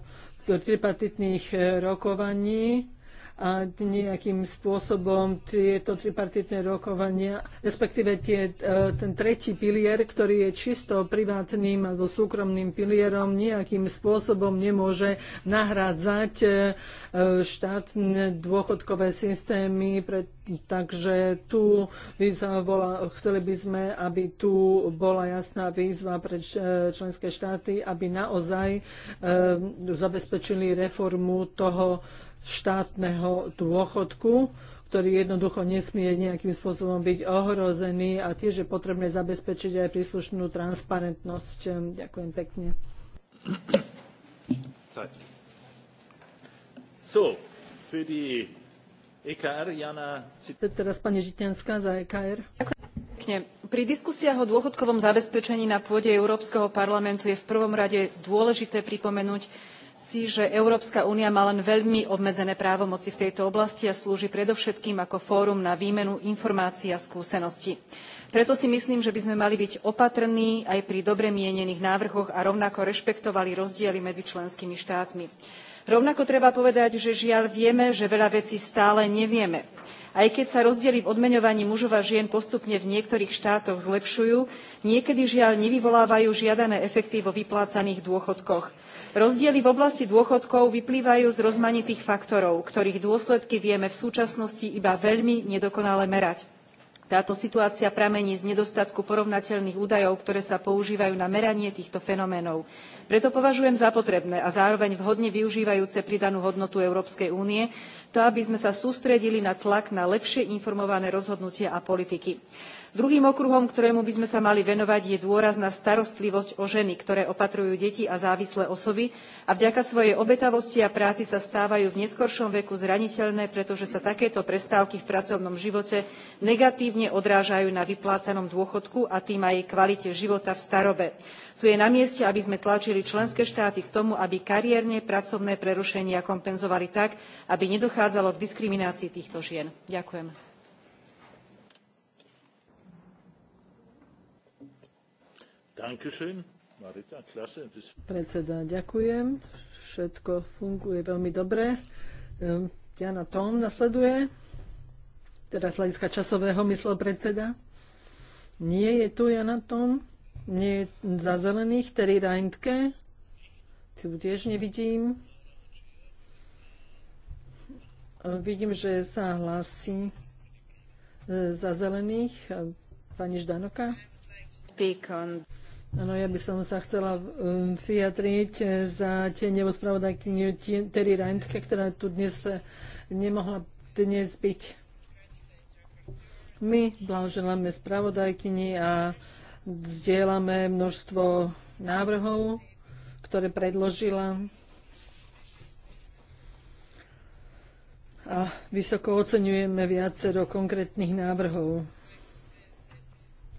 tripartitných eh, rokovaní a nejakým spôsobom tieto tripartitné rokovania, respektíve tie, e, ten tretí pilier, ktorý je čisto privátnym alebo súkromným pilierom, nejakým spôsobom nemôže nahrádzať e, štátne dôchodkové systémy, pre, takže tu by sa bola, chceli by sme, aby tu bola jasná výzva pre e, členské štáty, aby naozaj zabezpečili reformu toho štátneho dôchodku, ktorý jednoducho nesmie nejakým spôsobom byť ohrozený a tiež je potrebné zabezpečiť aj príslušnú transparentnosť. Ďakujem pekne. So, für die EKR, Jana... Teraz pani Žitianská za e EKR. Ďakujem. Pri diskusiách o dôchodkovom zabezpečení na pôde Európskeho parlamentu je v prvom rade dôležité pripomenúť, si, že Európska únia má len veľmi obmedzené právomoci v tejto oblasti a slúži predovšetkým ako fórum na výmenu informácií a skúseností. Preto si myslím, že by sme mali byť opatrní aj pri dobre mienených návrhoch a rovnako rešpektovali rozdiely medzi členskými štátmi. Rovnako treba povedať, že žiaľ vieme, že veľa vecí stále nevieme. Aj keď sa rozdiely v odmeňovaní mužov a žien postupne v niektorých štátoch zlepšujú, niekedy žiaľ nevyvolávajú žiadané efekty vo vyplácaných dôchodkoch rozdiely v oblasti dôchodkov vyplývajú z rozmanitých faktorov ktorých dôsledky vieme v súčasnosti iba veľmi nedokonale merať. táto situácia pramení z nedostatku porovnateľných údajov ktoré sa používajú na meranie týchto fenoménov. preto považujem za potrebné a zároveň vhodne využívajúce pridanú hodnotu európskej únie to aby sme sa sústredili na tlak na lepšie informované rozhodnutia a politiky druhým okruhom ktorému by sme sa mali venovať je dôraz na starostlivosť o ženy ktoré opatrujú deti a závislé osoby a vďaka svojej obetavosti a práci sa stávajú v neskoršom veku zraniteľné pretože sa takéto prestávky v pracovnom živote negatívne odrážajú na vyplácanom dôchodku a tým aj kvalite života v starobe. tu je na mieste aby sme tlačili členské štáty k tomu aby kariérne pracovné prerušenia kompenzovali tak aby nedochádzalo k diskriminácii týchto žien. ďakujem. Predseda, ďakujem. Všetko funguje veľmi dobre. Ehm, Jana Tom nasleduje. Teraz hľadiska časového myslel predseda. Nie je tu Jana Tom. Nie je za zelených. Terry Reintke. Tu tiež nevidím. Ehm, vidím, že sa hlási e, za zelených e, pani Ždanoka. Speak on. Áno, ja by som sa chcela um, vyjadriť eh, za tie spravodajkyniu Terry Reintke, ktorá tu dnes eh, nemohla dnes byť. My blahoželáme spravodajkyni a zdieľame množstvo návrhov, ktoré predložila. A vysoko oceňujeme viacero konkrétnych návrhov.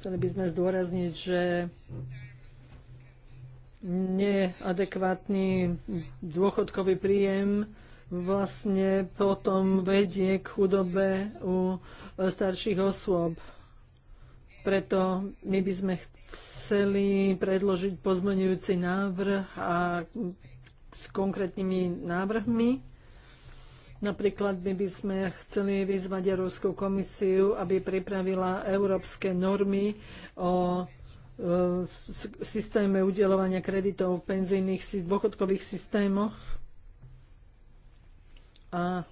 Chceli by sme zdôrazniť, že neadekvátny dôchodkový príjem vlastne potom vedie k chudobe u starších osôb. Preto my by sme chceli predložiť pozmenujúci návrh a s konkrétnymi návrhmi. Napríklad my by sme chceli vyzvať Európsku komisiu, aby pripravila európske normy o v systéme udelovania kreditov v penzijných dôchodkových systémoch. A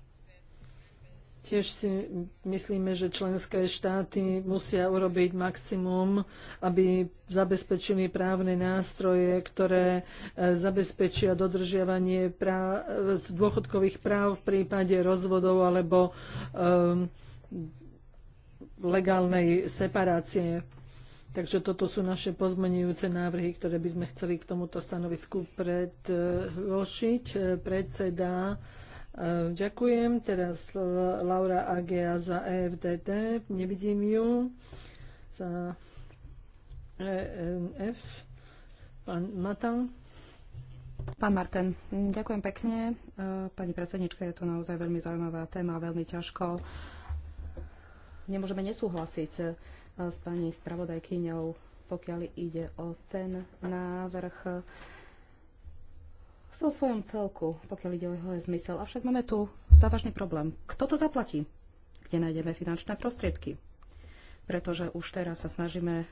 tiež si myslíme, že členské štáty musia urobiť maximum, aby zabezpečili právne nástroje, ktoré e, zabezpečia dodržiavanie práv, e, dôchodkových práv v prípade rozvodov alebo um, legálnej separácie. Takže toto sú naše pozmenujúce návrhy, ktoré by sme chceli k tomuto stanovisku predložiť. Predseda, eh, ďakujem. Teraz Laura Agea za EFDD. Nevidím ju. Za ENF. Pán Matan. Pán Marten, ďakujem pekne. Eh, pani predsednička, je to naozaj veľmi zaujímavá téma, veľmi ťažko. Nemôžeme nesúhlasiť s pani spravodajkyňou, pokiaľ ide o ten návrh so svojom celku, pokiaľ ide o jeho zmysel. Avšak máme tu závažný problém. Kto to zaplatí? Kde nájdeme finančné prostriedky? Pretože už teraz sa snažíme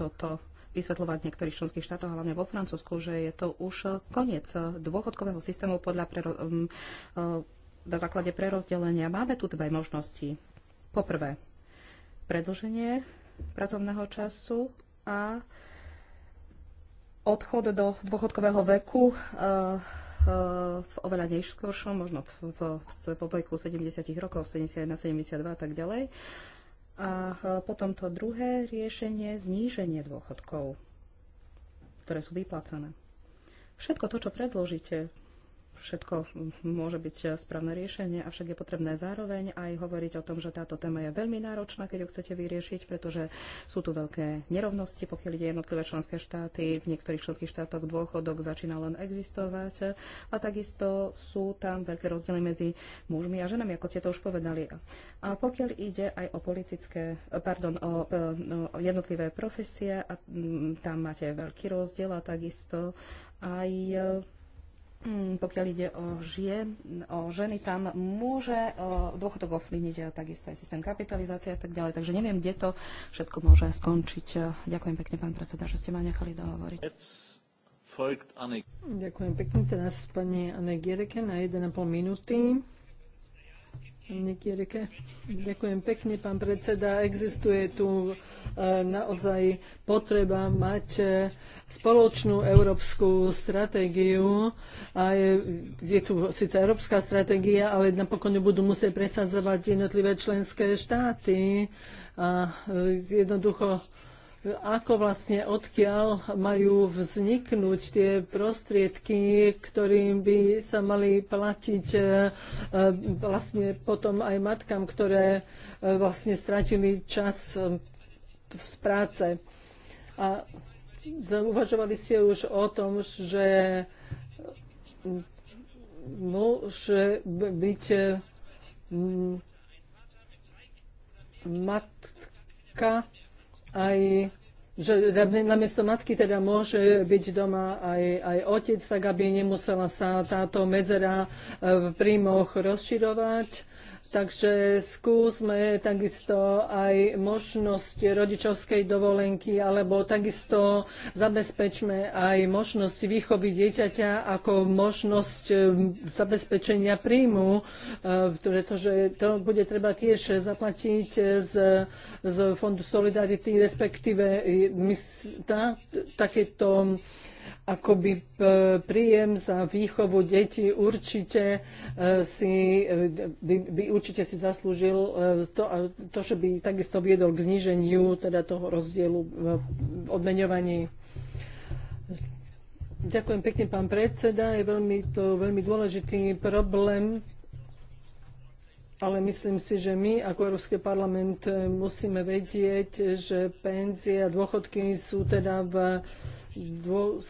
toto vysvetľovať v niektorých členských štátoch, hlavne vo Francúzsku, že je to už koniec dôchodkového systému podľa prero- mm, e, na základe prerozdelenia. Máme tu dve možnosti. Poprvé, predlženie pracovného času a odchod do dôchodkového veku eh, eh, v oveľa neskôršom, možno v, v, v, veku 70 rokov, 71, 72 a tak ďalej. A eh, potom to druhé riešenie, zníženie dôchodkov, ktoré sú vyplácané. Všetko to, čo predložíte, všetko môže byť správne riešenie, avšak je potrebné zároveň aj hovoriť o tom, že táto téma je veľmi náročná, keď ju chcete vyriešiť, pretože sú tu veľké nerovnosti, pokiaľ ide jednotlivé členské štáty. V niektorých členských štátoch dôchodok začína len existovať a takisto sú tam veľké rozdiely medzi mužmi a ženami, ako ste to už povedali. A pokiaľ ide aj o politické, pardon, o, o jednotlivé profesie, a tam máte veľký rozdiel a takisto aj Mm, pokiaľ ide o, žie, o ženy, tam môže e, dôchodok ovplyvniť e, takisto aj systém kapitalizácie a tak ďalej. Takže neviem, kde to všetko môže skončiť. E, ďakujem pekne, pán predseda, že ste ma nechali dohovoriť. Ďakujem pekne. Teraz pani Anne Gierke na 1,5 minúty. Nikierike. Ďakujem pekne, pán predseda. Existuje tu e, naozaj potreba mať e, spoločnú európsku stratégiu. A je, je tu síce európska stratégia, ale napokon ju budú musieť presadzovať jednotlivé členské štáty. A e, jednoducho ako vlastne odkiaľ majú vzniknúť tie prostriedky, ktorým by sa mali platiť e, vlastne potom aj matkám, ktoré e, vlastne stratili čas e, z práce. A uvažovali ste už o tom, že môže no, byť matka aj že namiesto matky teda môže byť doma aj, aj otec, tak aby nemusela sa táto medzera eh, v príjmoch rozširovať Takže skúsme takisto aj možnosť rodičovskej dovolenky, alebo takisto zabezpečme aj možnosť výchovy dieťaťa ako možnosť e, zabezpečenia príjmu, e, pretože to bude treba tiež zaplatiť z, z Fondu Solidarity, respektíve e, tá, takéto akoby e, príjem za výchovu detí určite e, si, e, by, by určite si zaslúžil to, to, že by takisto viedol k zníženiu teda toho rozdielu v odmeňovaní. Ďakujem pekne, pán predseda. Je veľmi, to veľmi dôležitý problém, ale myslím si, že my ako Európsky parlament musíme vedieť, že penzie a dôchodky sú teda v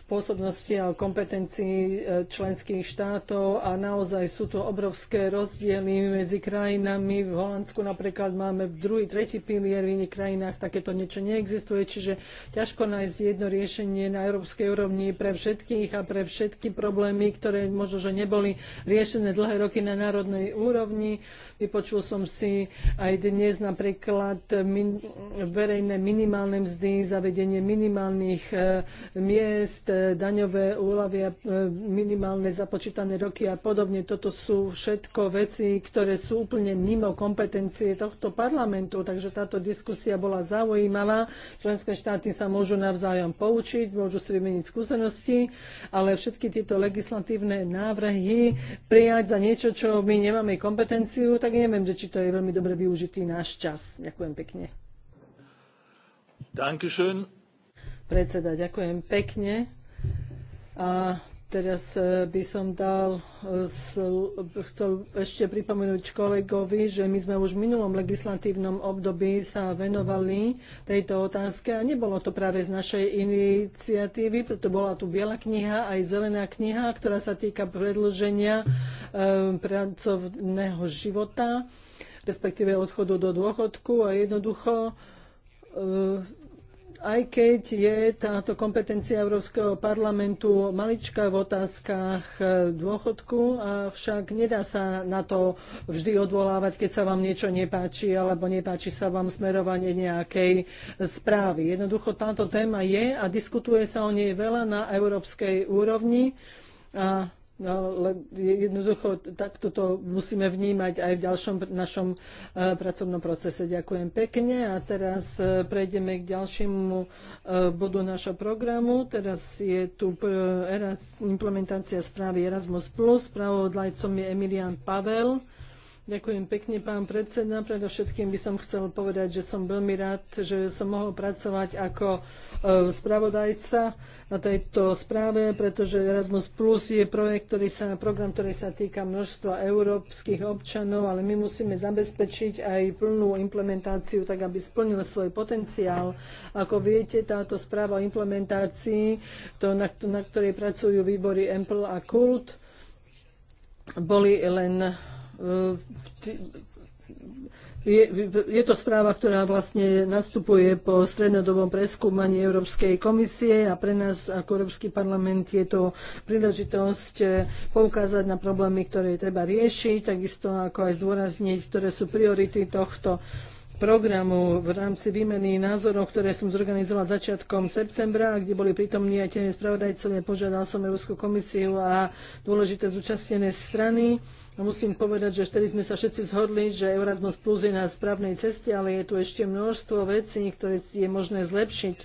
spôsobnosti a kompetencií e, členských štátov a naozaj sú tu obrovské rozdiely medzi krajinami. V Holandsku napríklad máme druhý, tretí pilier, v iných krajinách takéto niečo neexistuje, čiže ťažko nájsť jedno riešenie na európskej úrovni pre všetkých a pre všetky problémy, ktoré možno, že neboli riešené dlhé roky na národnej úrovni. Vypočul som si aj dnes napríklad min, verejné minimálne mzdy, zavedenie minimálnych e, miest, e, daňové úlavy a e, minimálne započítané roky a podobne. Toto sú všetko veci, ktoré sú úplne mimo kompetencie tohto parlamentu, takže táto diskusia bola zaujímavá. Členské štáty sa môžu navzájom poučiť, môžu si vymeniť skúsenosti, ale všetky tieto legislatívne návrhy prijať za niečo, čo my nemáme kompetenciu, tak neviem, že či to je veľmi dobre využitý náš čas. Ďakujem pekne. Dankeschön. Predseda, ďakujem pekne. A Teraz e, by som dal, e, chcel ešte pripomenúť kolegovi, že my sme už v minulom legislatívnom období sa venovali tejto otázke a nebolo to práve z našej iniciatívy, preto bola tu biela kniha, aj zelená kniha, ktorá sa týka predlženia e, pracovného života, respektíve odchodu do dôchodku a jednoducho aj keď je táto kompetencia Európskeho parlamentu maličká v otázkach eh, dôchodku, avšak nedá sa na to vždy odvolávať, keď sa vám niečo nepáči alebo nepáči sa vám smerovanie nejakej správy. Jednoducho táto téma je a diskutuje sa o nej veľa na európskej úrovni. A No, ale jednoducho takto to musíme vnímať aj v ďalšom našom e, pracovnom procese. Ďakujem pekne a teraz e, prejdeme k ďalšiemu e, bodu našho programu. Teraz je tu implementácia správy Erasmus+. Spravodajcom je Emilian Pavel. Ďakujem pekne, pán predseda. Predovšetkým by som chcel povedať, že som veľmi rád, že som mohol pracovať ako spravodajca na tejto správe, pretože Erasmus Plus je projekt, ktorý sa, program, ktorý sa týka množstva európskych občanov, ale my musíme zabezpečiť aj plnú implementáciu, tak aby splnil svoj potenciál. Ako viete, táto správa o implementácii, to, na, na ktorej pracujú výbory EMPL a KULT, boli len e, je, je to správa, ktorá vlastne nastupuje po strednodobom preskúmaní Európskej komisie a pre nás ako Európsky parlament je to príležitosť eh, poukázať na problémy, ktoré treba riešiť, takisto ako aj zdôrazniť, ktoré sú priority tohto programu v rámci výmeny názorov, ktoré som zorganizoval začiatkom septembra, kde boli prítomní aj tie spravodajcovia. Požiadal som Európsku komisiu a dôležité zúčastnené strany Musím povedať, že vtedy sme sa všetci zhodli, že Erasmus Plus je na správnej ceste, ale je tu ešte množstvo vecí, ktoré je možné zlepšiť. E,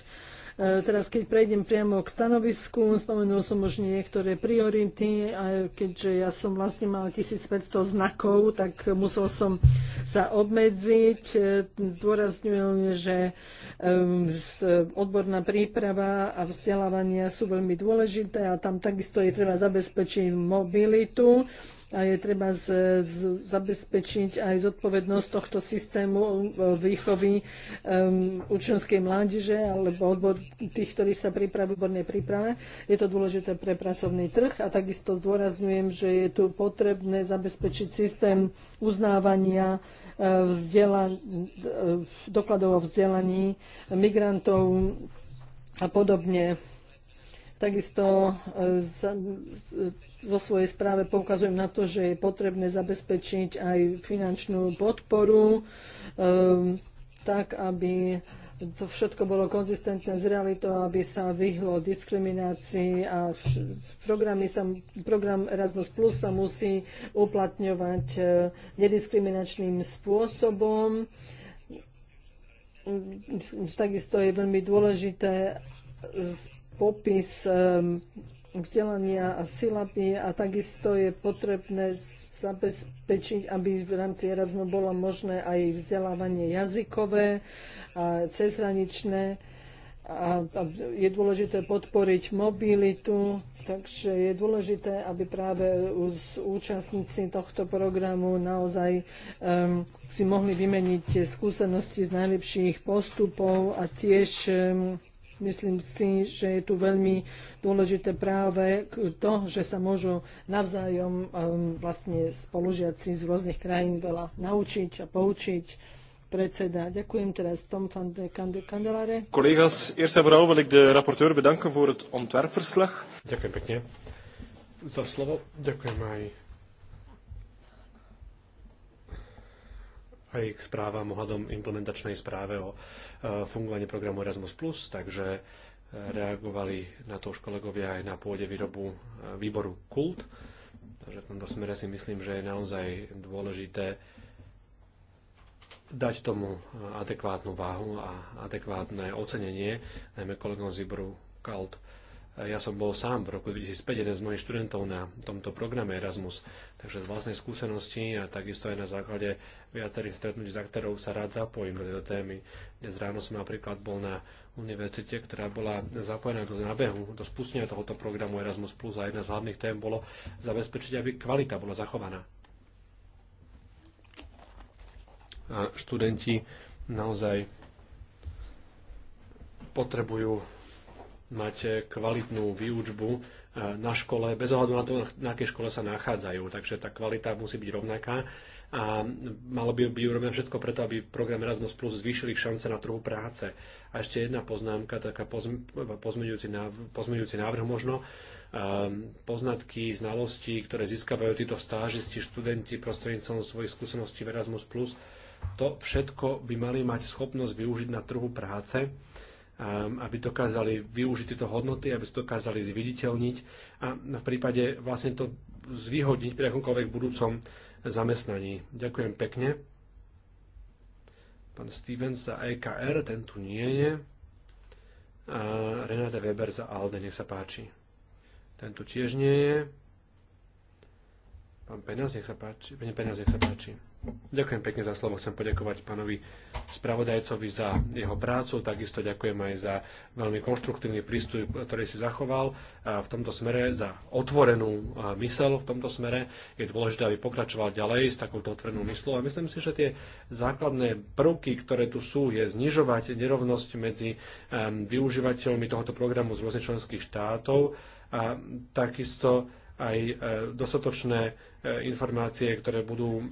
teraz, keď prejdem priamo k stanovisku, spomenul som už niektoré priority a keďže ja som vlastne mal 1500 znakov, tak musel som sa obmedziť. E, zdôrazňujem, že e, odborná príprava a vzdelávania sú veľmi dôležité a tam takisto je treba zabezpečiť mobilitu a je treba z, z, zabezpečiť aj zodpovednosť tohto systému e, výchovy um, učňovskej mládeže alebo odbor tých, ktorí sa pripravujú v odbornej príprave. Je to dôležité pre pracovný trh a takisto zdôrazňujem, že je tu potrebné zabezpečiť systém uznávania e, vzdelan- dokladov o vzdelaní migrantov a podobne. Takisto e, vo svojej správe poukazujem na to, že je potrebné zabezpečiť aj finančnú podporu e, tak, aby to všetko bolo konzistentné s realitou, aby sa vyhlo diskriminácii a programy sa, program Erasmus Plus sa musí uplatňovať e, nediskriminačným spôsobom. Takisto je veľmi dôležité popis ehm, vzdelania a silaby a takisto je potrebné zabezpečiť, aby v rámci Erasmu bolo možné aj vzdelávanie jazykové a cezhraničné. A, a je dôležité podporiť mobilitu, takže je dôležité, aby práve z účastníci tohto programu naozaj um, si mohli vymeniť skúsenosti z najlepších postupov a tiež um, Myslím si, že je tu veľmi dôležité práve to, že sa môžu navzájom um, vlastne spolužiaci z rôznych krajín veľa naučiť a poučiť predseda. Ďakujem teraz Tom van de Candelare. Kolegas, eerst en vooral wil ik de rapporteur bedanken voor het ontwerpverslag. Ďakujem pekne za slovo. Ďakujem aj aj k správam ohľadom implementačnej správe o e, fungovaní programu Erasmus+, takže e, reagovali na to už kolegovia aj na pôde výrobu e, výboru KULT. Takže v tomto smere si myslím, že je naozaj dôležité dať tomu adekvátnu váhu a adekvátne ocenenie, najmä kolegom z výboru KALT. Ja som bol sám v roku 2005 jeden z mojich študentov na tomto programe Erasmus, takže z vlastnej skúsenosti a takisto aj na základe viacerých stretnutí s aktérov sa rád zapojím do tejto témy. Dnes ráno som napríklad bol na univerzite, ktorá bola zapojená do nábehu, do spustenia tohoto programu Erasmus+, a jedna z hlavných tém bolo zabezpečiť, aby kvalita bola zachovaná. A študenti naozaj potrebujú mať kvalitnú výučbu e, na škole, bez ohľadu na to, na akej škole sa nachádzajú. Takže tá kvalita musí byť rovnaká a malo by byť urobené všetko preto, aby program Erasmus Plus zvýšil ich šance na trhu práce. A ešte jedna poznámka, taká pozmeňujúci návrh, pozmeňujúci návrh možno, e, poznatky, znalosti, ktoré získavajú títo stážisti, študenti prostredníctvom svojich skúseností v Erasmus+, to všetko by mali mať schopnosť využiť na trhu práce Um, aby dokázali využiť tieto hodnoty, aby sa dokázali zviditeľniť a v prípade vlastne to zvýhodniť pri akomkoľvek budúcom zamestnaní. Ďakujem pekne. Pán Stevens za EKR, ten tu nie je. A Renáta Weber za ALDE, nech sa páči. Ten tu tiež nie je. Pán Penas, nech sa páči. Pán Penas, nech sa páči. Ďakujem pekne za slovo. Chcem poďakovať pánovi spravodajcovi za jeho prácu. Takisto ďakujem aj za veľmi konštruktívny prístup, ktorý si zachoval v tomto smere, za otvorenú mysel v tomto smere. Je dôležité, aby pokračoval ďalej s takouto otvorenou myslou. A myslím si, že tie základné prvky, ktoré tu sú, je znižovať nerovnosť medzi využívateľmi tohoto programu z rôznych členských štátov a takisto aj e, dostatočné e, informácie, ktoré budú e,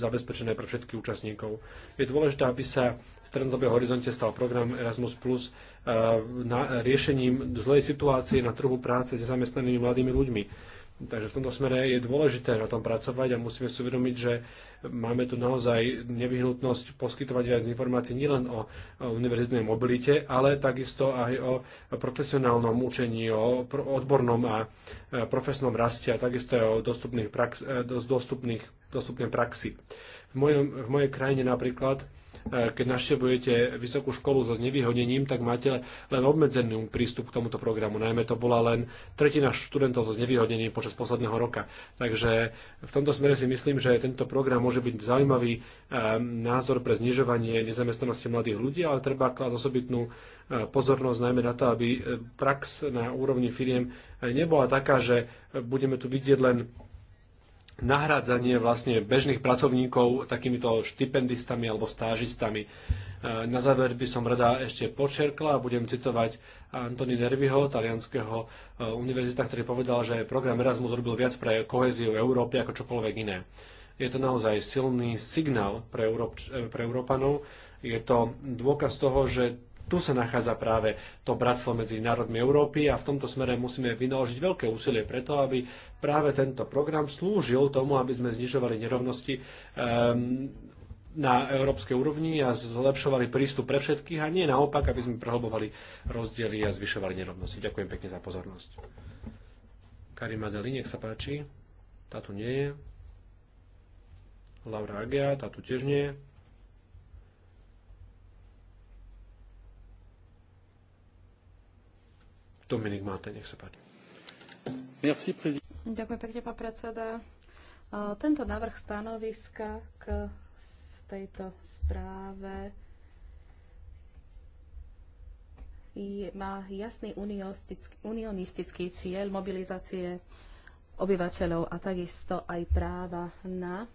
zabezpečené pre všetkých účastníkov. Je dôležité, aby sa v strednodobého horizonte stal program Erasmus Plus riešením zlej situácie na trhu práce s zamestnanými mladými ľuďmi Takže v tomto smere je dôležité na tom pracovať a musíme si uvedomiť, že máme tu naozaj nevyhnutnosť poskytovať viac informácií nielen o univerzitnej mobilite, ale takisto aj o profesionálnom učení, o odbornom a e, profesnom raste a takisto aj o dostupných prax, e, dostupných, dostupnej praxi. V, v mojej krajine napríklad Eh, keď navštevujete vysokú školu so znevýhodnením, tak máte len obmedzený prístup k tomuto programu. Najmä to bola len tretina študentov so znevýhodnením počas posledného roka. Takže v tomto smere si myslím, že tento program môže byť zaujímavý eh, názor pre znižovanie nezamestnanosti mladých ľudí, ale treba klásť osobitnú eh, pozornosť najmä na to, aby prax na úrovni firiem nebola taká, že budeme tu vidieť len nahrádzanie vlastne bežných pracovníkov takýmito štipendistami alebo stážistami. E, na záver by som rada ešte počerkla a budem citovať Antony Nerviho, talianského e, univerzita, ktorý povedal, že program Erasmus robil viac pre koheziu Európy ako čokoľvek iné. Je to naozaj silný signál pre, Európ, e, pre Európanov. Je to dôkaz toho, že tu sa nachádza práve to bratstvo medzi národmi Európy a v tomto smere musíme vynaložiť veľké úsilie preto, aby práve tento program slúžil tomu, aby sme znižovali nerovnosti um, na európskej úrovni a zlepšovali prístup pre všetkých a nie naopak, aby sme prehlbovali rozdiely a zvyšovali nerovnosti. Ďakujem pekne za pozornosť. Karim, Adeli, nech sa páči. Tá tu nie je. Laura Agia, tá tu tiež nie je. Dominik Máte, nech sa páči. Merci, Ďakujem pekne, pán predseda. Tento návrh stanoviska k tejto správe má jasný unionistický cieľ mobilizácie obyvateľov a takisto aj práva na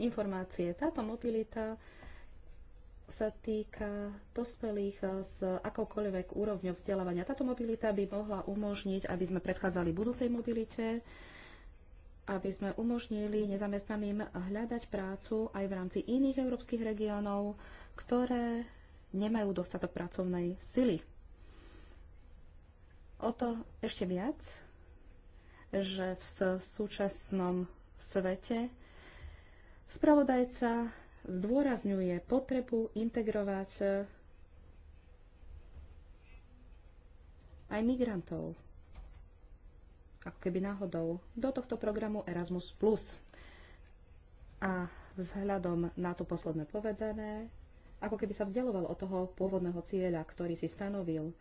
informácie. Táto mobilita sa týka dospelých eh, s akoukoľvek úrovňou vzdelávania. Táto mobilita by mohla umožniť, aby sme predchádzali budúcej mobilite, aby sme umožnili nezamestnaným hľadať prácu aj v rámci iných európskych regiónov, ktoré nemajú dostatok pracovnej sily. O to ešte viac, že v súčasnom svete spravodajca zdôrazňuje potrebu integrovať e, aj migrantov, ako keby náhodou, do tohto programu Erasmus+. A vzhľadom na to posledné povedané, ako keby sa vzdialoval od toho pôvodného cieľa, ktorý si stanovil,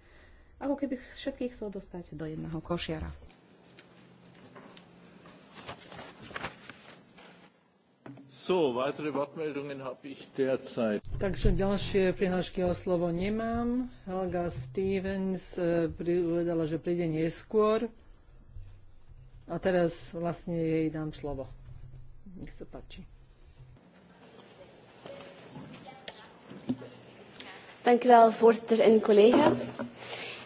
ako keby všetkých chcel dostať do jedného košiara. So, weitere Wortmeldungen habe ich derzeit. Takže ďalšie prihlášky o slovo nemám. Helga Stevens uvedala, eh, že príde neskôr. A teraz vlastne jej dám slovo. Nech sa páči. Dank u wel, voorzitter en collega's.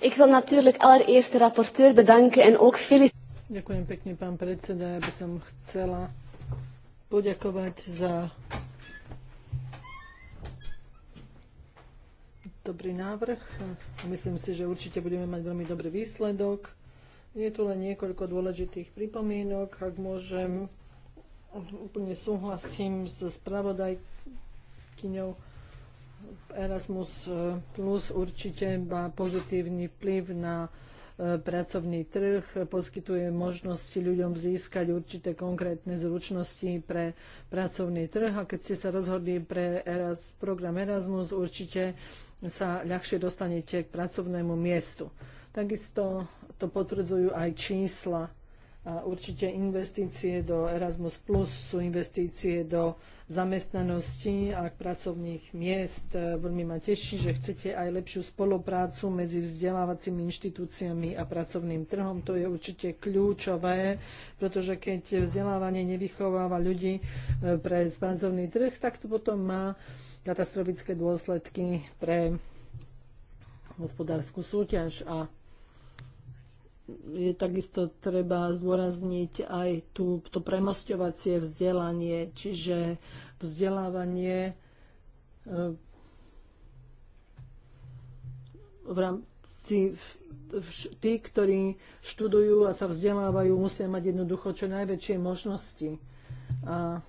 Ik wil natuurlijk allereerst de rapporteur bedanken en ook feliciteren. Ďakujem pekne, pán predseda. Ja by som chcela poďakovať za dobrý návrh. Myslím si, že určite budeme mať veľmi dobrý výsledok. Je tu len niekoľko dôležitých pripomienok. Ak môžem, úplne súhlasím s spravodajkyňou Erasmus Plus určite má pozitívny vplyv na pracovný trh, poskytuje možnosti ľuďom získať určité konkrétne zručnosti pre pracovný trh. A keď ste sa rozhodli pre Eras, program Erasmus, určite sa ľahšie dostanete k pracovnému miestu. Takisto to potvrdzujú aj čísla a určite investície do Erasmus Plus sú investície do zamestnanosti a pracovných miest. Veľmi ma teší, že chcete aj lepšiu spoluprácu medzi vzdelávacími inštitúciami a pracovným trhom. To je určite kľúčové, pretože keď vzdelávanie nevychováva ľudí e, pre pracovný trh, tak to potom má katastrofické dôsledky pre hospodárskú súťaž a je takisto treba zdôrazniť aj tú, to premosťovacie vzdelanie, čiže vzdelávanie eh, v rámci tí, ktorí študujú a sa vzdelávajú, musia mať jednoducho čo najväčšie možnosti. A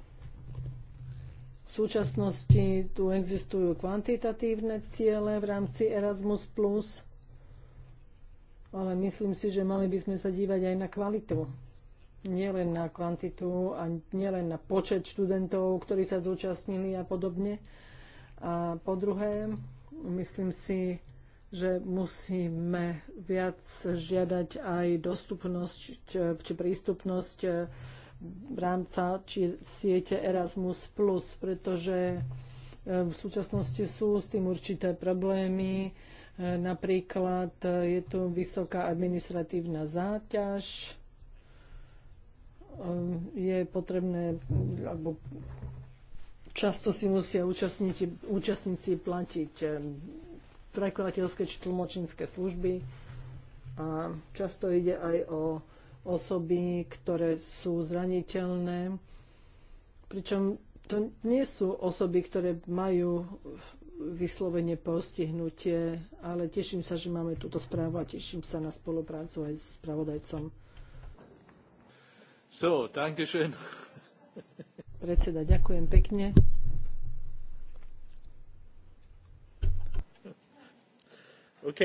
v súčasnosti tu existujú kvantitatívne ciele v rámci Erasmus+, ale myslím si, že mali by sme sa dívať aj na kvalitu. Nielen na kvantitu a nielen na počet študentov, ktorí sa zúčastnili a podobne. A po druhé, myslím si, že musíme viac žiadať aj dostupnosť či prístupnosť v e, rámca či siete Erasmus+, pretože e, v súčasnosti sú s tým určité problémy Napríklad eh, je tu vysoká administratívna záťaž, eh, je potrebné, alebo často si musia účastníci, účastníci platiť eh, prekladateľské či tlmočinské služby a často ide aj o osoby, ktoré sú zraniteľné, pričom to nie sú osoby, ktoré majú vyslovene postihnutie, ale teším sa, že máme túto správu a teším sa na spoluprácu aj s spravodajcom. So, dankeschön. Predseda, ďakujem pekne. OK.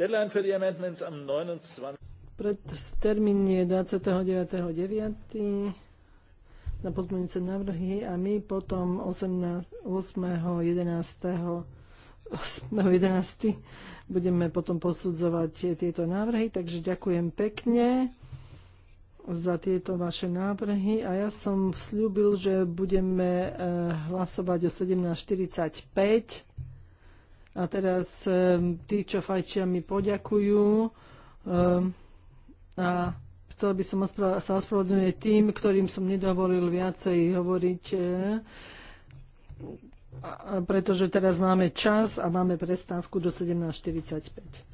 Deadline for the amendments am 29. Pred termín je 29.9 na pozmeňujúce návrhy a my potom 8.11. budeme potom posudzovať tieto návrhy, takže ďakujem pekne za tieto vaše návrhy a ja som slúbil, že budeme e, hlasovať o 17.45 a teraz e, tí, čo fajčia, mi poďakujú e, a chcel by som sa ospravedlňovať tým, ktorým som nedovolil viacej hovoriť, e, pretože teraz máme čas a máme prestávku do 17.45.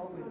Thank you.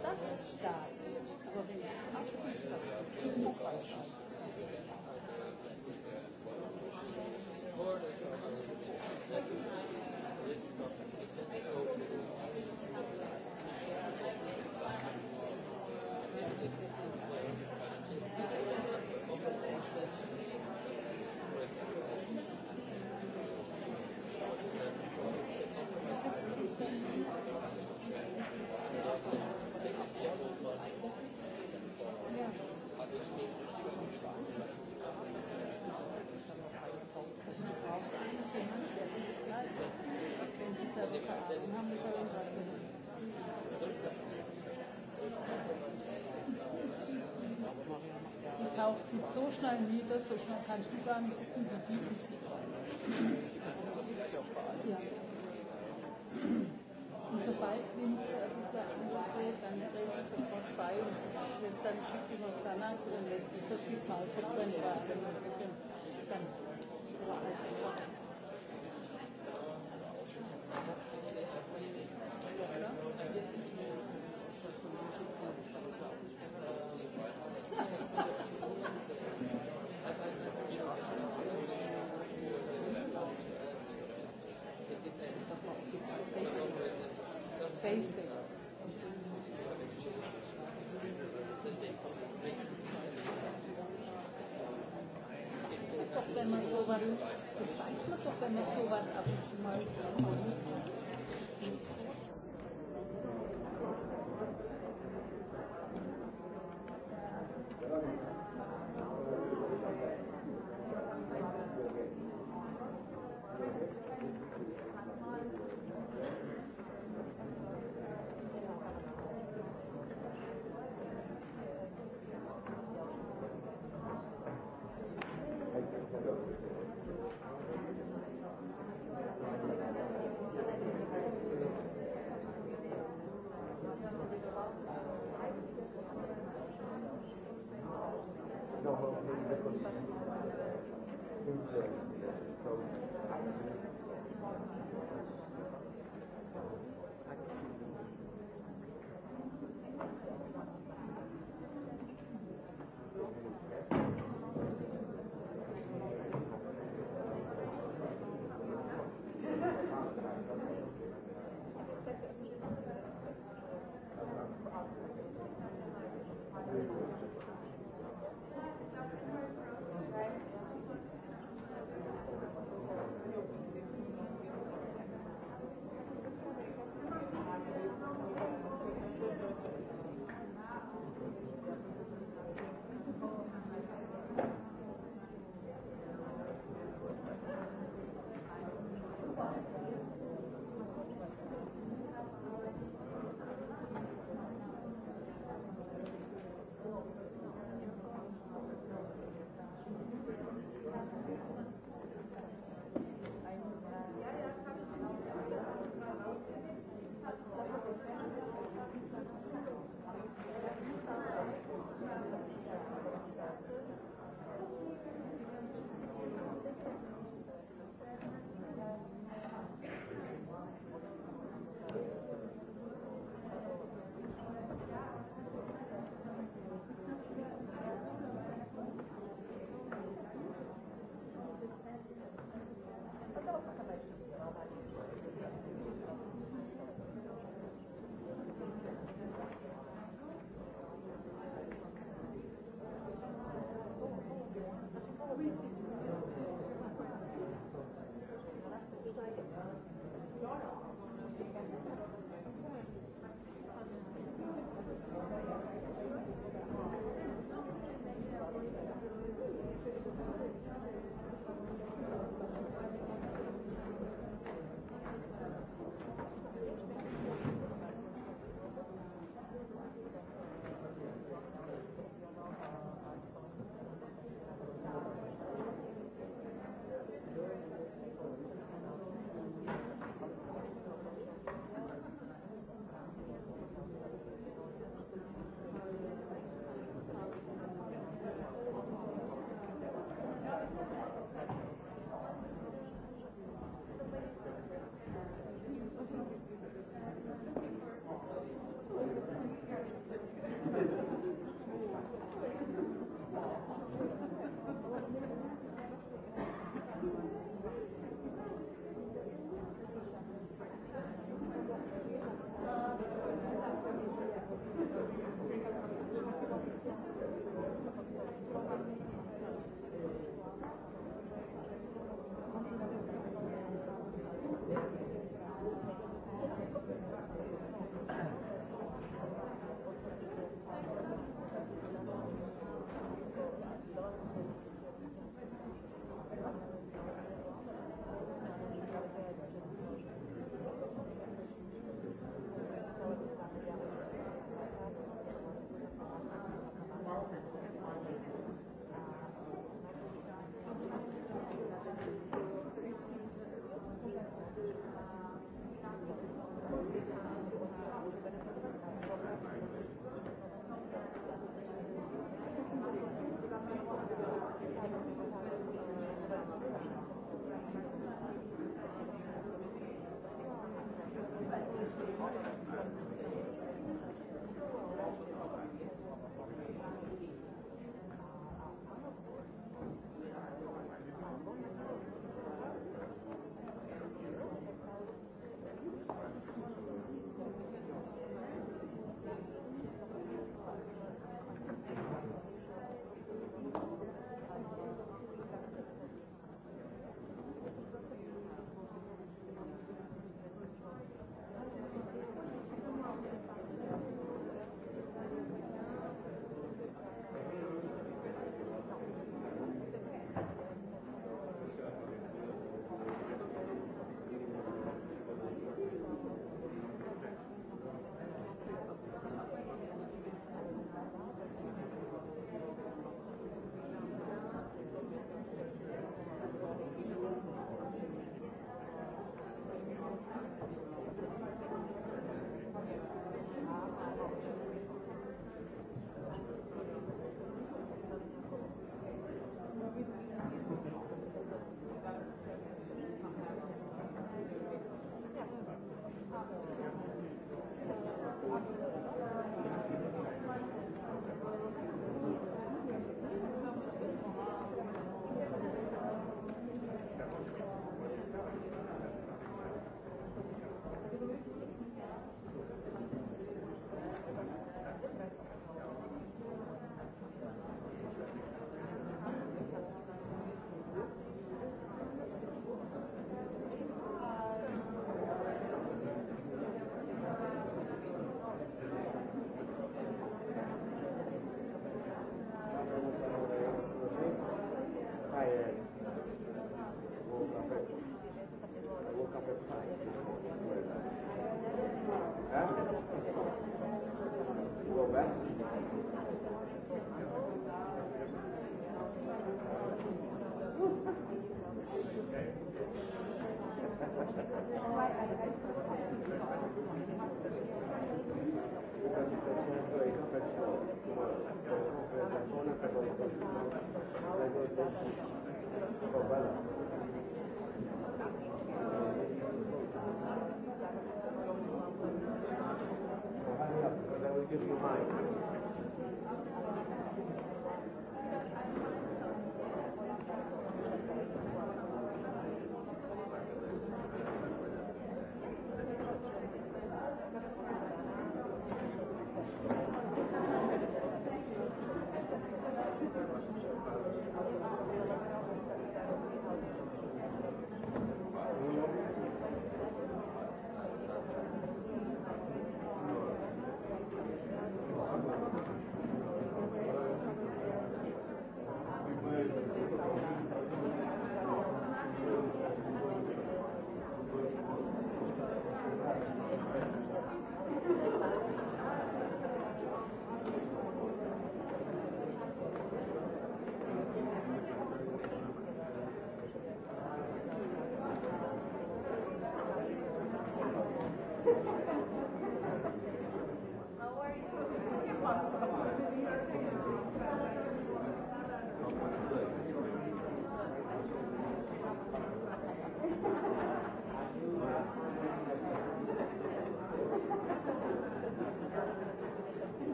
Bis das da ist, aber wenn es abbricht, dann viel falsch. Thank you. basics. das weiß man doch, wenn man sowas ab und zu mal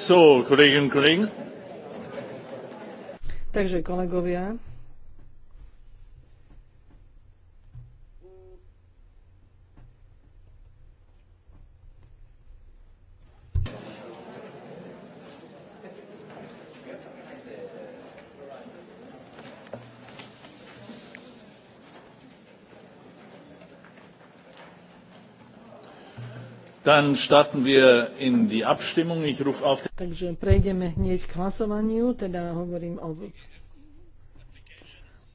So, Kolleginnen und Kollegen. Takže kolegovia, Dann starten wir in die Abstimmung. Ich rufe auf. Takže prejdeme hneď k hlasovaniu, teda hovorím o,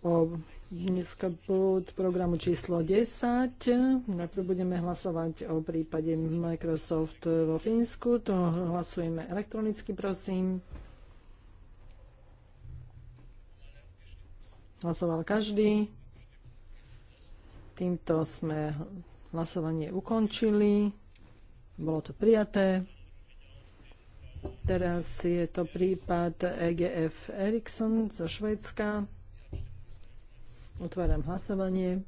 o dneska pod programu číslo 10. Najprv budeme hlasovať o prípade Microsoft vo Fínsku. To hlasujeme elektronicky, prosím. Hlasoval každý. Týmto sme hlasovanie ukončili. Bolo to prijaté. Teraz je to prípad EGF Ericsson zo Švedska. Otváram hlasovanie.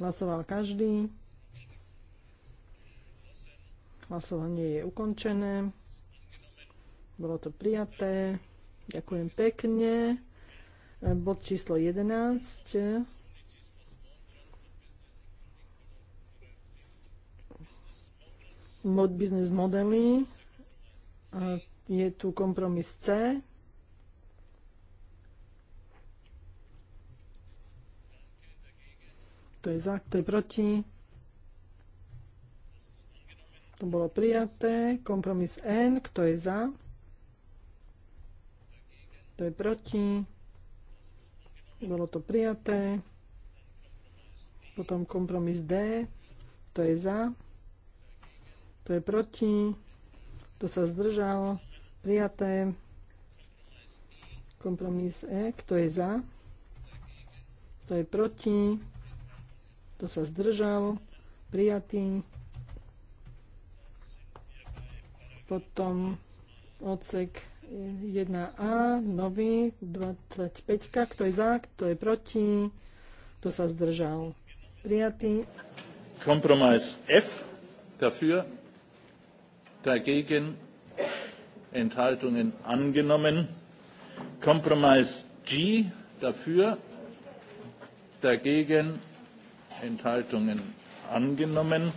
Hlasoval každý. Hlasovanie je ukončené. Bolo to prijaté. Ďakujem pekne. Bod číslo 11 mod business modely. A je tu kompromis C. Kto je za, kto je proti? To bolo prijaté. Kompromis N. Kto je za? Kto je proti? Bolo to prijaté. Potom kompromis D. Kto je za? kto je proti, to sa zdržal, prijaté. Kompromis E, kto je za, kto je proti, to sa zdržal, prijatý. Potom odsek 1A, nový, 25, kto je za, kto je proti, kto sa zdržal. Prijatý. Kompromis F, dafür, dagegen Enthaltungen angenommen. Kompromiss G dafür, dagegen Enthaltungen angenommen.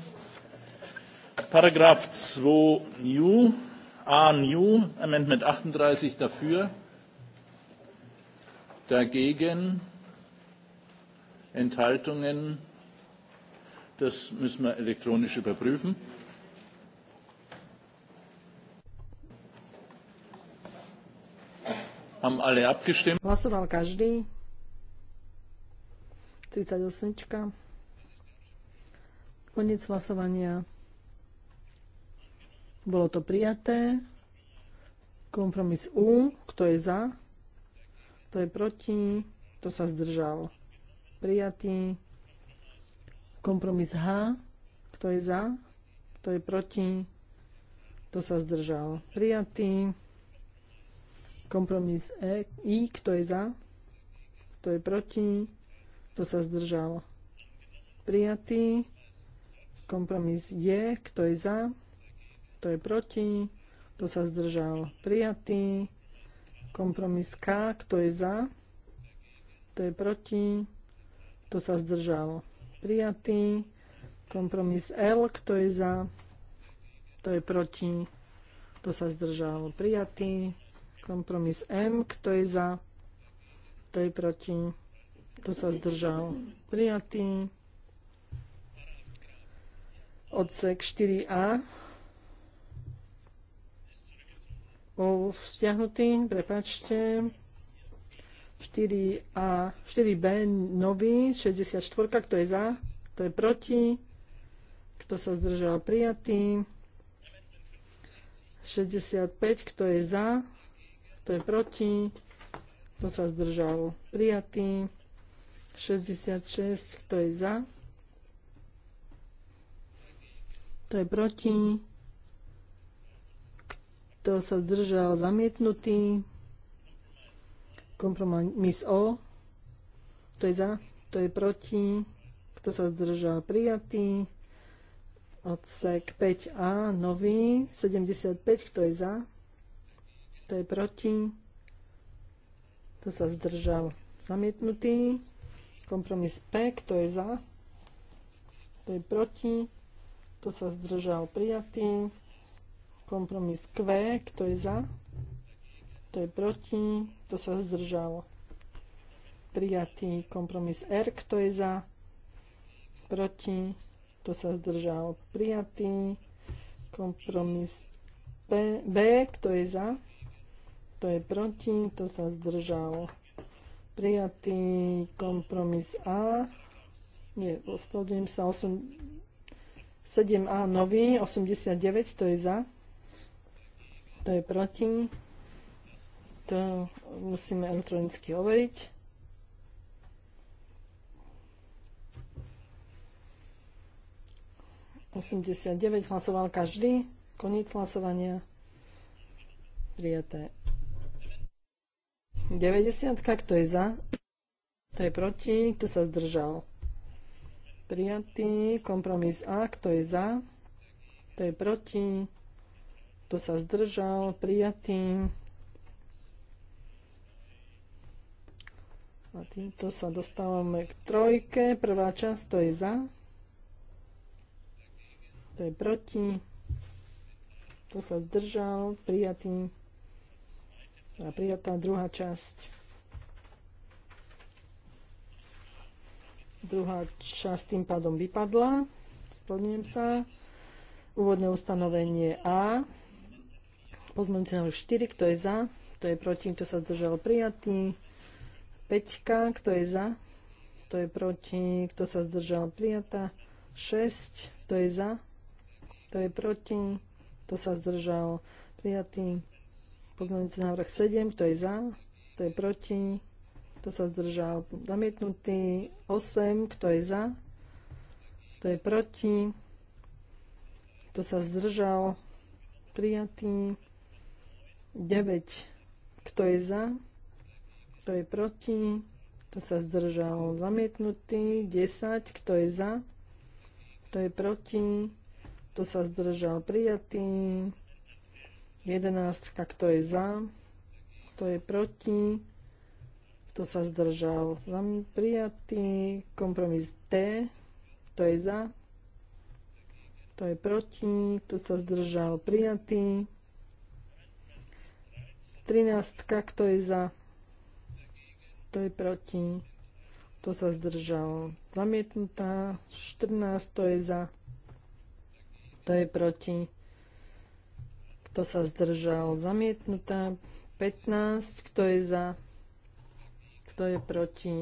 Paragraph 2 New, A New, Amendment 38 dafür, dagegen Enthaltungen. Das müssen wir elektronisch überprüfen. Haben alle abgestimmt? Hlasoval každý. 38. Konec hlasovania. Bolo to prijaté. Kompromis U. Kto je za? Kto je proti? Kto sa zdržal? Prijatý. Kompromis H. Kto je za? Kto je proti? Kto sa zdržal? Prijatý. Kompromis E, I, kto je za, kto je proti, kto sa zdržal. Prijatý. Kompromis je, kto je za, kto je proti, kto sa zdržal. Prijatý. Kompromis K, kto je za, kto je proti, kto sa zdržal. Prijatý. Kompromis L, kto je za, kto je proti, kto sa zdržal. Prijatý Kompromis M, kto je za, kto je proti, kto sa zdržal. Prijatý. Odsek 4a. Bol stiahnutý, prepačte. 4a, 4b nový, 64, kto je za, kto je proti, kto sa zdržal prijatý. 65, kto je za, kto je proti? Kto sa zdržal? Prijatý. 66. Kto je za? Kto je proti? Kto sa zdržal? Zamietnutý. Kompromis O. Kto je za? Kto je proti? Kto sa zdržal? Prijatý. Odsek 5a, nový, 75, kto je za? Kto je proti? to sa zdržal? Zamietnutý. Kompromis P. Kto je za? Kto je proti? to sa zdržal? Prijatý. Kompromis Q. Kto je za? To je proti? to sa zdržal? Prijatý. Kompromis R. Kto je za? Proti? to sa zdržal? Prijatý. Kompromis P, B, kto je za, kto je proti, kto sa zdržal. Prijatý kompromis A. Nie, ospravedlňujem sa. 8, 7A nový, 89, to je za. To je proti. To musíme elektronicky overiť. Osemdesiat hlasoval každý. Koniec hlasovania. Prijaté. 90, kto je za, kto je proti, kto sa zdržal. Prijatý kompromis A, kto je za, kto je proti, kto sa zdržal, prijatý. A týmto sa dostávame k trojke. Prvá časť, to je za, to je proti, to sa zdržal, prijatý tá druhá časť. Druhá časť tým pádom vypadla. Spodnem sa. Úvodné ustanovenie A. Pozmeňte návrh 4, kto je za, kto je proti, kto sa zdržal prijatý. 5, kto je za, kto je proti, kto sa zdržal prijatá. 6, kto je za, kto je proti, kto sa zdržal prijatý. Pozmeňujúci návrh 7, kto je za, kto je proti, kto sa zdržal. Zamietnutý 8, kto je za, kto je proti, kto sa zdržal. Prijatý 9, kto je za, kto je proti, kto sa zdržal. Zamietnutý 10, kto je za, kto je proti, kto sa zdržal. Prijatý 11, kto je za, kto je proti, kto sa zdržal, prijatý, kompromis D, kto je za, kto je proti, kto sa zdržal, prijatý, 13, kto je za, kto je proti, kto sa zdržal, zamietnutá, 14, kto je za, kto je proti, kto sa zdržal? Zamietnutá. 15. Kto je za? Kto je proti?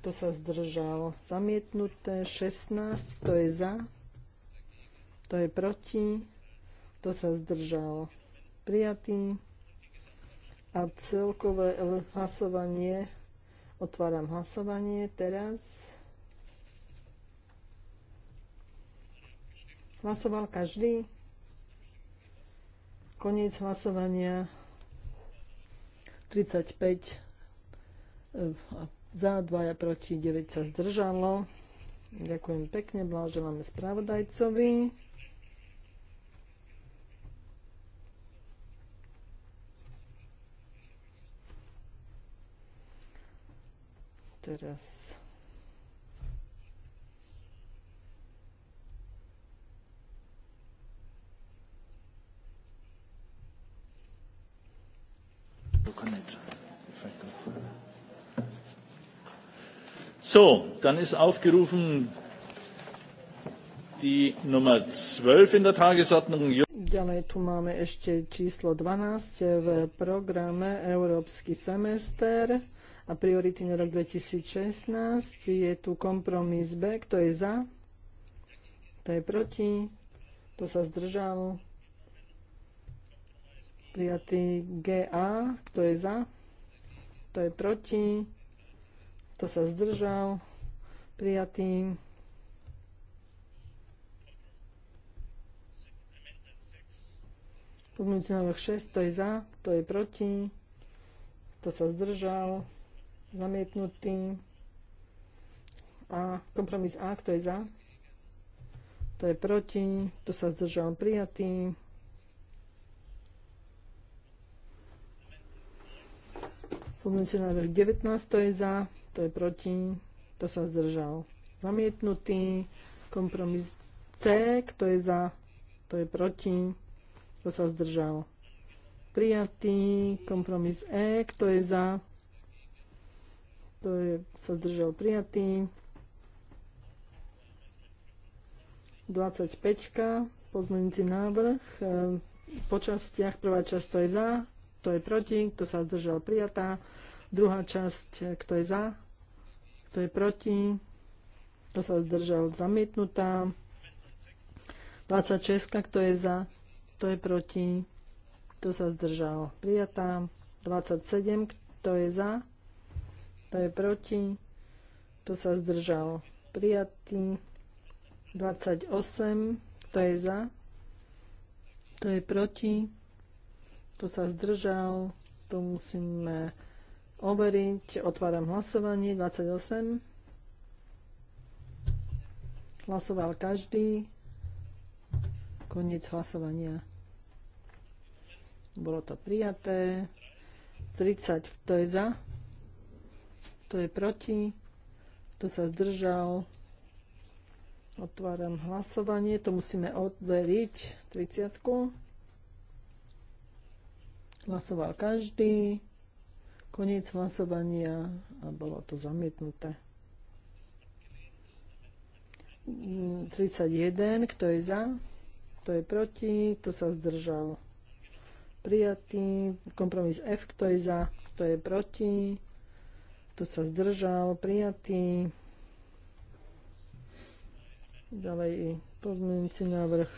Kto sa zdržal? Zamietnuté. 16. Kto je za? Kto je proti? Kto sa zdržal? Prijatý. A celkové hlasovanie. Otváram hlasovanie teraz. Hlasoval každý? Koniec hlasovania. 35 eh, za, 2 proti, 9 sa zdržalo. Ďakujem pekne, blahoželáme spravodajcovi. Teraz So, dann ist aufgerufen die Nummer 12 in der Tagesordnung. Ďalej tu máme ešte číslo 12 v programe Európsky semester a priority na rok 2016. Je tu kompromis B, kto je za, kto je proti, kto sa zdržal. Prijatý GA, kto je za, kto je proti, kto sa zdržal. Prijatý Pozmeňujúci návrh 6, kto je za, kto je proti, kto sa zdržal, zamietnutý. A kompromis A, kto je za, to je proti, to sa zdržal, prijatý. Pozmeňujúci návrh 19, to je za, to je proti, to sa zdržal. Zamietnutý. Kompromis C, kto je za, to je proti, to sa zdržal. Prijatý. Kompromis E, kto je za, to je, sa zdržal. Prijatý. 25. Pozmeňujúci návrh. E, po častiach prvá časť to je za, kto je proti, kto sa zdržal prijatá. Druhá časť, kto je za, kto je proti, kto sa zdržal zamietnutá. 26, kto je za, kto je proti, kto sa zdržal prijatá. 27, kto je za, kto je proti, kto sa zdržal prijatý. 28, kto je za, kto je proti, kto sa zdržal, to musíme overiť. Otváram hlasovanie 28. Hlasoval každý. Koniec hlasovania. Bolo to prijaté. 30, kto je za? Kto je proti? Kto sa zdržal? Otváram hlasovanie. To musíme odveriť. 30. Hlasoval každý. Koniec hlasovania a bolo to zamietnuté. 31, kto je za, kto je proti, kto sa zdržal. Prijatý. Kompromis F, kto je za, kto je proti, kto sa zdržal. Prijatý. Ďalej pozmeňujúci návrh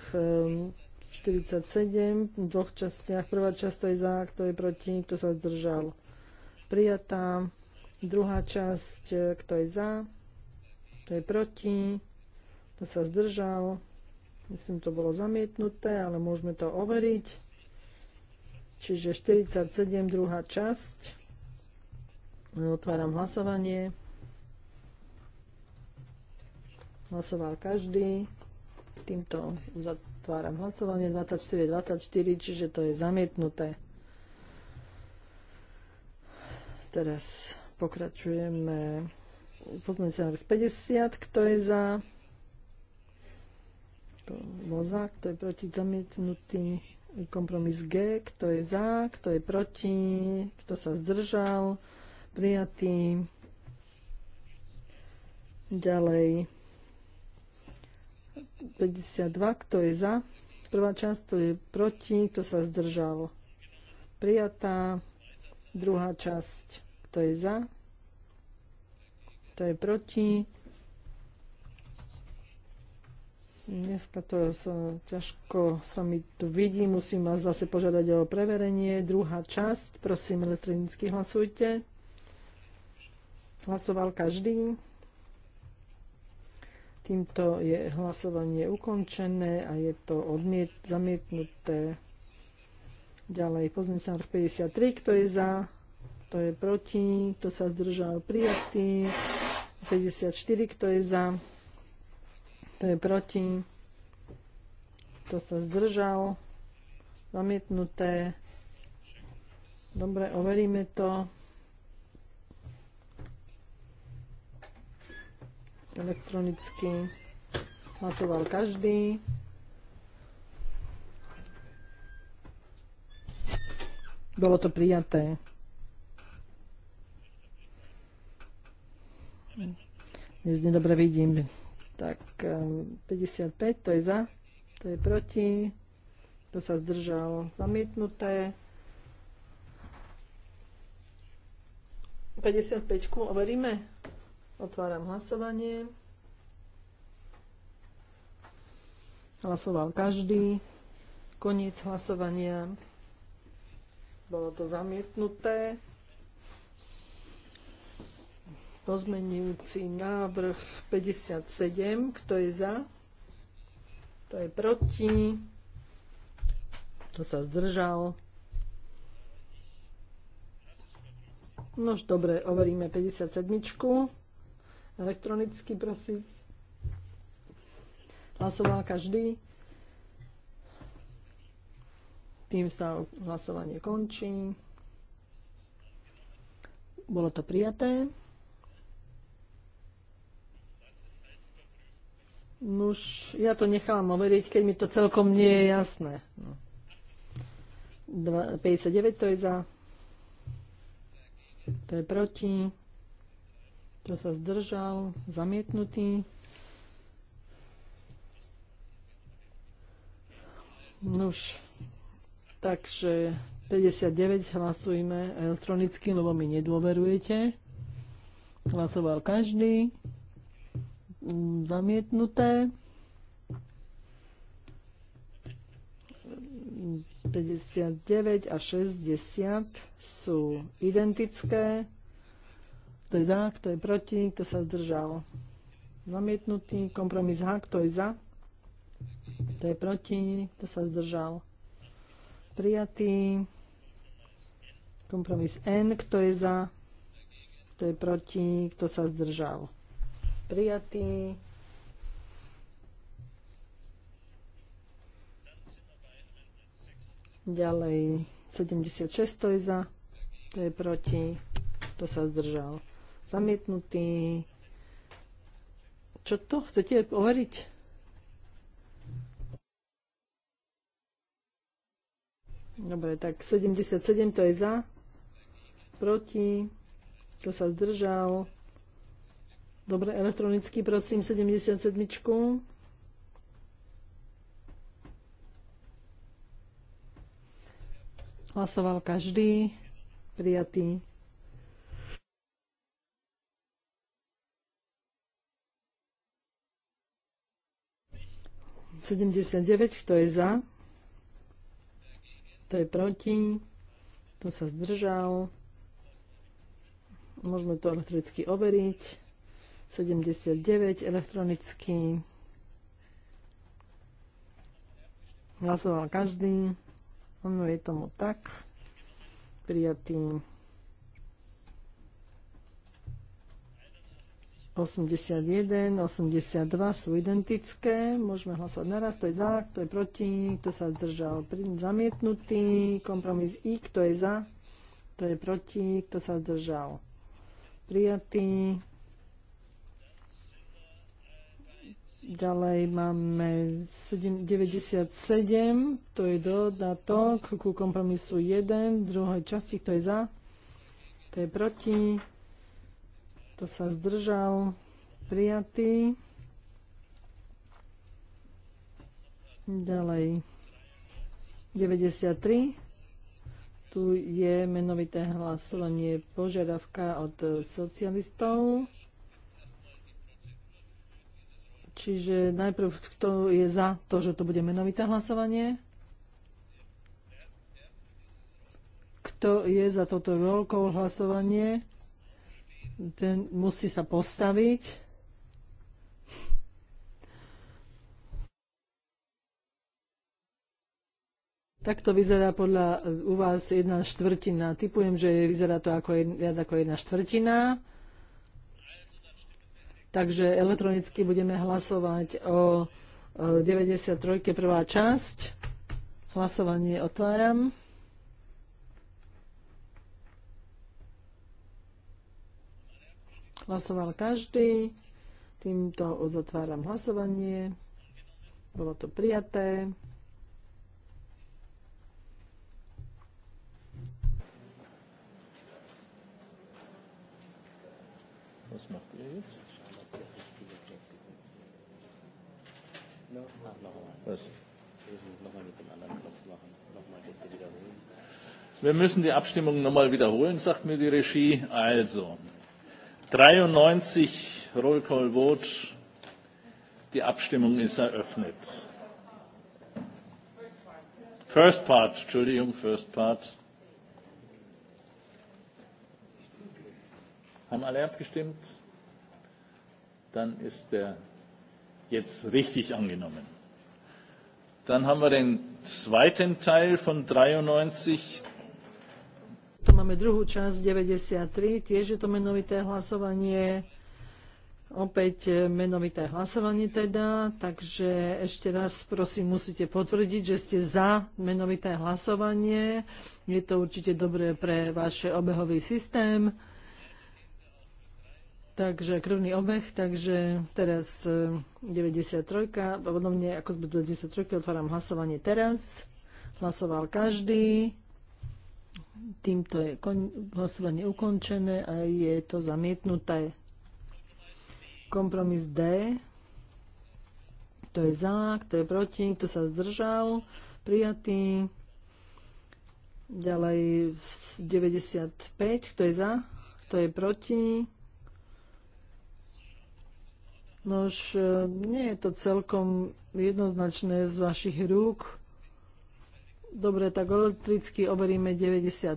47 v dvoch častiach. Prvá časť to je za, kto je proti, kto sa zdržal. Prijatá. Druhá časť, kto je za, kto je proti, kto sa zdržal. Myslím, to bolo zamietnuté, ale môžeme to overiť. Čiže 47, druhá časť. Otváram hlasovanie. Hlasoval každý. Týmto za Otváram hlasovanie 24-24, čiže to je zamietnuté. Teraz pokračujeme. Pozmeňte návrh 50, kto je za? Kto bol za, kto je proti zamietnutý? Kompromis G, kto je za, kto je proti, kto sa zdržal, prijatý. Ďalej 52, kto je za, prvá časť, kto je proti, kto sa zdržal. Prijatá druhá časť, kto je za, kto je proti. Dneska to sa, ťažko sa mi tu vidí, musím vás zase požiadať o preverenie. Druhá časť, prosím, elektronicky hlasujte. Hlasoval každý. Týmto je hlasovanie ukončené a je to odmiet, zamietnuté. Ďalej pozmeň sa 53, kto je za, kto je proti, kto sa zdržal prijatý. 54, kto je za, kto je proti, kto sa zdržal, zamietnuté. Dobre, overíme to. Elektronicky hlasoval každý. Bolo to prijaté. Dnes nedobre vidím. Tak 55, ehm, to je za, to je proti, to sa zdržal zamietnuté. 55 overíme. Otváram hlasovanie. Hlasoval každý. Koniec hlasovania. Bolo to zamietnuté. Pozmenujúci návrh 57. Kto je za? Kto je proti? Kto sa zdržal? Nož, dobre, overíme 57. Elektronicky, prosím. Hlasoval každý. Tým sa hlasovanie končí. Bolo to prijaté. Nuž, ja to nechám overiť, keď mi to celkom nie je jasné. 59 no. to je za. To je proti kto sa zdržal, zamietnutý. Nuž, takže 59 hlasujme elektronicky, lebo mi nedôverujete. Hlasoval každý. Zamietnuté. 59 a 60 sú identické. Kto je za, kto je proti, kto sa zdržal? Zamietnutý. Kompromis H, kto je za? Kto je proti, kto sa zdržal? Prijatý. Kompromis N, kto je za? Kto je proti, kto sa zdržal? Prijatý. Ďalej 76 to je za, to je proti, to sa zdržal zamietnutý. Čo to? Chcete overiť? Dobre, tak 77 to je za, proti, kto sa zdržal. Dobre, elektronicky prosím 77. Hlasoval každý, prijatý. 79, kto je za? Kto je proti? Kto sa zdržal? Môžeme to elektronicky overiť. 79 elektronicky. Hlasoval každý. Ono je tomu tak. Prijatý. 81, 82 sú identické. Môžeme hlasovať naraz. to je za, kto je proti, kto sa zdržal zamietnutý. Kompromis I, kto je za, kto je proti, kto sa zdržal prijatý. Ďalej máme 97, to je dodatok ku kompromisu 1, v druhej časti, kto je za, kto je proti, kto sa zdržal? Prijatý. Ďalej. 93. Tu je menovité hlasovanie požiadavka od socialistov. Čiže najprv, kto je za to, že to bude menovité hlasovanie? Kto je za toto roll hlasovanie? ten musí sa postaviť Tak to vyzerá podľa u vás jedna štvrtina. Typujem, že vyzerá to ako jedna, viac ako jedna štvrtina. Takže elektronicky budeme hlasovať o 93. prvá časť. Hlasovanie otváram. Hlasoval každý. Týmto uzatváram hlasovanie. Bolo to prijaté. Wir müssen die Abstimmung nochmal wiederholen, sagt mir die Regie. Also, dreiundneunzig roll call vote die abstimmung ist eröffnet first part entschuldigung first part haben alle abgestimmt dann ist der jetzt richtig angenommen dann haben wir den zweiten teil von 93. Tu máme druhú časť 93, tiež je to menovité hlasovanie. Opäť menovité hlasovanie teda, takže ešte raz prosím, musíte potvrdiť, že ste za menovité hlasovanie. Je to určite dobré pre váš obehový systém. Takže krvný obeh, takže teraz 93, eh, podobne ako sme 93, otváram hlasovanie teraz. Hlasoval každý. Týmto je hlasovanie ukončené a je to zamietnuté. Kompromis D. Kto je za, kto je proti, kto sa zdržal, prijatý. Ďalej 95, kto je za, kto je proti. Nož, e, nie je to celkom jednoznačné z vašich rúk. Dobre, tak elektricky overíme 95.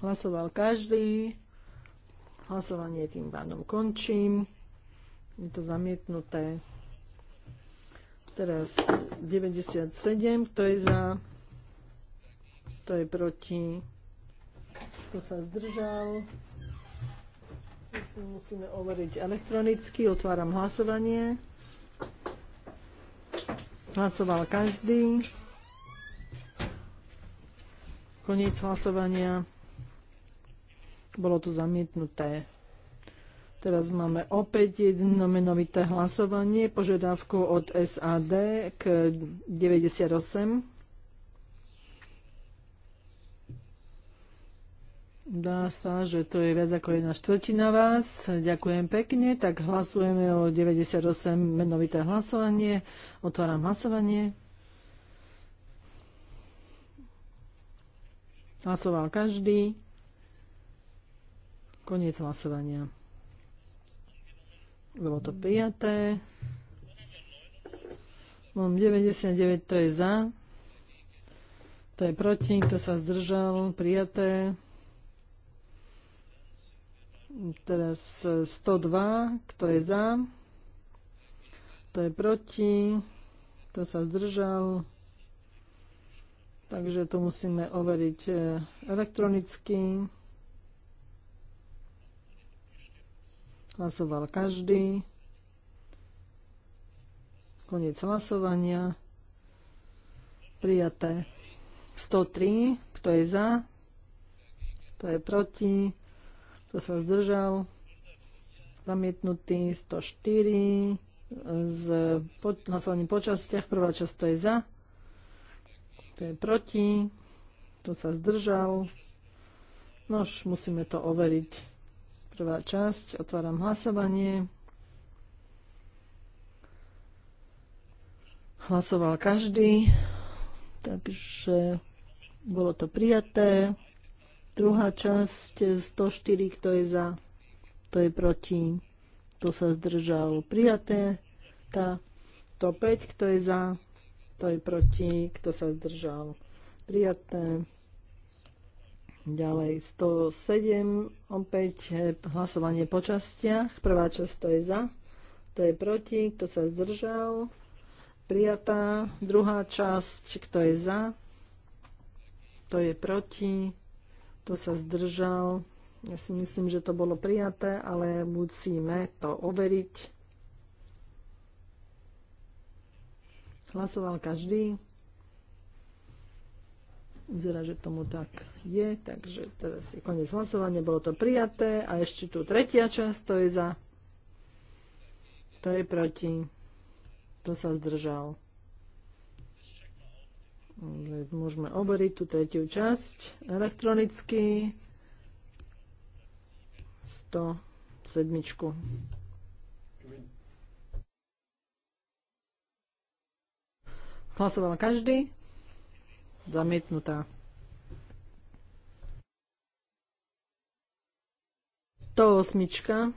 Hlasoval každý. Hlasovanie tým pádom končím. Je to zamietnuté. Teraz 97, kto je za, kto je proti, kto sa zdržal. Musíme overiť elektronicky, otváram hlasovanie. Hlasoval každý. Koniec hlasovania. Bolo to zamietnuté. Teraz máme opäť jednomenovité hlasovanie, požiadavku od SAD k 98. Dá sa, že to je viac ako jedna štvrtina vás. Ďakujem pekne. Tak hlasujeme o 98 menovité hlasovanie. Otváram hlasovanie. Hlasoval každý. Koniec hlasovania. Bolo to prijaté. Mám 99, to je za. To je proti, to sa zdržal, prijaté. Teraz 102, kto je za, kto je proti, kto sa zdržal. Takže to musíme overiť e, elektronicky. Hlasoval každý. Koniec hlasovania. Prijaté. 103. Kto je za? Kto je proti? kto sa zdržal, zamietnutý 104 s pod, hlasovaním Prvá časť to je za, to je proti, to sa zdržal. Nož, musíme to overiť. Prvá časť, otváram hlasovanie. Hlasoval každý, takže bolo to prijaté. Druhá časť 104, kto je za, To je proti, kto sa zdržal. Prijaté tá 105, kto je za, to je proti, kto sa zdržal. Prijaté. Ďalej 107, opäť e, hlasovanie po častiach. Prvá časť to je za, to je proti, kto sa zdržal. Prijatá. Druhá časť, kto je za, to je proti, to sa zdržal. Ja si myslím, že to bolo prijaté, ale musíme to overiť. Hlasoval každý. Vyzerá, že tomu tak je, takže teraz je koniec hlasovania, bolo to prijaté a ešte tu tretia časť, to je za, to je proti, to sa zdržal. Môžeme overiť tú tretiu časť elektronicky. 107. Hlasoval každý? Zamietnutá. To osmička.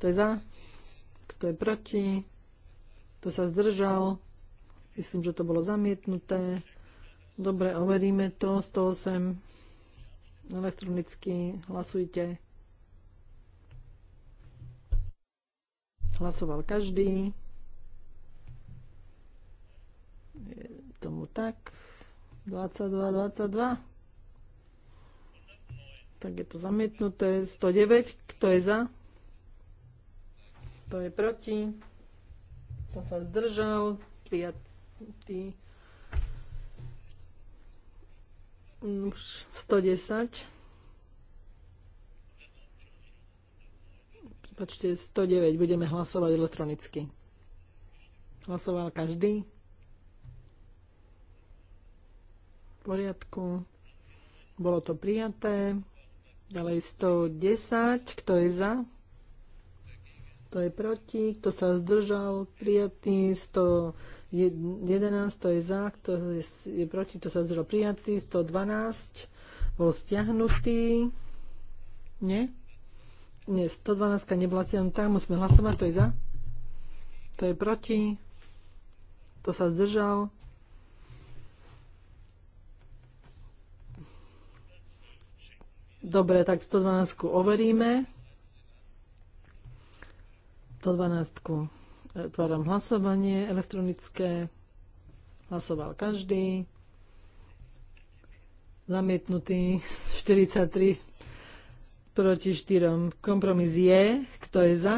To je za? kto je proti, kto sa zdržal. Myslím, že to bolo zamietnuté. Dobre, overíme to. 108 elektronicky. Hlasujte. Hlasoval každý. Je tomu tak. 22, 22. Tak je to zamietnuté. 109. Kto je za? Kto je proti? Kto sa zdržal? Prijatý. Už 110. Prepačte, 109. Budeme hlasovať elektronicky. Hlasoval každý. V poriadku. Bolo to prijaté. Ďalej 110. Kto je za? to je proti, kto sa zdržal, prijatý, 111, to je za, kto je, je proti, kto sa zdržal, prijatý, 112, bol stiahnutý, nie? Nie, 112 nebola stiahnutá, musíme hlasovať, to je za, to je proti, kto sa zdržal, Dobre, tak 112 overíme. 112. Otváram hlasovanie elektronické. Hlasoval každý. Zamietnutý 43 proti 4. Kompromis je. Kto je za?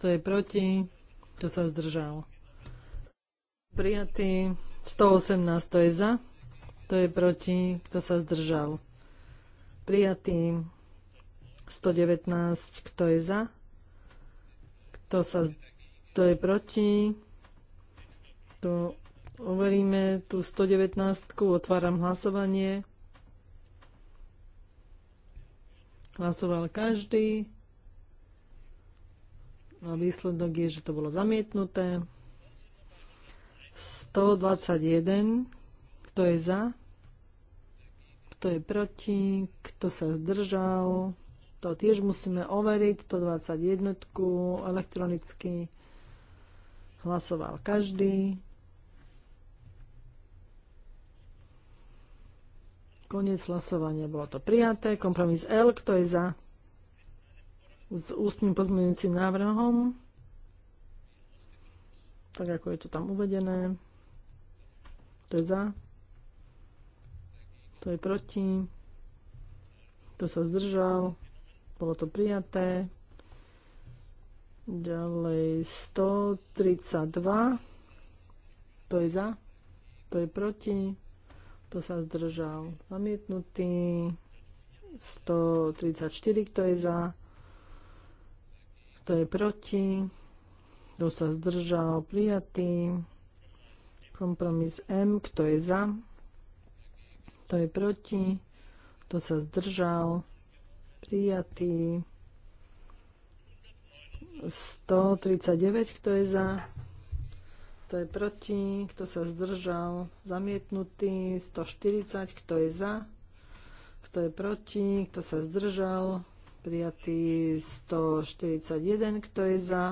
Kto je proti? Kto sa zdržal? Prijatý 118. To je za? Kto je proti? Kto sa zdržal? Prijatý 119. Kto je za? to sa, to je proti, to overíme tú 119, otváram hlasovanie. Hlasoval každý. A výsledok je, že to bolo zamietnuté. 121, kto je za, kto je proti, kto sa zdržal to tiež musíme overiť, 121 elektronicky hlasoval každý. Koniec hlasovania, bolo to prijaté. Kompromis L, kto je za? S ústnym pozmeňujúcim návrhom. Tak ako je to tam uvedené. Kto je za? To je proti? Kto sa zdržal? Bolo to prijaté. Ďalej 132. To je za. To je proti. To sa zdržal. Zamietnutý. 134. Kto je za? Kto je proti? Kto sa zdržal? Prijatý. Kompromis M. Kto je za? Kto je proti? Kto sa zdržal? prijatý. 139, kto je za, kto je proti, kto sa zdržal, zamietnutý. 140, kto je za, kto je proti, kto sa zdržal, prijatý. 141, kto je za,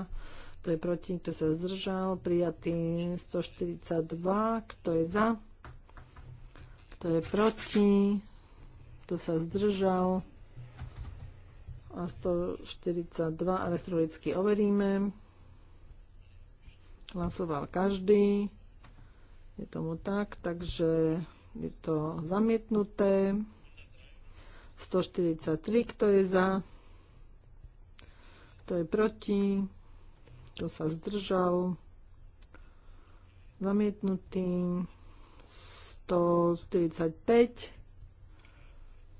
kto je proti, kto sa zdržal, prijatý. 142, kto je za, kto je proti, kto sa zdržal, a 142 elektronicky overíme. Hlasoval každý. Je tomu tak, takže je to zamietnuté. 143, kto je za, kto je proti, kto sa zdržal, zamietnutý, 145,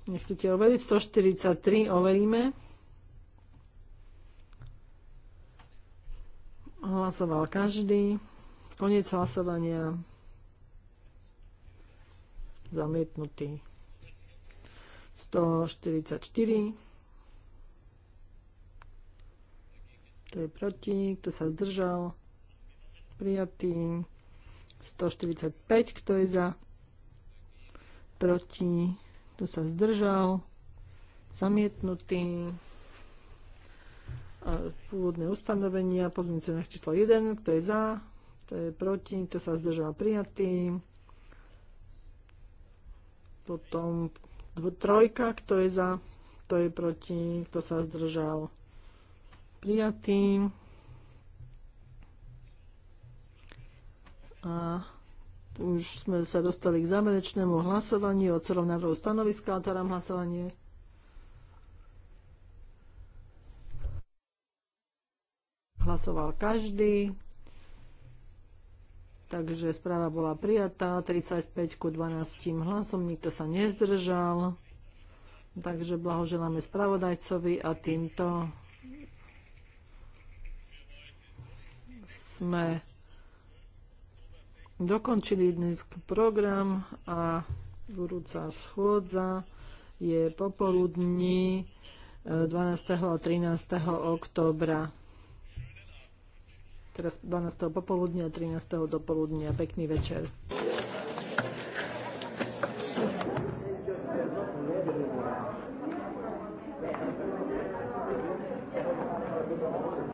Nechcete overiť? 143 overíme. Hlasoval každý. Koniec hlasovania. Zamietnutý. 144. Kto je proti? Kto sa zdržal? Prijatý. 145. Kto je za? Proti? Tu sa zdržal. Zamietnutý. A pôvodné ustanovenia. Pozrite na číslo 1. Kto je za? Kto je proti? Kto sa zdržal? Prijatý. Potom trojka. Kto je za? Kto je proti? Kto sa zdržal? Prijatý. A už sme sa dostali k záverečnému hlasovaniu o celom návrhu stanoviska. Otváram hlasovanie. Hlasoval každý. Takže správa bola prijatá. 35 ku 12 hlasom. Nikto sa nezdržal. Takže blahoželáme spravodajcovi a týmto sme dokončili dnes program a budúca schôdza je popoludní 12. E, a 13. oktobra. Teraz 12. popoludnia, 13. dopoludnia. Pekný večer.